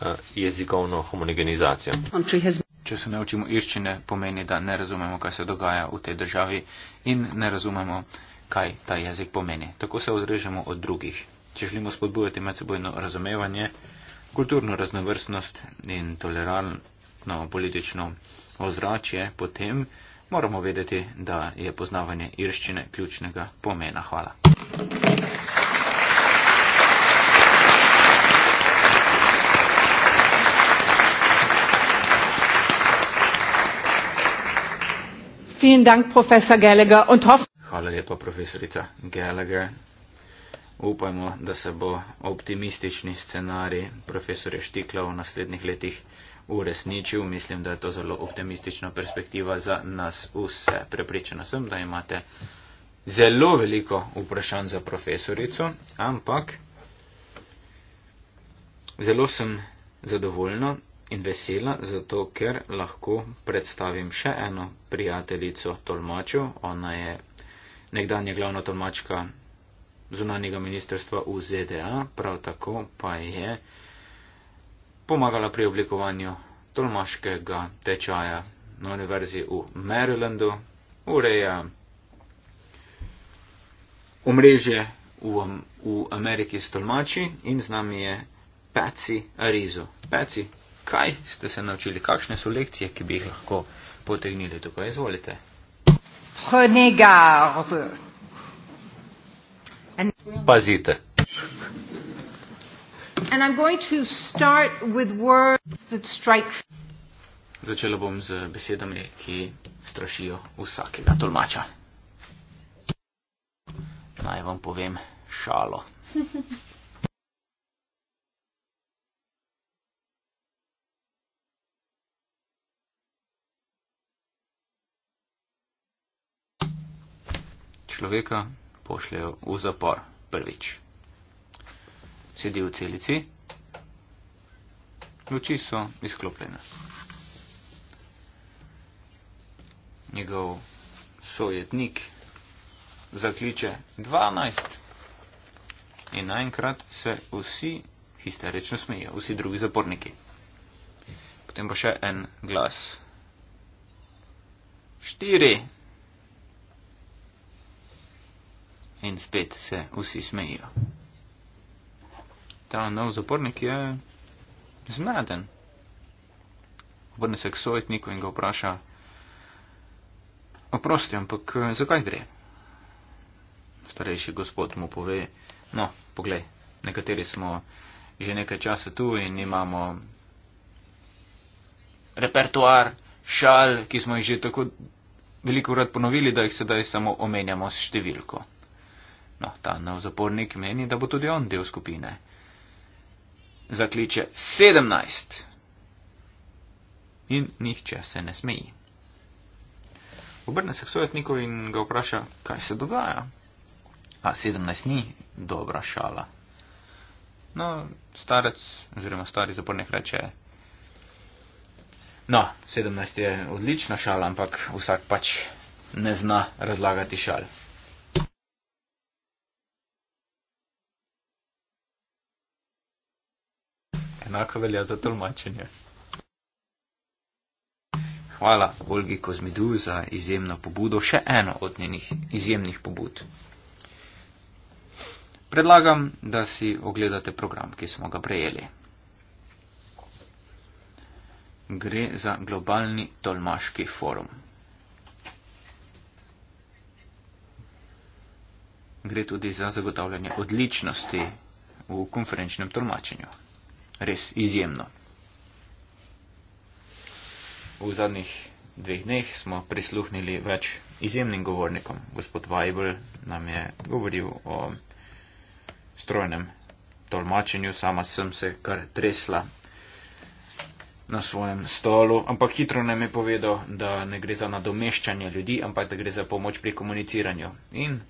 uh, jezikovno homogenizacijo če se naučimo irščine, pomeni, da ne razumemo, kaj se dogaja v tej državi
in ne razumemo, kaj ta jezik pomeni. Tako se odrežemo od drugih. Če želimo spodbujati medsebojno razumevanje, kulturno raznovrstnost in tolerantno politično ozračje, potem moramo vedeti, da je poznavanje irščine ključnega pomena. Hvala.
Vielen Dank, Professor Gallagher, und hoffen.
Hvala lepa, profesorica Gallagher. Upajmo, da se bo optimistični scenarij profesorja Štikla v naslednjih letih uresničil. Mislim, da je to zelo optimistična perspektiva za nas vse. Prepričana sem, da imate zelo veliko vprašanj za profesorico, ampak zelo sem zadovoljna, in vesela, zato ker lahko predstavim še eno prijateljico tolmačev. Ona je nekdanja glavna tolmačka zunanjega ministrstva v ZDA, prav tako pa je pomagala pri oblikovanju tolmaškega tečaja na univerzi v Marylandu, ureja omrežje v, v Ameriki s tolmači in z nami je Patsy Arizo. Patsy, kaj ste se naučili, kakšne so lekcije, ki bi jih lahko potegnili tukaj. Izvolite. Pazite. Začela bom z besedami, ki strašijo vsakega tolmača. Naj vam povem šalo. [LAUGHS] človeka pošljejo v zapor prvič. Sedi v celici, luči so izklopljene. Njegov sojetnik zakliče 12 in naenkrat se vsi histerično smejijo, vsi drugi zaporniki. Potem pa še en glas.
4.
in spet se vsi smejijo. Ta nov zapornik je zmeden. Obrne se k sojtniku in ga vpraša, oprosti, ampak eh, zakaj gre? Starejši gospod mu pove, no, poglej, nekateri smo že nekaj časa tu in imamo repertoar, šal, ki smo jih že tako veliko rad ponovili, da jih sedaj samo omenjamo s številko. No, ta nov zapornik meni, da bo tudi on del skupine. Zakliče 17. In nihče se ne smeji. Obrne se k sojetniku in ga vpraša, kaj se dogaja. A 17 ni dobra šala. No, starec oziroma stari zapornik reče. No, 17 je odlična šala, ampak vsak pač ne zna razlagati šal. enako velja za tolmačenje. Hvala Olgi Kozmidu za izjemno pobudo, še eno od njenih izjemnih pobud. Predlagam, da si ogledate program, ki smo ga prejeli. Gre za globalni tolmaški forum. Gre tudi za zagotavljanje odličnosti v konferenčnem tolmačenju res izjemno. V zadnjih dveh dneh smo prisluhnili več izjemnim govornikom. Gospod Weibel nam je govoril o strojnem tolmačenju, sama sem se kar tresla na svojem stolu, ampak hitro nam je povedal, da ne gre za nadomeščanje ljudi, ampak da gre za pomoč pri komuniciranju. In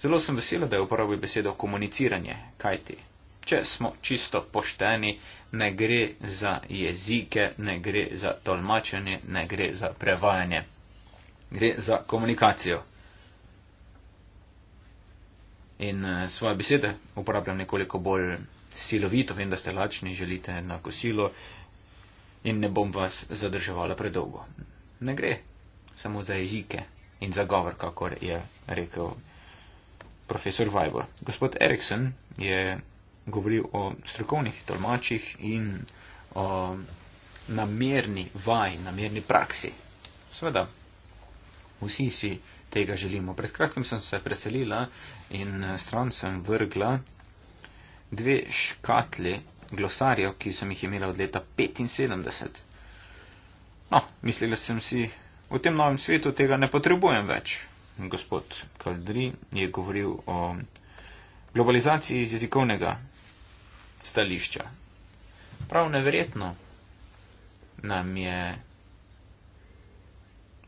zelo sem vesela, da je uporabil besedo komuniciranje, kajti če smo čisto pošteni, ne gre za jezike, ne gre za tolmačenje, ne gre za prevajanje. Gre za komunikacijo. In eh, svoje besede uporabljam nekoliko bolj silovito, vem, da ste lačni, želite enako silo in ne bom vas zadrževala predolgo. Ne gre samo za jezike in za govor, kakor je rekel profesor Weibel. Gospod Eriksen je govoril o strokovnih tolmačih in o namerni vaj, namerni praksi. Sveda, vsi si tega želimo. Pred kratkim sem se preselila in eh, stran sem vrgla dve škatli glosarjev, ki sem jih imela od leta 75. No, mislila sem si, v tem novem svetu tega ne potrebujem več. Gospod Kaldri je govoril o globalizaciji iz jezikovnega stališča. Prav neverjetno nam je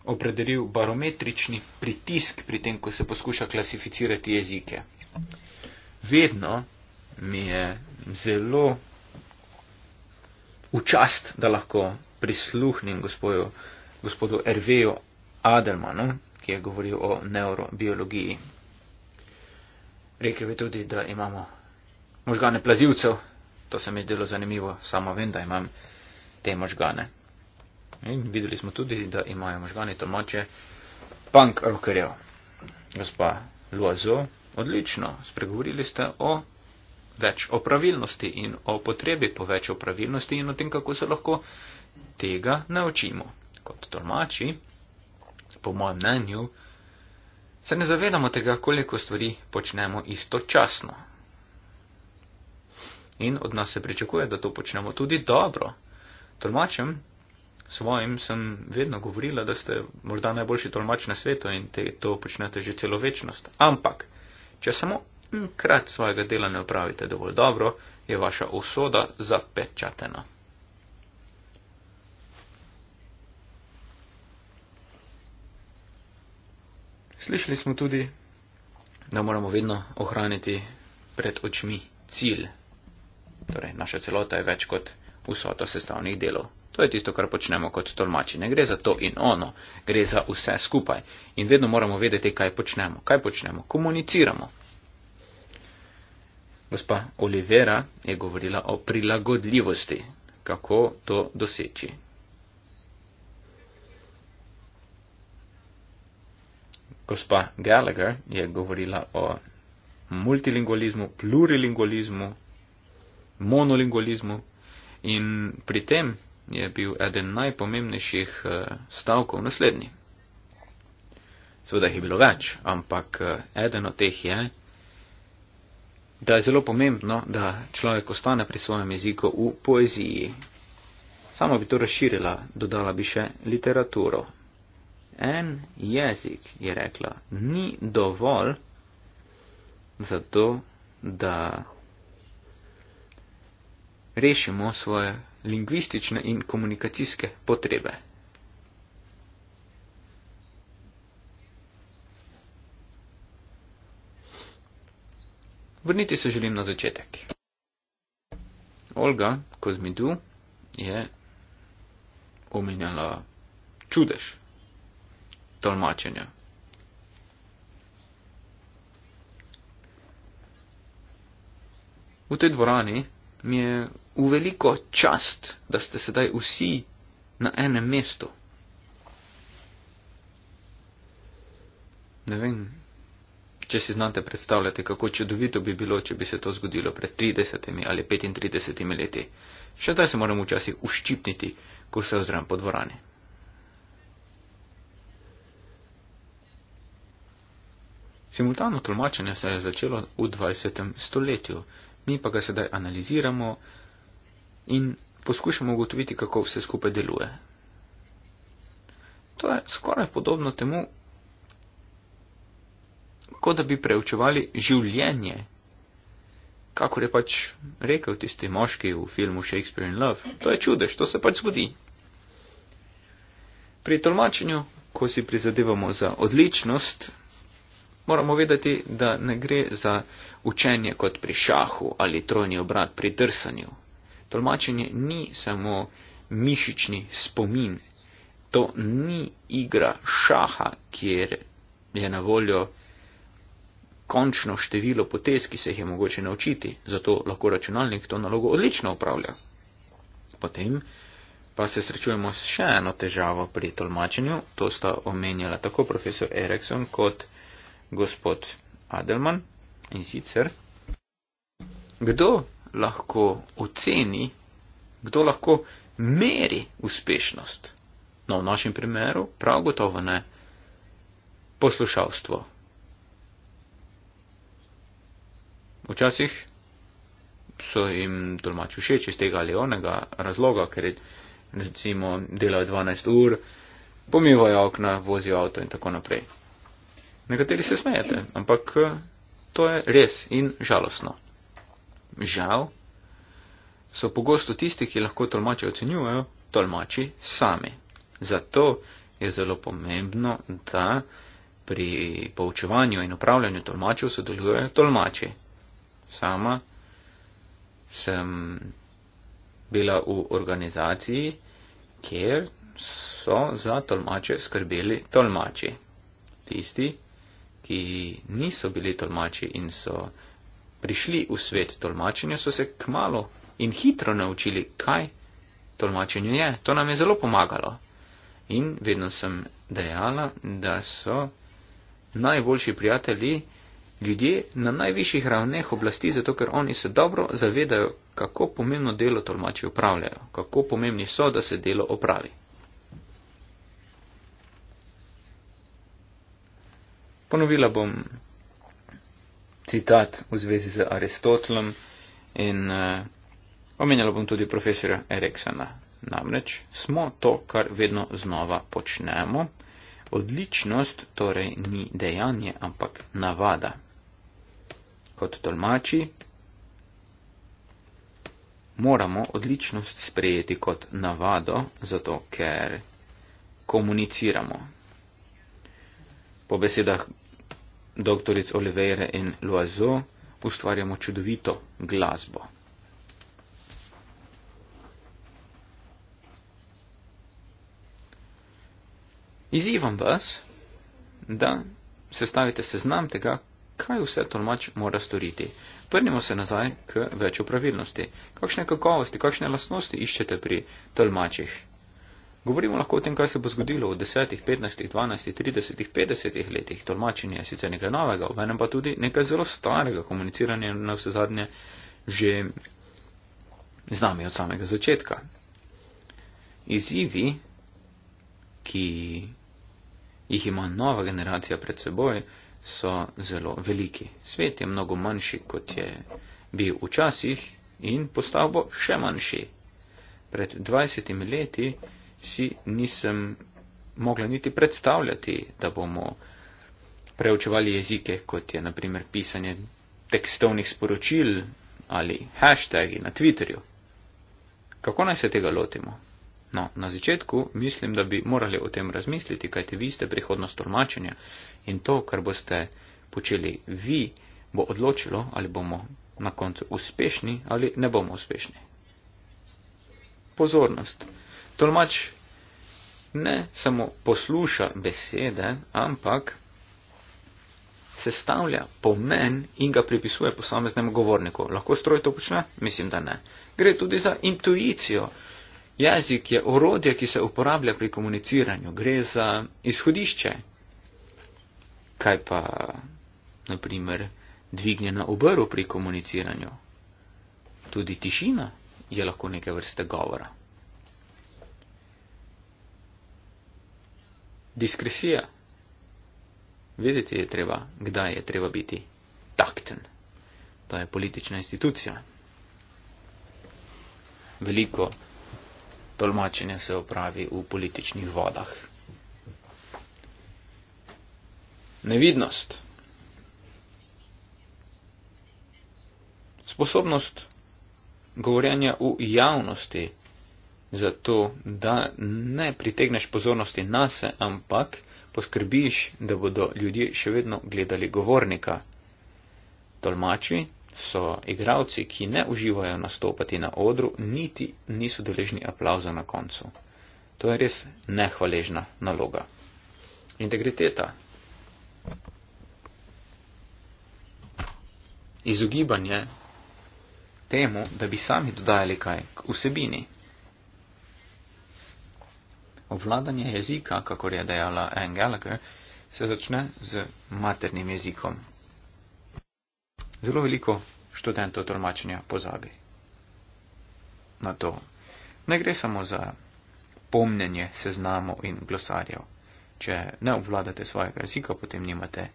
opredelil barometrični pritisk pri tem, ko se poskuša klasificirati jezike. Vedno mi je zelo učast, da lahko prisluhnem gospodu, gospodu Erveju Adelmanu, ki je govoril o neurobiologiji. Rekel je tudi, da imamo možgane plazivcev. To se mi je zdelo zanimivo, samo vem, da imam te možgane. In videli smo tudi, da imajo možgani tomače punk rockerjev. Gospa Luazo, odlično, spregovorili ste o več o pravilnosti in o potrebi po več o pravilnosti in o tem, kako se lahko tega naučimo. Kot tolmači, po mojem mnenju, se ne zavedamo tega, koliko stvari počnemo istočasno in od nas se pričakuje, da to počnemo tudi dobro. Tolmačem svojim sem vedno govorila, da ste morda najboljši tolmač na svetu in te, to počnete že celo večnost. Ampak, če samo enkrat svojega dela ne opravite dovolj dobro, je vaša usoda zapečatena. Slišali smo tudi, da moramo vedno ohraniti pred očmi cilj torej naša celota je več kot vsota sestavnih delov. To je tisto, kar počnemo kot tolmači. Ne gre za to in ono, gre za vse skupaj. In vedno moramo vedeti, kaj počnemo. Kaj počnemo? Komuniciramo. Gospa Olivera je govorila o prilagodljivosti, kako to doseči. Gospa Gallagher je govorila o multilingualizmu, plurilingualizmu, monolingualizmu in pri tem je bil eden najpomembnejših eh, stavkov naslednji. Seveda jih je bilo več, ampak eh, eden od teh je, da je zelo pomembno, da človek ostane pri svojem jeziku v poeziji. Samo bi to razširila, dodala bi še literaturo. En jezik, je rekla, ni dovolj za to, da rešimo svoje lingvistične in komunikacijske potrebe. Vrniti se želim na začetek. Olga Kozmidu je omenjala čudež tolmačenja. V tej dvorani mi je v veliko čast, da ste sedaj vsi na enem mestu. Ne vem, če si znate predstavljati, kako čudovito bi bilo, če bi se to zgodilo pred 30 ali 35 leti. Še zdaj se moram včasih uščipniti, ko se ozrem po dvorani. Simultano tolmačenje se je začelo v 20. stoletju, mi pa ga sedaj analiziramo in poskušamo ugotoviti, kako vse skupaj deluje. To je skoraj podobno temu, kot da bi preučevali življenje, kakor je pač rekel tisti moški v filmu Shakespeare in Love. To je čudež, to se pač zgodi. Pri tolmačenju, ko si prizadevamo za odličnost, Moramo vedeti, da ne gre za učenje kot pri šahu ali trojni obrat pri drsanju. Tolmačenje ni samo mišični spomin, to ni igra šaha, kjer je na voljo končno število potez, ki se jih je mogoče naučiti, zato lahko računalnik to nalogo odlično upravlja. Potem pa se srečujemo s še eno težavo pri tolmačenju, to sta omenjala tako profesor Erikson kot profesor gospod Adelman in sicer, kdo lahko oceni, kdo lahko meri uspešnost. No, v našem primeru prav gotovo ne poslušalstvo. Včasih so jim tolmači všeč iz tega ali onega razloga, ker je, recimo delajo 12 ur, pomivajo okna, vozijo avto in tako naprej. Nekateri se smejete, ampak eh, to je res in žalostno. Žal so pogosto tisti, ki lahko tolmače ocenjujejo, tolmači sami. Zato je zelo pomembno, da pri poučevanju in upravljanju tolmačev sodelujejo tolmači. Sama sem bila v organizaciji, kjer so za tolmače skrbeli tolmači. Tisti, ki niso bili tolmači in so prišli v svet tolmačenja, so se kmalo in hitro naučili, kaj tolmačenje je. To nam je zelo pomagalo. In vedno sem dejala, da so najboljši prijatelji ljudje na najvišjih ravneh oblasti, zato ker oni se dobro zavedajo, kako pomembno delo tolmači upravljajo, kako pomembni so, da se delo opravi. Ponovila bom citat v zvezi z Aristotelom in uh, omenjala bom tudi profesora Eriksona. Namreč smo to, kar vedno znova počnemo. Odličnost torej ni dejanje, ampak navada. Kot tolmači moramo odličnost sprejeti kot navado, zato ker komuniciramo, po besedah dr. Olivere in Loazo, ustvarjamo čudovito glasbo. Izivam vas, da sestavite seznam tega, kaj vse tolmač mora storiti. Prnimo se nazaj k večjo pravilnosti. Kakšne kakovosti, kakšne lasnosti iščete pri tolmačih? Govorimo lahko o tem, kaj se bo zgodilo v 10, 15, 12, 30, 50 letih. Tolmačenje je sicer nekaj novega, v enem pa tudi nekaj zelo starega. Komuniciranje na vse zadnje že z nami od samega začetka. Izzivi, ki jih ima nova generacija pred seboj, so zelo veliki. Svet je mnogo manjši, kot je bil včasih in postal bo še manjši. Pred 20 leti si nisem mogla niti predstavljati, da bomo preučevali jezike, kot je naprimer pisanje tekstovnih sporočil ali hashtagi na Twitterju. Kako naj se tega lotimo? No, na začetku mislim, da bi morali o tem razmisliti, kajte vi ste prihodnost tolmačenja in to, kar boste počeli vi, bo odločilo, ali bomo na koncu uspešni ali ne bomo uspešni. Pozornost. Tolmač ne samo posluša besede, ampak sestavlja pomen in ga pripisuje posameznemu govorniku. Lahko stroj to počne? Mislim, da ne. Gre tudi za intuicijo. Jezik je orodje, ki se uporablja pri komuniciranju. Gre za izhodišče. Kaj pa, naprimer, dvignjena obrv pri komuniciranju? Tudi tišina je lahko neke vrste govora. diskresija. Vedeti je treba, kdaj je treba biti takten. To je politična institucija. Veliko tolmačenja se opravi v političnih vodah. Nevidnost. Sposobnost govorjanja v javnosti zato, da ne pritegneš pozornosti na se, ampak poskrbiš, da bodo ljudje še vedno gledali govornika. Tolmači so igravci, ki ne uživajo nastopati na odru, niti niso deležni aplauza na koncu. To je res nehvaležna naloga. Integriteta. Izogibanje temu, da bi sami dodajali kaj k vsebini. Ovladanje jezika, kakor je dejala Anne Gallagher, se začne z maternim jezikom. Zelo veliko študentov tolmačenja pozabi na to. Ne gre samo za pomnenje seznamov in glosarjev. Če ne obvladate svojega jezika, potem nimate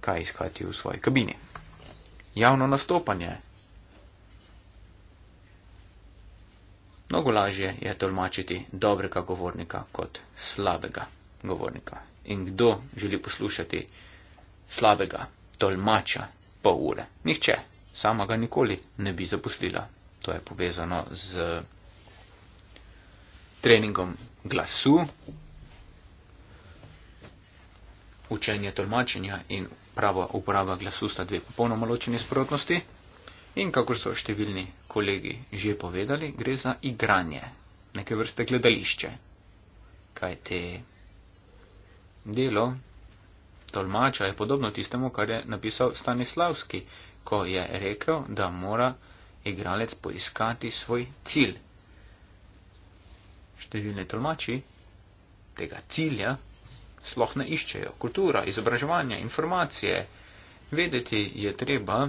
kaj iskati v svoji kabini. Javno nastopanje Mnogo lažje je tolmačiti dobrega govornika kot slabega govornika. In kdo želi poslušati slabega tolmača pol ure? Nihče. Sama ga nikoli ne bi zapustila. To je povezano z treningom glasu, učenje tolmačenja in prava uporaba glasu sta dve popolnoma ločeni sprotnosti. In kakor so številni kolegi že povedali, gre za igranje, neke vrste gledališče. Kaj te delo tolmača je podobno tistemu, kar je napisal Stanislavski, ko je rekel, da mora igralec poiskati svoj cilj. Številni tolmači tega cilja sploh ne iščejo. Kultura, izobraževanje, informacije. Vedeti je treba,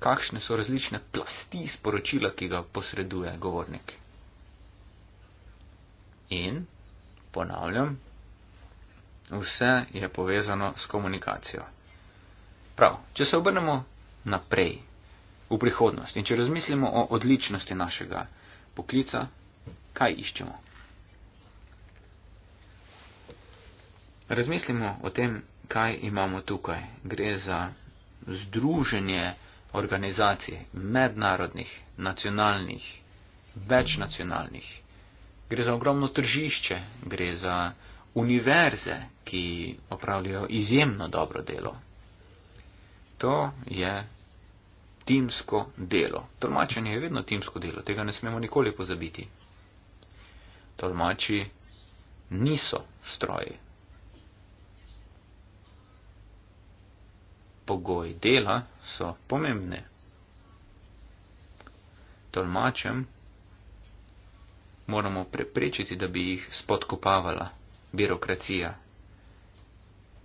kakšne so različne plasti sporočila, ki ga posreduje govornik. In, ponavljam, vse je povezano s komunikacijo. Prav, če se obrnemo naprej, v prihodnost in če razmislimo o odličnosti našega poklica, kaj iščemo? Razmislimo o tem, kaj imamo tukaj. Gre za združenje organizacij, mednarodnih, nacionalnih, večnacionalnih. Gre za ogromno tržišče, gre za univerze, ki opravljajo izjemno dobro delo. To je timsko delo. Tolmačenje je vedno timsko delo, tega ne smemo nikoli pozabiti. Tolmači niso stroji, pogoji dela so pomembne. Tolmačem moramo preprečiti, da bi jih spodkopavala birokracija.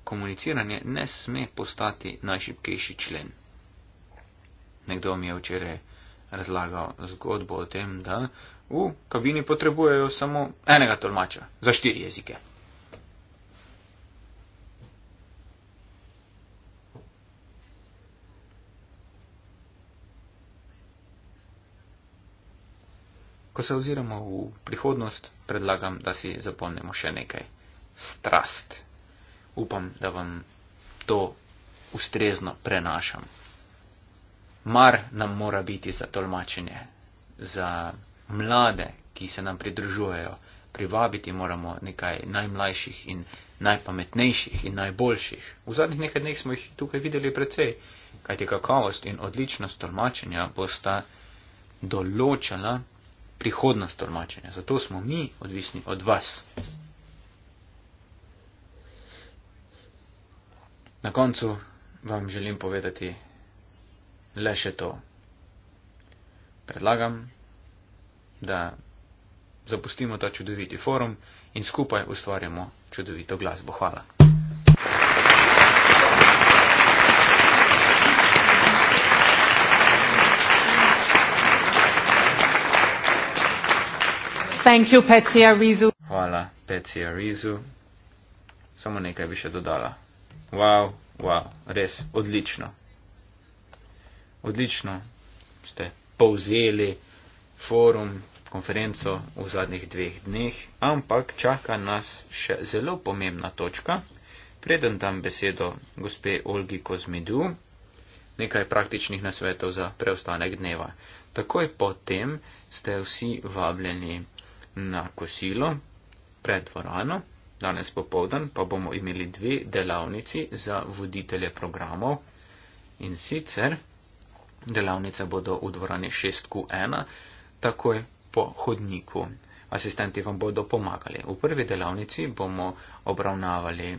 Komuniciranje ne sme postati najšipkejši člen. Nekdo mi je včeraj razlagal zgodbo o tem, da v kabini potrebujejo samo enega tolmača za štiri jezike. Ko se oziramo v prihodnost, predlagam, da si zapomnimo še nekaj. Strast. Upam, da vam to ustrezno prenašam. Mar nam mora biti za tolmačenje, za mlade, ki se nam pridružujejo. Privabiti moramo nekaj najmlajših in najpametnejših in najboljših. V zadnjih nekaj dneh smo jih tukaj videli precej, kajti kakovost in odličnost tolmačenja bosta določala prihodnost tolmačenja. Zato smo mi odvisni od vas. Na koncu vam želim povedati le še to. Predlagam, da zapustimo ta čudoviti forum in skupaj ustvarjamo čudovito glasbo. Hvala.
Thank you, Peci Arizu.
Hvala, Peci Arizu. Samo nekaj bi še dodala. Wow, wow, res, odlično. Odlično ste povzeli forum, konferenco v zadnjih dveh dneh, ampak čaka nas še zelo pomembna točka. Preden dam besedo gospe Olgi Kozmedu, nekaj praktičnih nasvetov za preostanek dneva. Takoj potem ste vsi vabljeni na kosilo pred dvorano. Danes popovdan pa bomo imeli dve delavnici za voditelje programov in sicer delavnice bodo v dvorani 6Q1 takoj po hodniku. Asistenti vam bodo pomagali. V prvi delavnici bomo obravnavali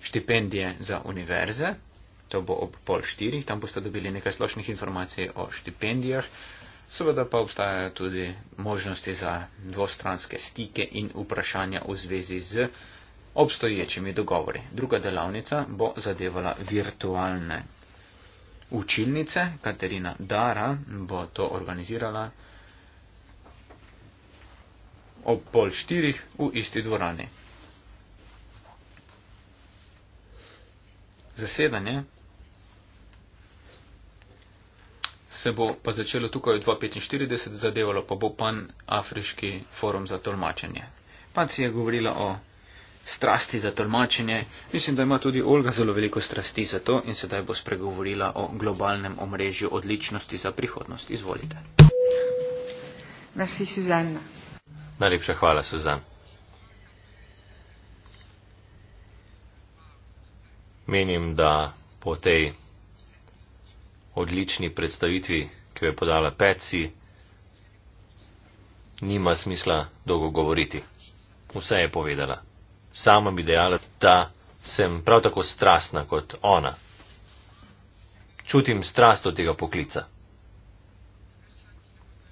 štipendije za univerze, to bo ob pol štirih, tam boste dobili nekaj splošnih informacij o štipendijah. Seveda pa obstajajo tudi možnosti za dvostranske stike in vprašanja v zvezi z obstoječimi dogovori. Druga delavnica bo zadevala virtualne učilnice. Katerina Dara bo to organizirala ob pol štirih v isti dvorani. Zasedanje se bo pa začelo tukaj v 245, zadevalo pa bo pan Afriški forum za tolmačenje. Pan si je govorila o strasti za tolmačenje, mislim, da ima tudi Olga zelo veliko strasti za to in sedaj bo spregovorila o globalnem omrežju odličnosti za
prihodnost. Izvolite.
Merci, Suzanne.
Najlepša hvala, Suzanne. Menim, da po tej odlični predstavitvi, ki jo je podala Petsi, nima smisla dolgo govoriti. Vse je povedala. Sama bi dejala, da sem prav tako strastna kot ona. Čutim strast od tega poklica.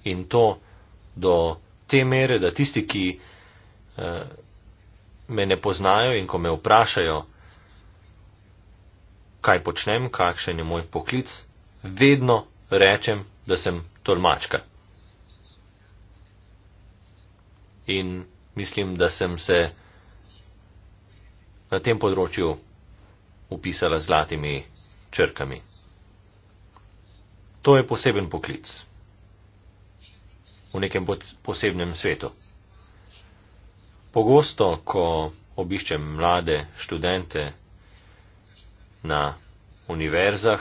In to do te mere, da tisti, ki eh, me ne poznajo in ko me vprašajo, kaj počnem, kakšen je moj poklic, vedno rečem, da sem tolmačka. In mislim, da sem se na tem področju upisala zlatimi črkami. To je poseben poklic v nekem posebnem svetu. Pogosto, ko obiščem mlade študente na univerzah,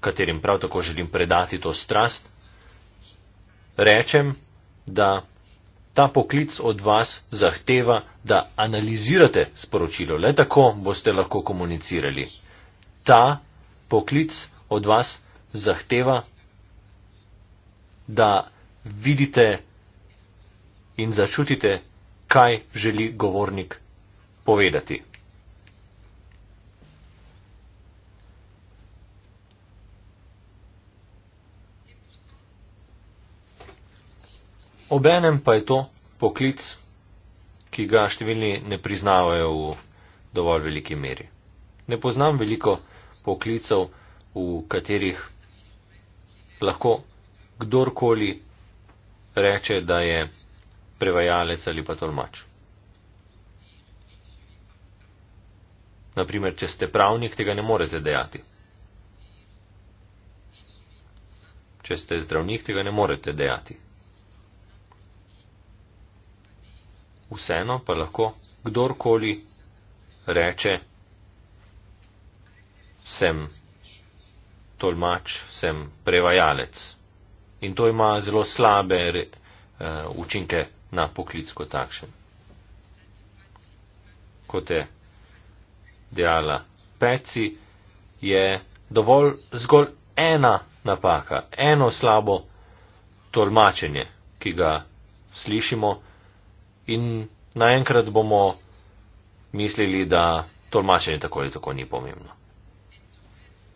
katerim prav tako želim predati to strast, rečem, da ta poklic od vas zahteva, da analizirate sporočilo. Le tako boste lahko komunicirali. Ta poklic od vas zahteva, da vidite in začutite, kaj želi govornik povedati. Obenem pa je to poklic, ki ga številni ne priznavajo v dovolj veliki meri. Ne poznam veliko poklicev, v katerih lahko kdorkoli reče, da je prevajalec ali pa tolmač. Naprimer, če ste pravnik, tega ne morete dejati. Če ste zdravnik, tega ne morete dejati. vseeno pa lahko kdorkoli reče, sem tolmač, sem prevajalec. In to ima zelo slabe re, uh, učinke na poklic kot takšen. Kot je dejala Peci, je dovolj zgolj ena napaka, eno slabo tolmačenje, ki ga slišimo in naenkrat bomo mislili, da tolmačenje tako ali tako ni pomembno.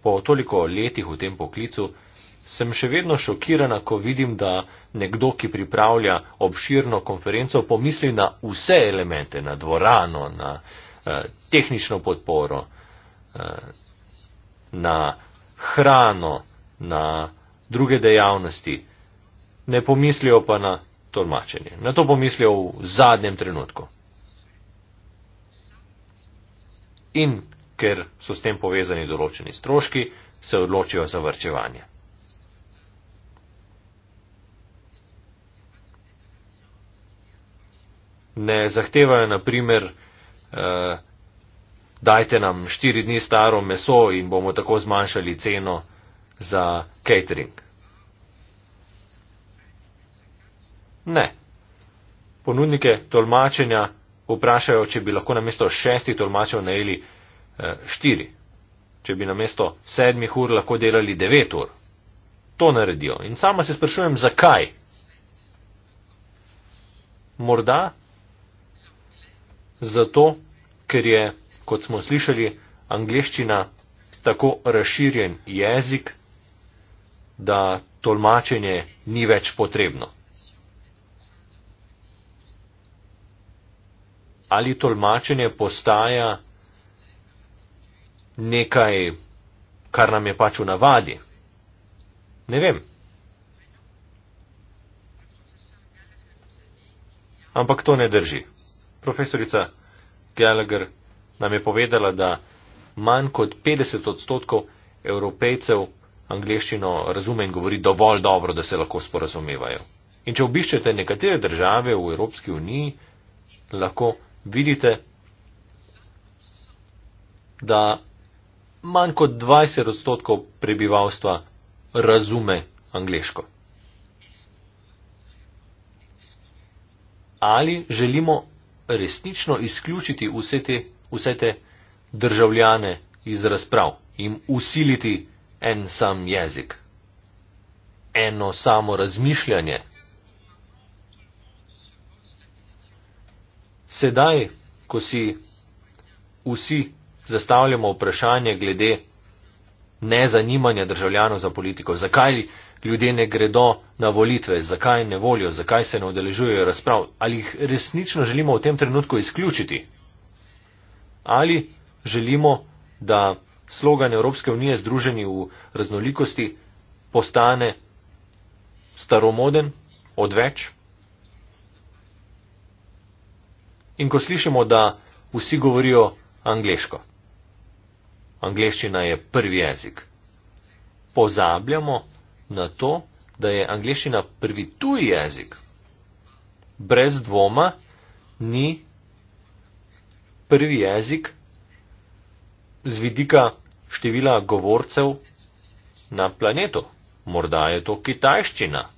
Po toliko letih v tem poklicu sem še vedno šokirana, ko vidim, da nekdo, ki pripravlja obširno konferenco, pomisli na vse elemente, na dvorano, na eh, tehnično podporo, eh, na hrano, na druge dejavnosti. Ne pomislijo pa na tolmačenje. Na to pomislijo v zadnjem trenutku. In ker so s tem povezani določeni stroški, se odločijo za vrčevanje. Ne zahtevajo, na primer, eh, dajte nam štiri dni staro meso in bomo tako zmanjšali ceno za catering. Ne. Ponudnike tolmačenja vprašajo, če bi lahko namesto šestih tolmačev najeli eh, štiri, če bi namesto sedmih ur lahko delali devet ur. To naredijo in sama se sprašujem, zakaj. Morda zato, ker je, kot smo slišali, angliščina tako razširjen jezik, da tolmačenje ni več potrebno. ali tolmačenje postaja nekaj, kar nam je pač v navadi. Ne vem. Ampak to ne drži. Profesorica Gallagher nam je povedala, da manj kot 50 odstotkov evropejcev angliščino razume in govori dovolj dobro, da se lahko sporazumevajo. In če obiščete nekatere države v Evropski uniji, lahko vidite, da manj kot 20 odstotkov prebivalstva razume angliško. Ali želimo resnično izključiti vse te, vse te državljane iz razprav, jim usiliti en sam jezik, eno samo razmišljanje sedaj, ko si vsi zastavljamo vprašanje glede nezanimanja državljanov za politiko, zakaj ljudje ne gredo na volitve, zakaj ne volijo, zakaj se ne udeležujejo razprav, ali jih resnično želimo v tem trenutku izključiti, ali želimo, da slogan Evropske unije združeni v raznolikosti postane staromoden, odveč, in ko slišimo, da vsi govorijo angliško. Angliščina je prvi jezik. Pozabljamo na to, da je angliščina prvi tuji jezik. Brez dvoma ni prvi jezik z vidika števila govorcev na planetu. Morda je to kitajščina.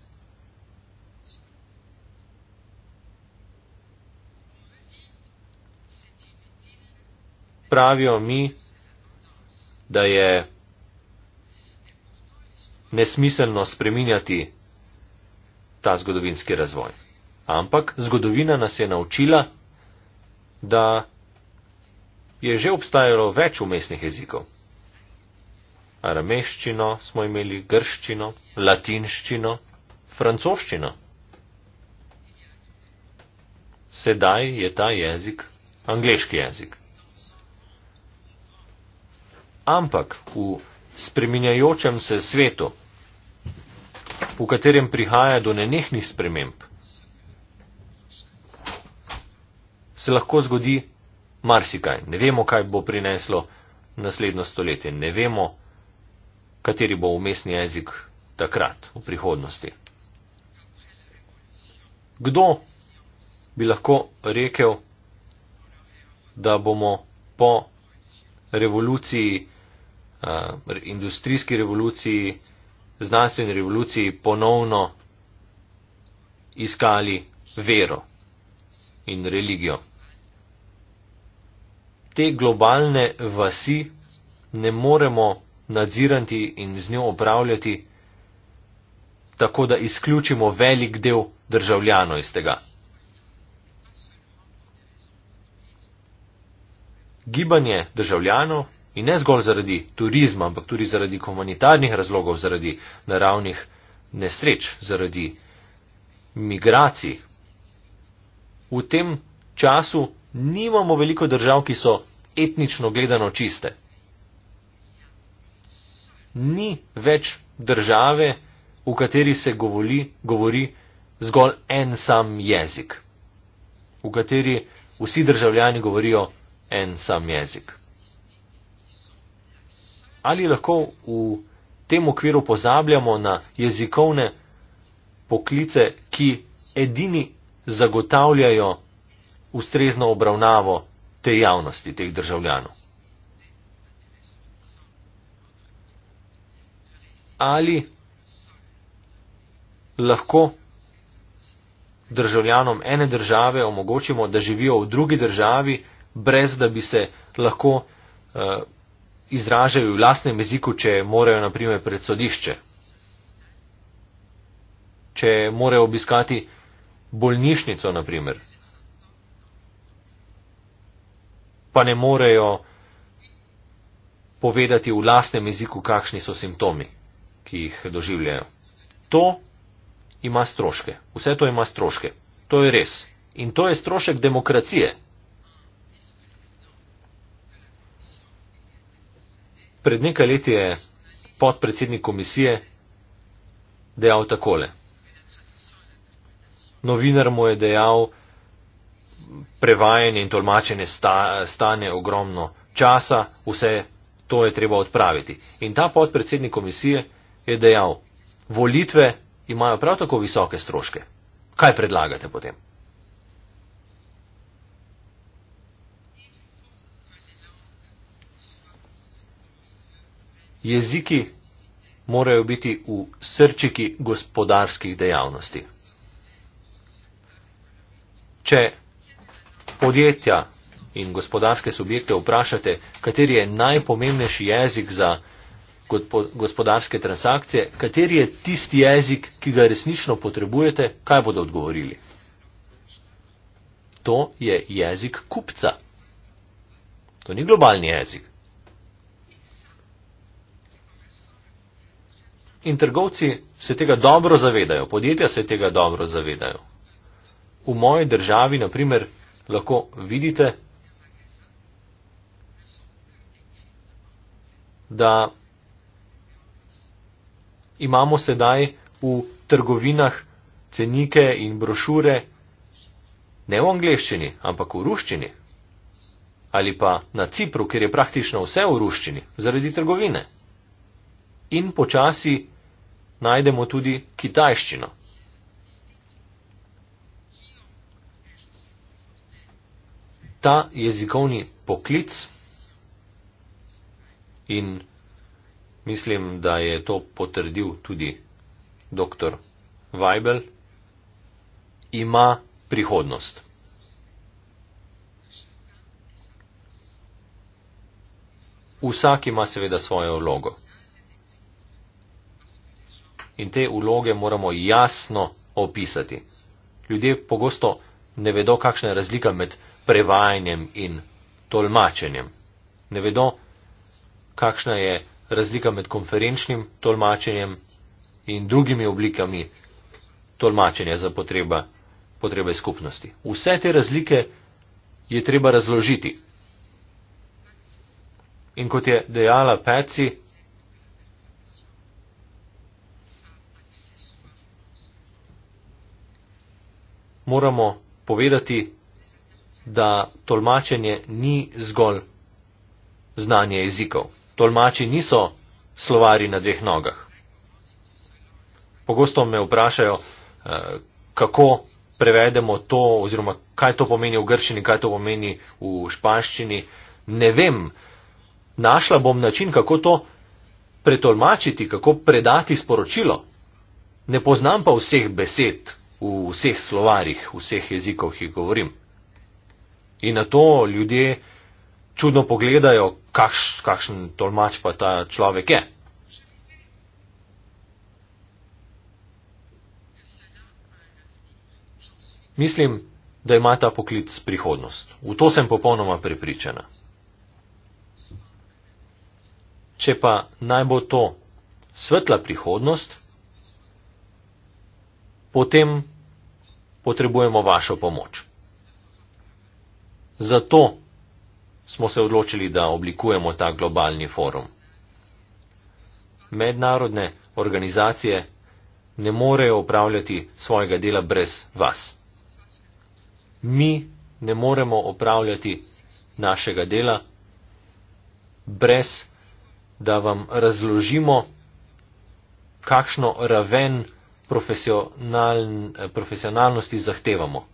pravijo mi, da je nesmiselno spreminjati ta zgodovinski razvoj. Ampak zgodovina nas je naučila, da je že obstajalo več umestnih jezikov. Arameščino smo imeli, grščino, latinščino, francoščino. Sedaj je ta jezik angliški jezik ampak v spreminjajočem se svetu, v katerem prihaja do nenehnih sprememb, se lahko zgodi marsikaj. Ne vemo, kaj bo prineslo naslednjo stoletje, ne vemo, kateri bo umestni jezik takrat, v prihodnosti. Kdo bi lahko rekel, da bomo po revoluciji industrijski revoluciji, znanstveni revoluciji ponovno iskali vero in religijo. Te globalne vasi ne moremo nadzirati in z njo upravljati tako, da izključimo velik del državljanov iz tega. Gibanje državljanov in ne zgolj zaradi turizma, ampak tudi zaradi humanitarnih razlogov, zaradi naravnih nesreč, zaradi migracij. V tem času nimamo veliko držav, ki so etnično gledano čiste. Ni več države, v kateri se govori, govori zgolj en sam jezik, v kateri vsi državljani govorijo en sam jezik ali lahko v tem okviru pozabljamo na jezikovne poklice, ki edini zagotavljajo ustrezno obravnavo te javnosti, teh državljanov. Ali lahko državljanom ene države omogočimo, da živijo v drugi državi, brez da bi se lahko uh, izražajo v lastnem jeziku, če morajo naprimer pred sodišče, če morajo obiskati bolnišnico naprimer, pa ne morejo povedati v lastnem jeziku, kakšni so simptomi, ki jih doživljajo. To ima stroške, vse to ima stroške, to je res. In to je strošek demokracije. Pred nekaj leti je podpredsednik komisije dejal takole. Novinar mu je dejal, prevajanje in tolmačenje sta, stane ogromno časa, vse to je treba odpraviti. In ta podpredsednik komisije je dejal, volitve imajo prav tako visoke stroške. Kaj predlagate potem? jeziki morajo biti v srčiki gospodarskih dejavnosti. Če podjetja in gospodarske subjekte vprašate, kateri je najpomembnejši jezik za gospodarske transakcije, kateri je tisti jezik, ki ga resnično potrebujete, kaj bodo odgovorili? To je jezik kupca. To ni globalni jezik. In trgovci se tega dobro zavedajo, podjetja se tega dobro zavedajo. V moji državi, na primer, lahko vidite, da imamo sedaj v trgovinah cenike in brošure ne v angleščini, ampak v ruščini. Ali pa na Cipru, kjer je praktično vse v ruščini, zaradi trgovine. In počasi najdemo tudi kitajščino. Ta jezikovni poklic in mislim, da je to potrdil tudi dr. Weibel, ima prihodnost. Vsak ima seveda svojo vlogo in te vloge moramo jasno opisati. Ljudje pogosto ne vedo, kakšna je razlika med prevajanjem in tolmačenjem. Ne vedo, kakšna je razlika med konferenčnim tolmačenjem in drugimi oblikami tolmačenja za potreba, potrebe skupnosti. Vse te razlike je treba razložiti. In kot je dejala Peci, moramo povedati, da tolmačenje ni zgolj znanje jezikov. Tolmači niso slovari na dveh nogah. Pogosto me vprašajo, eh, kako prevedemo to oziroma kaj to pomeni v grščini, kaj to pomeni v španščini. Ne vem, našla bom način, kako to pretolmačiti, kako predati sporočilo. Ne poznam pa vseh besed, v vseh slovarjih, vseh jezikov, ki jih govorim. In na to ljudje čudno pogledajo, kakš, kakšen tolmač pa ta človek je. Mislim, da ima ta poklic prihodnost. V to sem popolnoma prepričana. Če pa naj bo to svetla prihodnost, potem potrebujemo vašo pomoč. Zato smo se odločili, da oblikujemo ta globalni forum. Mednarodne organizacije ne morejo upravljati svojega dela brez vas. Mi ne moremo upravljati našega dela brez, da vam razložimo, kakšno raven profesional, profesionalnosti zahtevamo.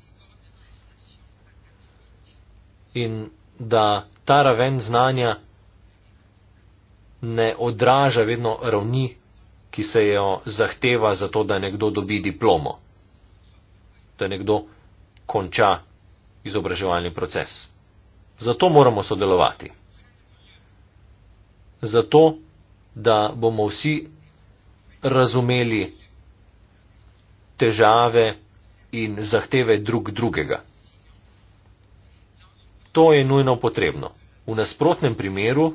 In da ta raven znanja ne odraža vedno ravni, ki se jo zahteva za to, da nekdo dobi diplomo, da nekdo konča izobraževalni proces. Zato moramo sodelovati. Zato, da bomo vsi razumeli težave in zahteve drug drugega. To je nujno potrebno. V nasprotnem primeru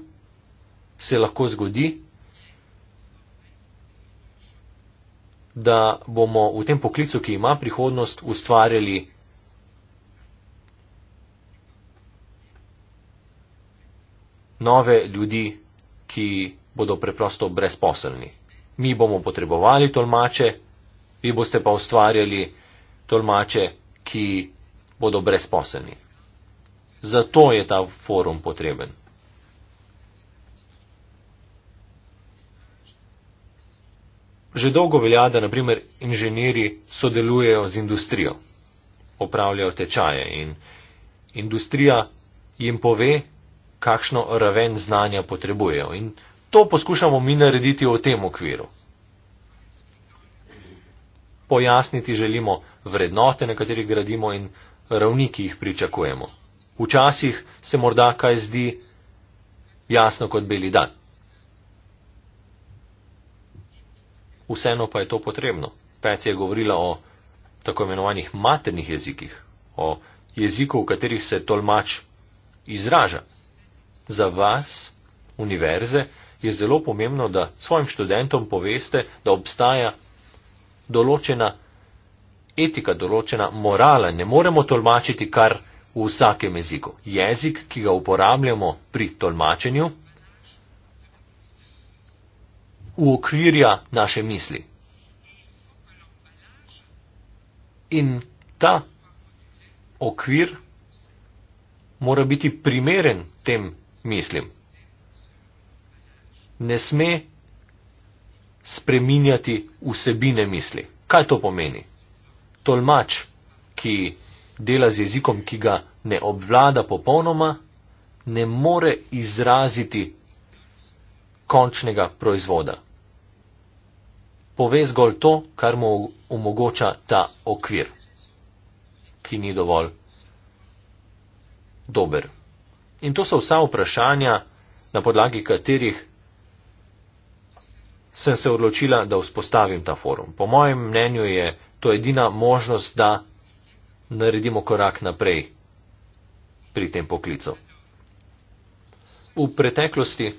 se lahko zgodi, da bomo v tem poklicu, ki ima prihodnost, ustvarjali nove ljudi, ki bodo preprosto brezposelni. Mi bomo potrebovali tolmače, vi boste pa ustvarjali tolmače, ki bodo brezposelni. Zato je ta forum potreben. Že dolgo velja, da naprimer inženirji sodelujejo z industrijo, opravljajo tečaje in industrija jim pove, kakšno raven znanja potrebujejo. In to poskušamo mi narediti v tem okviru pojasniti želimo vrednote, na katerih gradimo in ravni, ki jih pričakujemo. Včasih se morda kaj zdi jasno kot beli dan. Vseeno pa je to potrebno. Pec je govorila o tako imenovanih maternih jezikih, o jeziku, v katerih se tolmač izraža. Za vas, univerze, je zelo pomembno, da svojim študentom poveste, da obstaja določena etika, določena morala. Ne moremo tolmačiti kar v vsakem jeziku. Jezik, ki ga uporabljamo pri tolmačenju, uokvirja naše misli. In ta okvir mora biti primeren tem mislim. Ne sme spreminjati vsebine misli. Kaj to pomeni? Tolmač, ki dela z jezikom, ki ga ne obvlada popolnoma, ne more izraziti končnega proizvoda. Pove zgolj to, kar mu omogoča ta okvir, ki ni dovolj dober. In to so vsa vprašanja, na podlagi katerih sem se odločila, da vzpostavim ta forum. Po mojem mnenju je to edina možnost, da naredimo korak naprej pri tem poklicu. V preteklosti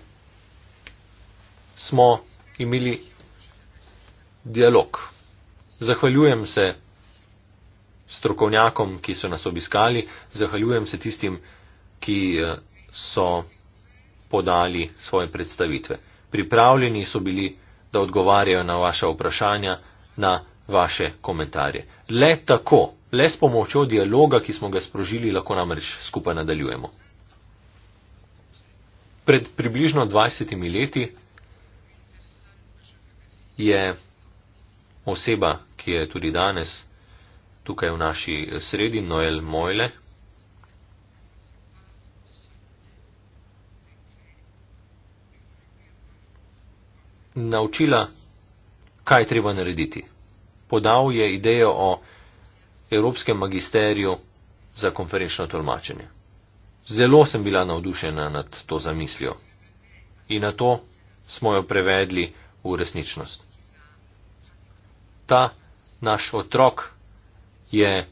smo imeli dialog. Zahvaljujem se strokovnjakom, ki so nas obiskali, zahvaljujem se tistim, ki eh, so podali svoje predstavitve. Pripravljeni so bili da odgovarjajo na vaše vprašanja, na vaše komentarje. Le tako, le s pomočjo dialoga, ki smo ga sprožili, lahko namreč skupaj nadaljujemo. Pred približno 20 leti je oseba, ki je tudi danes tukaj v naši sredi, Noel Mojle, naučila, kaj treba narediti. Podal je idejo o Evropskem magisteriju za konferenčno tolmačenje. Zelo sem bila navdušena nad to zamislijo in na to smo jo prevedli v resničnost. Ta naš otrok je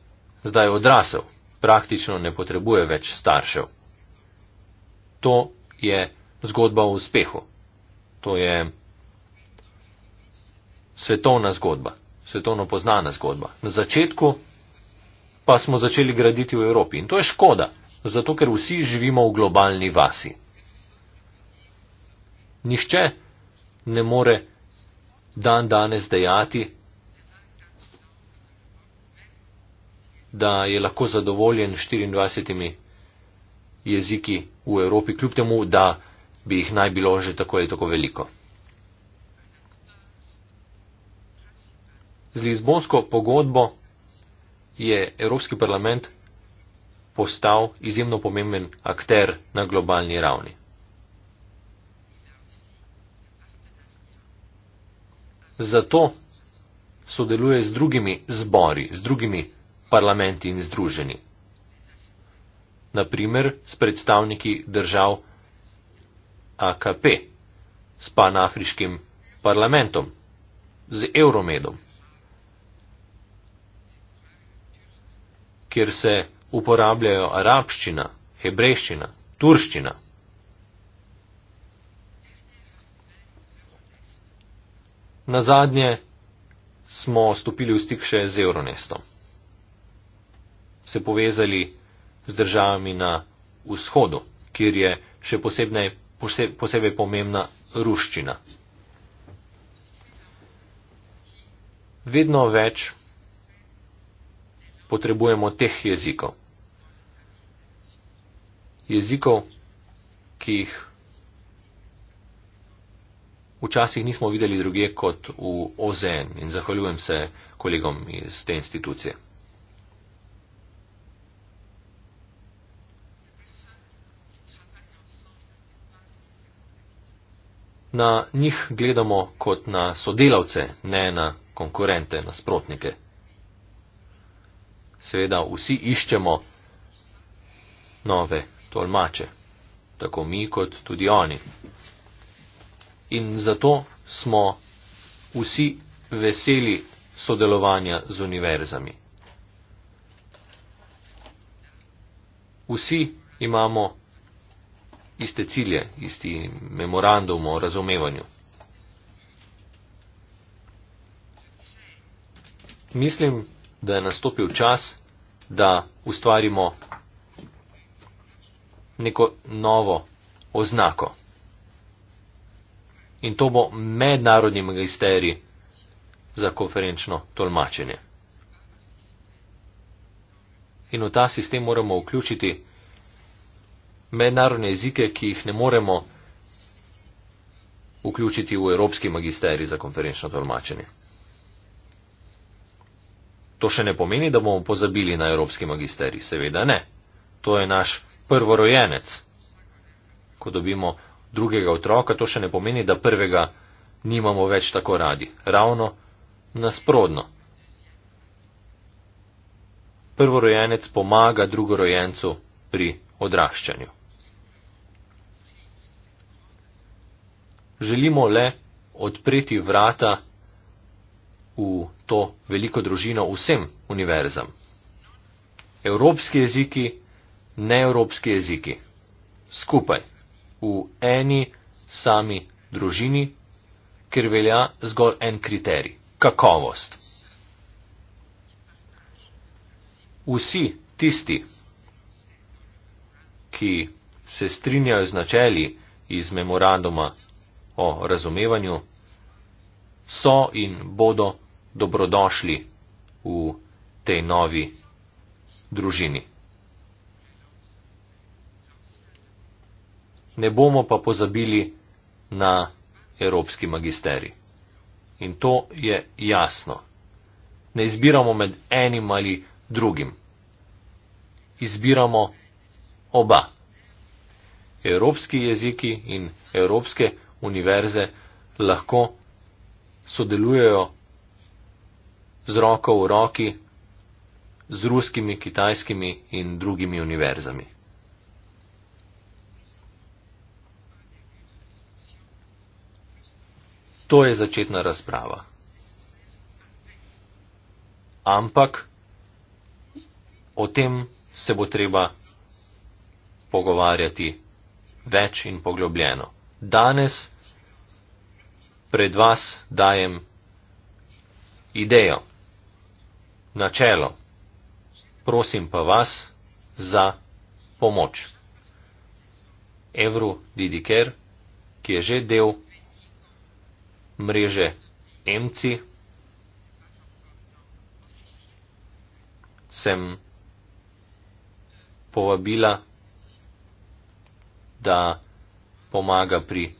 zdaj odrasel, praktično ne potrebuje več staršev. To je zgodba o uspehu. To je svetovna zgodba, svetovno poznana zgodba. Na začetku pa smo začeli graditi v Evropi in to je škoda, zato ker vsi živimo v globalni vasi. Nihče ne more dan danes dejati, da je lahko zadovoljen 24 jeziki v Evropi, kljub temu, da bi jih naj bilo že tako ali tako veliko. Z Lizbonsko pogodbo je Evropski parlament postal izjemno pomemben akter na globalni ravni. Zato sodeluje z drugimi zbori, z drugimi parlamenti in združeni. Naprimer s predstavniki držav AKP, s panafriškim parlamentom, z Euromedom. kjer se uporabljajo arabščina, hebrejščina, turščina. Na zadnje smo stopili v stik še z Euronestom. Se povezali z državami na vzhodu, kjer je še posebne, pose, posebej pomembna ruščina. Vedno več potrebujemo teh jezikov. Jezikov, ki jih včasih nismo videli druge kot v OZN in zahvaljujem se kolegom iz te institucije. Na njih gledamo kot na sodelavce, ne na konkurente, nasprotnike seveda vsi iščemo nove tolmače, tako mi kot tudi oni. In zato smo vsi veseli sodelovanja z univerzami. Vsi imamo iste cilje, isti memorandum o razumevanju. Mislim, da je nastopil čas, da ustvarimo neko novo oznako. In to bo mednarodni magisterij za konferenčno tolmačenje. In v ta sistem moramo vključiti mednarodne jezike, ki jih ne moremo vključiti v Evropski magisterij za konferenčno tolmačenje. To še ne pomeni, da bomo pozabili na evropski magisterij, seveda ne. To je naš prvorojenec. Ko dobimo drugega otroka, to še ne pomeni, da prvega nimamo več tako radi. Ravno nasprotno. Prvorojenec pomaga drugorojencu pri odraščanju. Želimo le odpreti vrata v to veliko družino vsem univerzam. Evropski jeziki, neevropski jeziki, skupaj v eni sami družini, ker velja zgolj en kriterij - kakovost. Vsi tisti, ki se strinjajo z načeli iz memoranduma o razumevanju, so in bodo dobrodošli v tej novi družini. Ne bomo pa pozabili na evropski magisteri. In to je jasno. Ne izbiramo med enim ali drugim. Izbiramo oba. Evropski jeziki in evropske univerze lahko sodelujejo z roko v roki z ruskimi, kitajskimi in drugimi univerzami. To je začetna razprava. Ampak o tem se bo treba pogovarjati več in poglobljeno. Danes pred vas dajem idejo načelo. Prosim pa vas za pomoč. Evru Didiker, ki je že del mreže Emci, sem povabila, da pomaga pri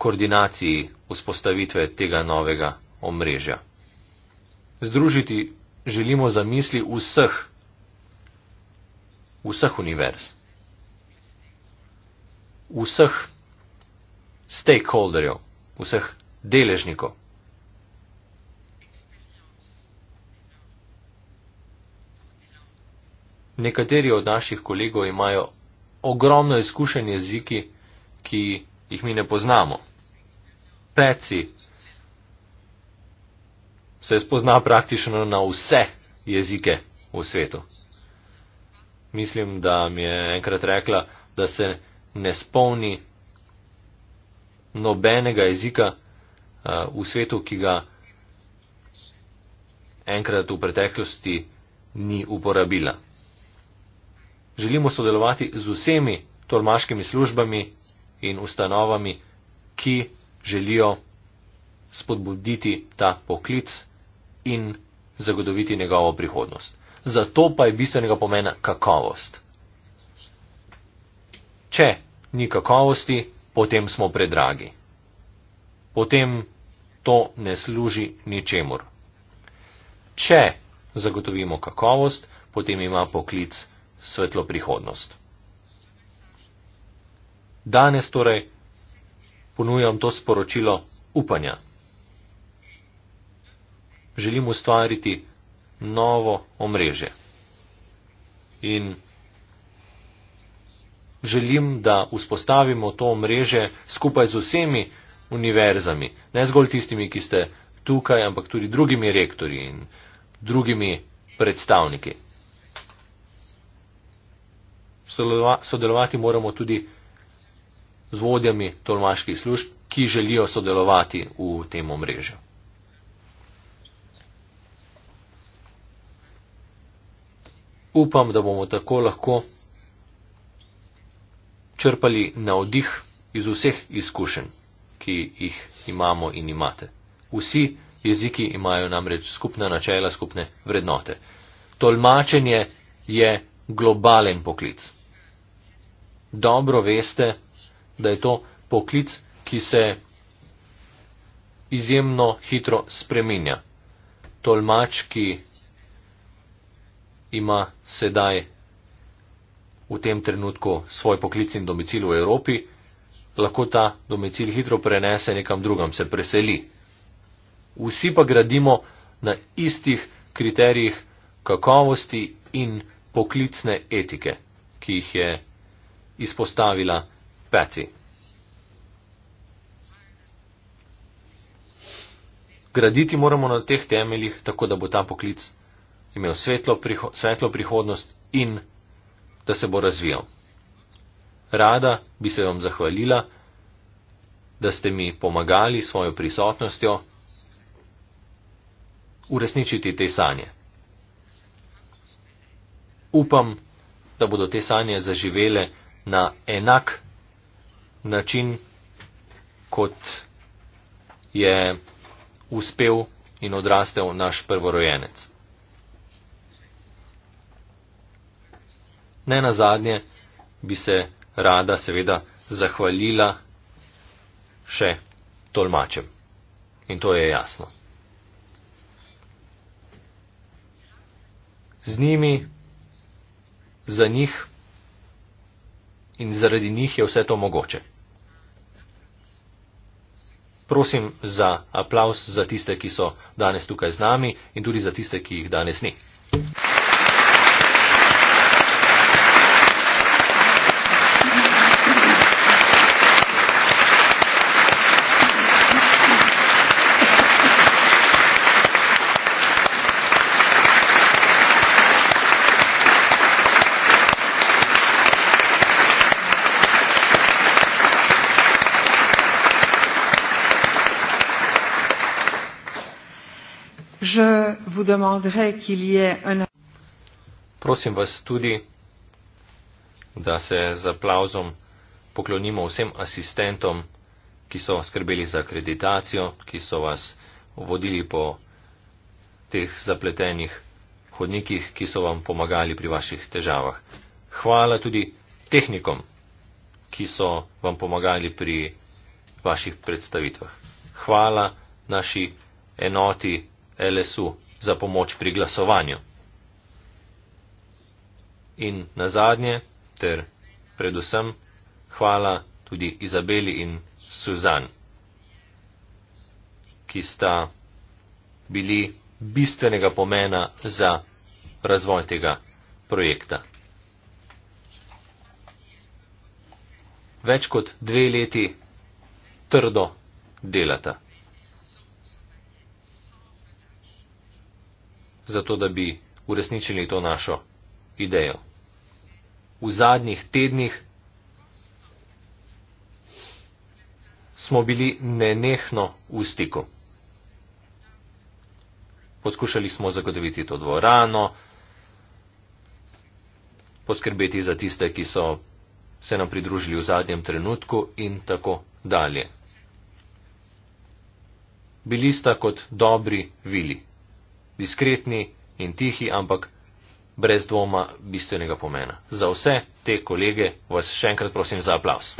koordinaciji vzpostavitve tega novega omrežja združiti želimo za misli vseh, vseh univerz, vseh stakeholderjev, vseh deležnikov. Nekateri od naših kolegov imajo ogromno izkušenj jeziki, ki jih mi ne poznamo. Peci, se spozna praktično na vse jezike v svetu. Mislim, da mi je enkrat rekla, da se ne spomni nobenega jezika uh, v svetu, ki ga enkrat v preteklosti ni uporabila. Želimo sodelovati z vsemi tolmaškimi službami in ustanovami, ki želijo spodbuditi ta poklic in zagotoviti njegovo prihodnost. Zato pa je bistvenega pomena kakovost. Če ni kakovosti, potem smo predragi. Potem to ne služi ničemur. Če zagotovimo kakovost, potem ima poklic svetlo prihodnost. Danes torej ponujam to sporočilo upanja želim ustvariti novo omrežje. In želim, da vzpostavimo to omrežje skupaj z vsemi univerzami, ne zgolj tistimi, ki ste tukaj, ampak tudi drugimi rektori in drugimi predstavniki. Sodelovati moramo tudi z vodjami tolmaških služb, ki želijo sodelovati v tem omrežju. upam, da bomo tako lahko črpali navdih iz vseh izkušenj, ki jih imamo in imate. Vsi jeziki imajo namreč skupna načela, skupne vrednote. Tolmačenje je globalen poklic. Dobro veste, da je to poklic, ki se izjemno hitro spreminja. Tolmač, ki ima sedaj v tem trenutku svoj poklic in domicil v Evropi, lahko ta domicil hitro prenese nekam drugam, se preseli. Vsi pa gradimo na istih kriterijih kakovosti in poklicne etike, ki jih je izpostavila Peci. Graditi moramo na teh temeljih, tako da bo ta poklic imel svetlo, priho svetlo prihodnost in da se bo razvijal. Rada bi se vam zahvalila, da ste mi pomagali svojo prisotnostjo uresničiti te sanje. Upam, da bodo te sanje zaživele na enak način, kot je uspel in odrastel naš prvorojenec. Ne na zadnje bi se rada seveda zahvalila še tolmačem. In to je jasno. Z njimi, za njih in zaradi njih je vse to mogoče. Prosim za aplaus za tiste, ki so danes tukaj z nami in tudi za tiste, ki jih danes ni. Prosim vas tudi, da se z aplauzom poklonimo vsem asistentom, ki so skrbeli za akreditacijo, ki so vas vodili po teh zapletenih hodnikih, ki so vam pomagali pri vaših težavah. Hvala tudi tehnikom, ki so vam pomagali pri vaših predstavitvah. Hvala naši enoti LSU za pomoč pri glasovanju. In na zadnje, ter predvsem, hvala tudi Izabeli in Suzan, ki sta bili bistvenega pomena za razvoj tega projekta. Več kot dve leti trdo delata. zato da bi uresničili to našo idejo. V zadnjih tednih smo bili nenehno v stiku. Poskušali smo zagotoviti to dvorano, poskrbeti za tiste, ki so se nam pridružili v zadnjem trenutku in tako dalje. Bili sta kot dobri vili diskretni in tihi, ampak brez dvoma bistvenega pomena. Za vse te kolege vas še enkrat prosim za aplaus.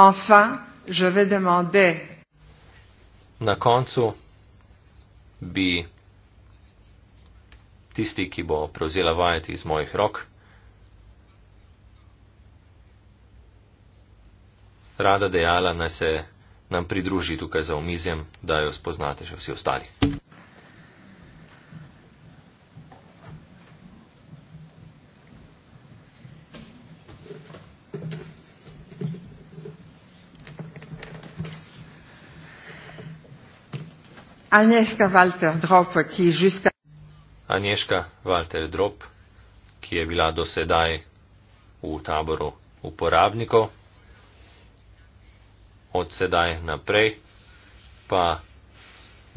Enfin, je vais demander.
Na koncu bi tisti, ki bo prevzela vajeti iz mojih rok, rada dejala, naj se nam pridruži tukaj za omizjem, da jo spoznate še vsi ostali.
Agnieszka Walter Drop, ki je žiska.
Agnieszka Walter Drop, ki je bila do sedaj v taboru uporabnikov, od sedaj naprej pa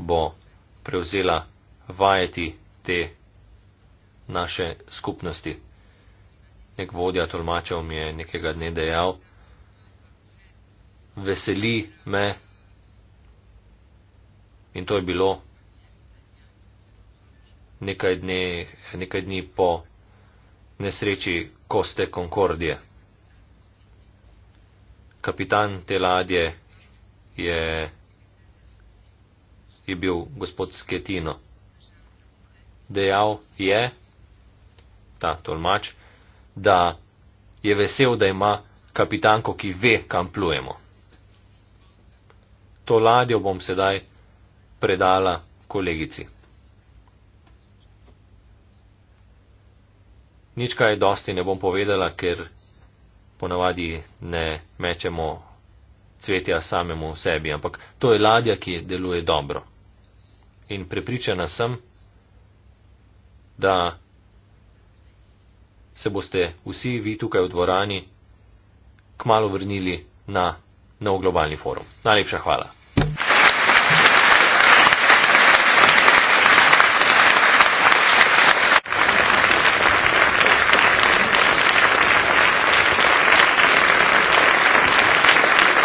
bo prevzela vajeti te naše skupnosti. Nek vodja tolmačev mi je nekega dne dejal, veseli me, In to je bilo nekaj, dne, nekaj dni po nesreči Koste Concordije. Kapitan te ladje je, je bil gospod Sketino. Dejal je, ta tolmač, da je vesel, da ima kapitanko, ki ve, kam plujemo. To ladjo bom sedaj predala kolegici. Nič kaj dosti ne bom povedala, ker ponavadi ne mečemo cvetja samemu sebi, ampak to je ladja, ki deluje dobro. In prepričana sem, da se boste vsi vi tukaj v dvorani kmalo vrnili na nov globalni forum. Najlepša hvala.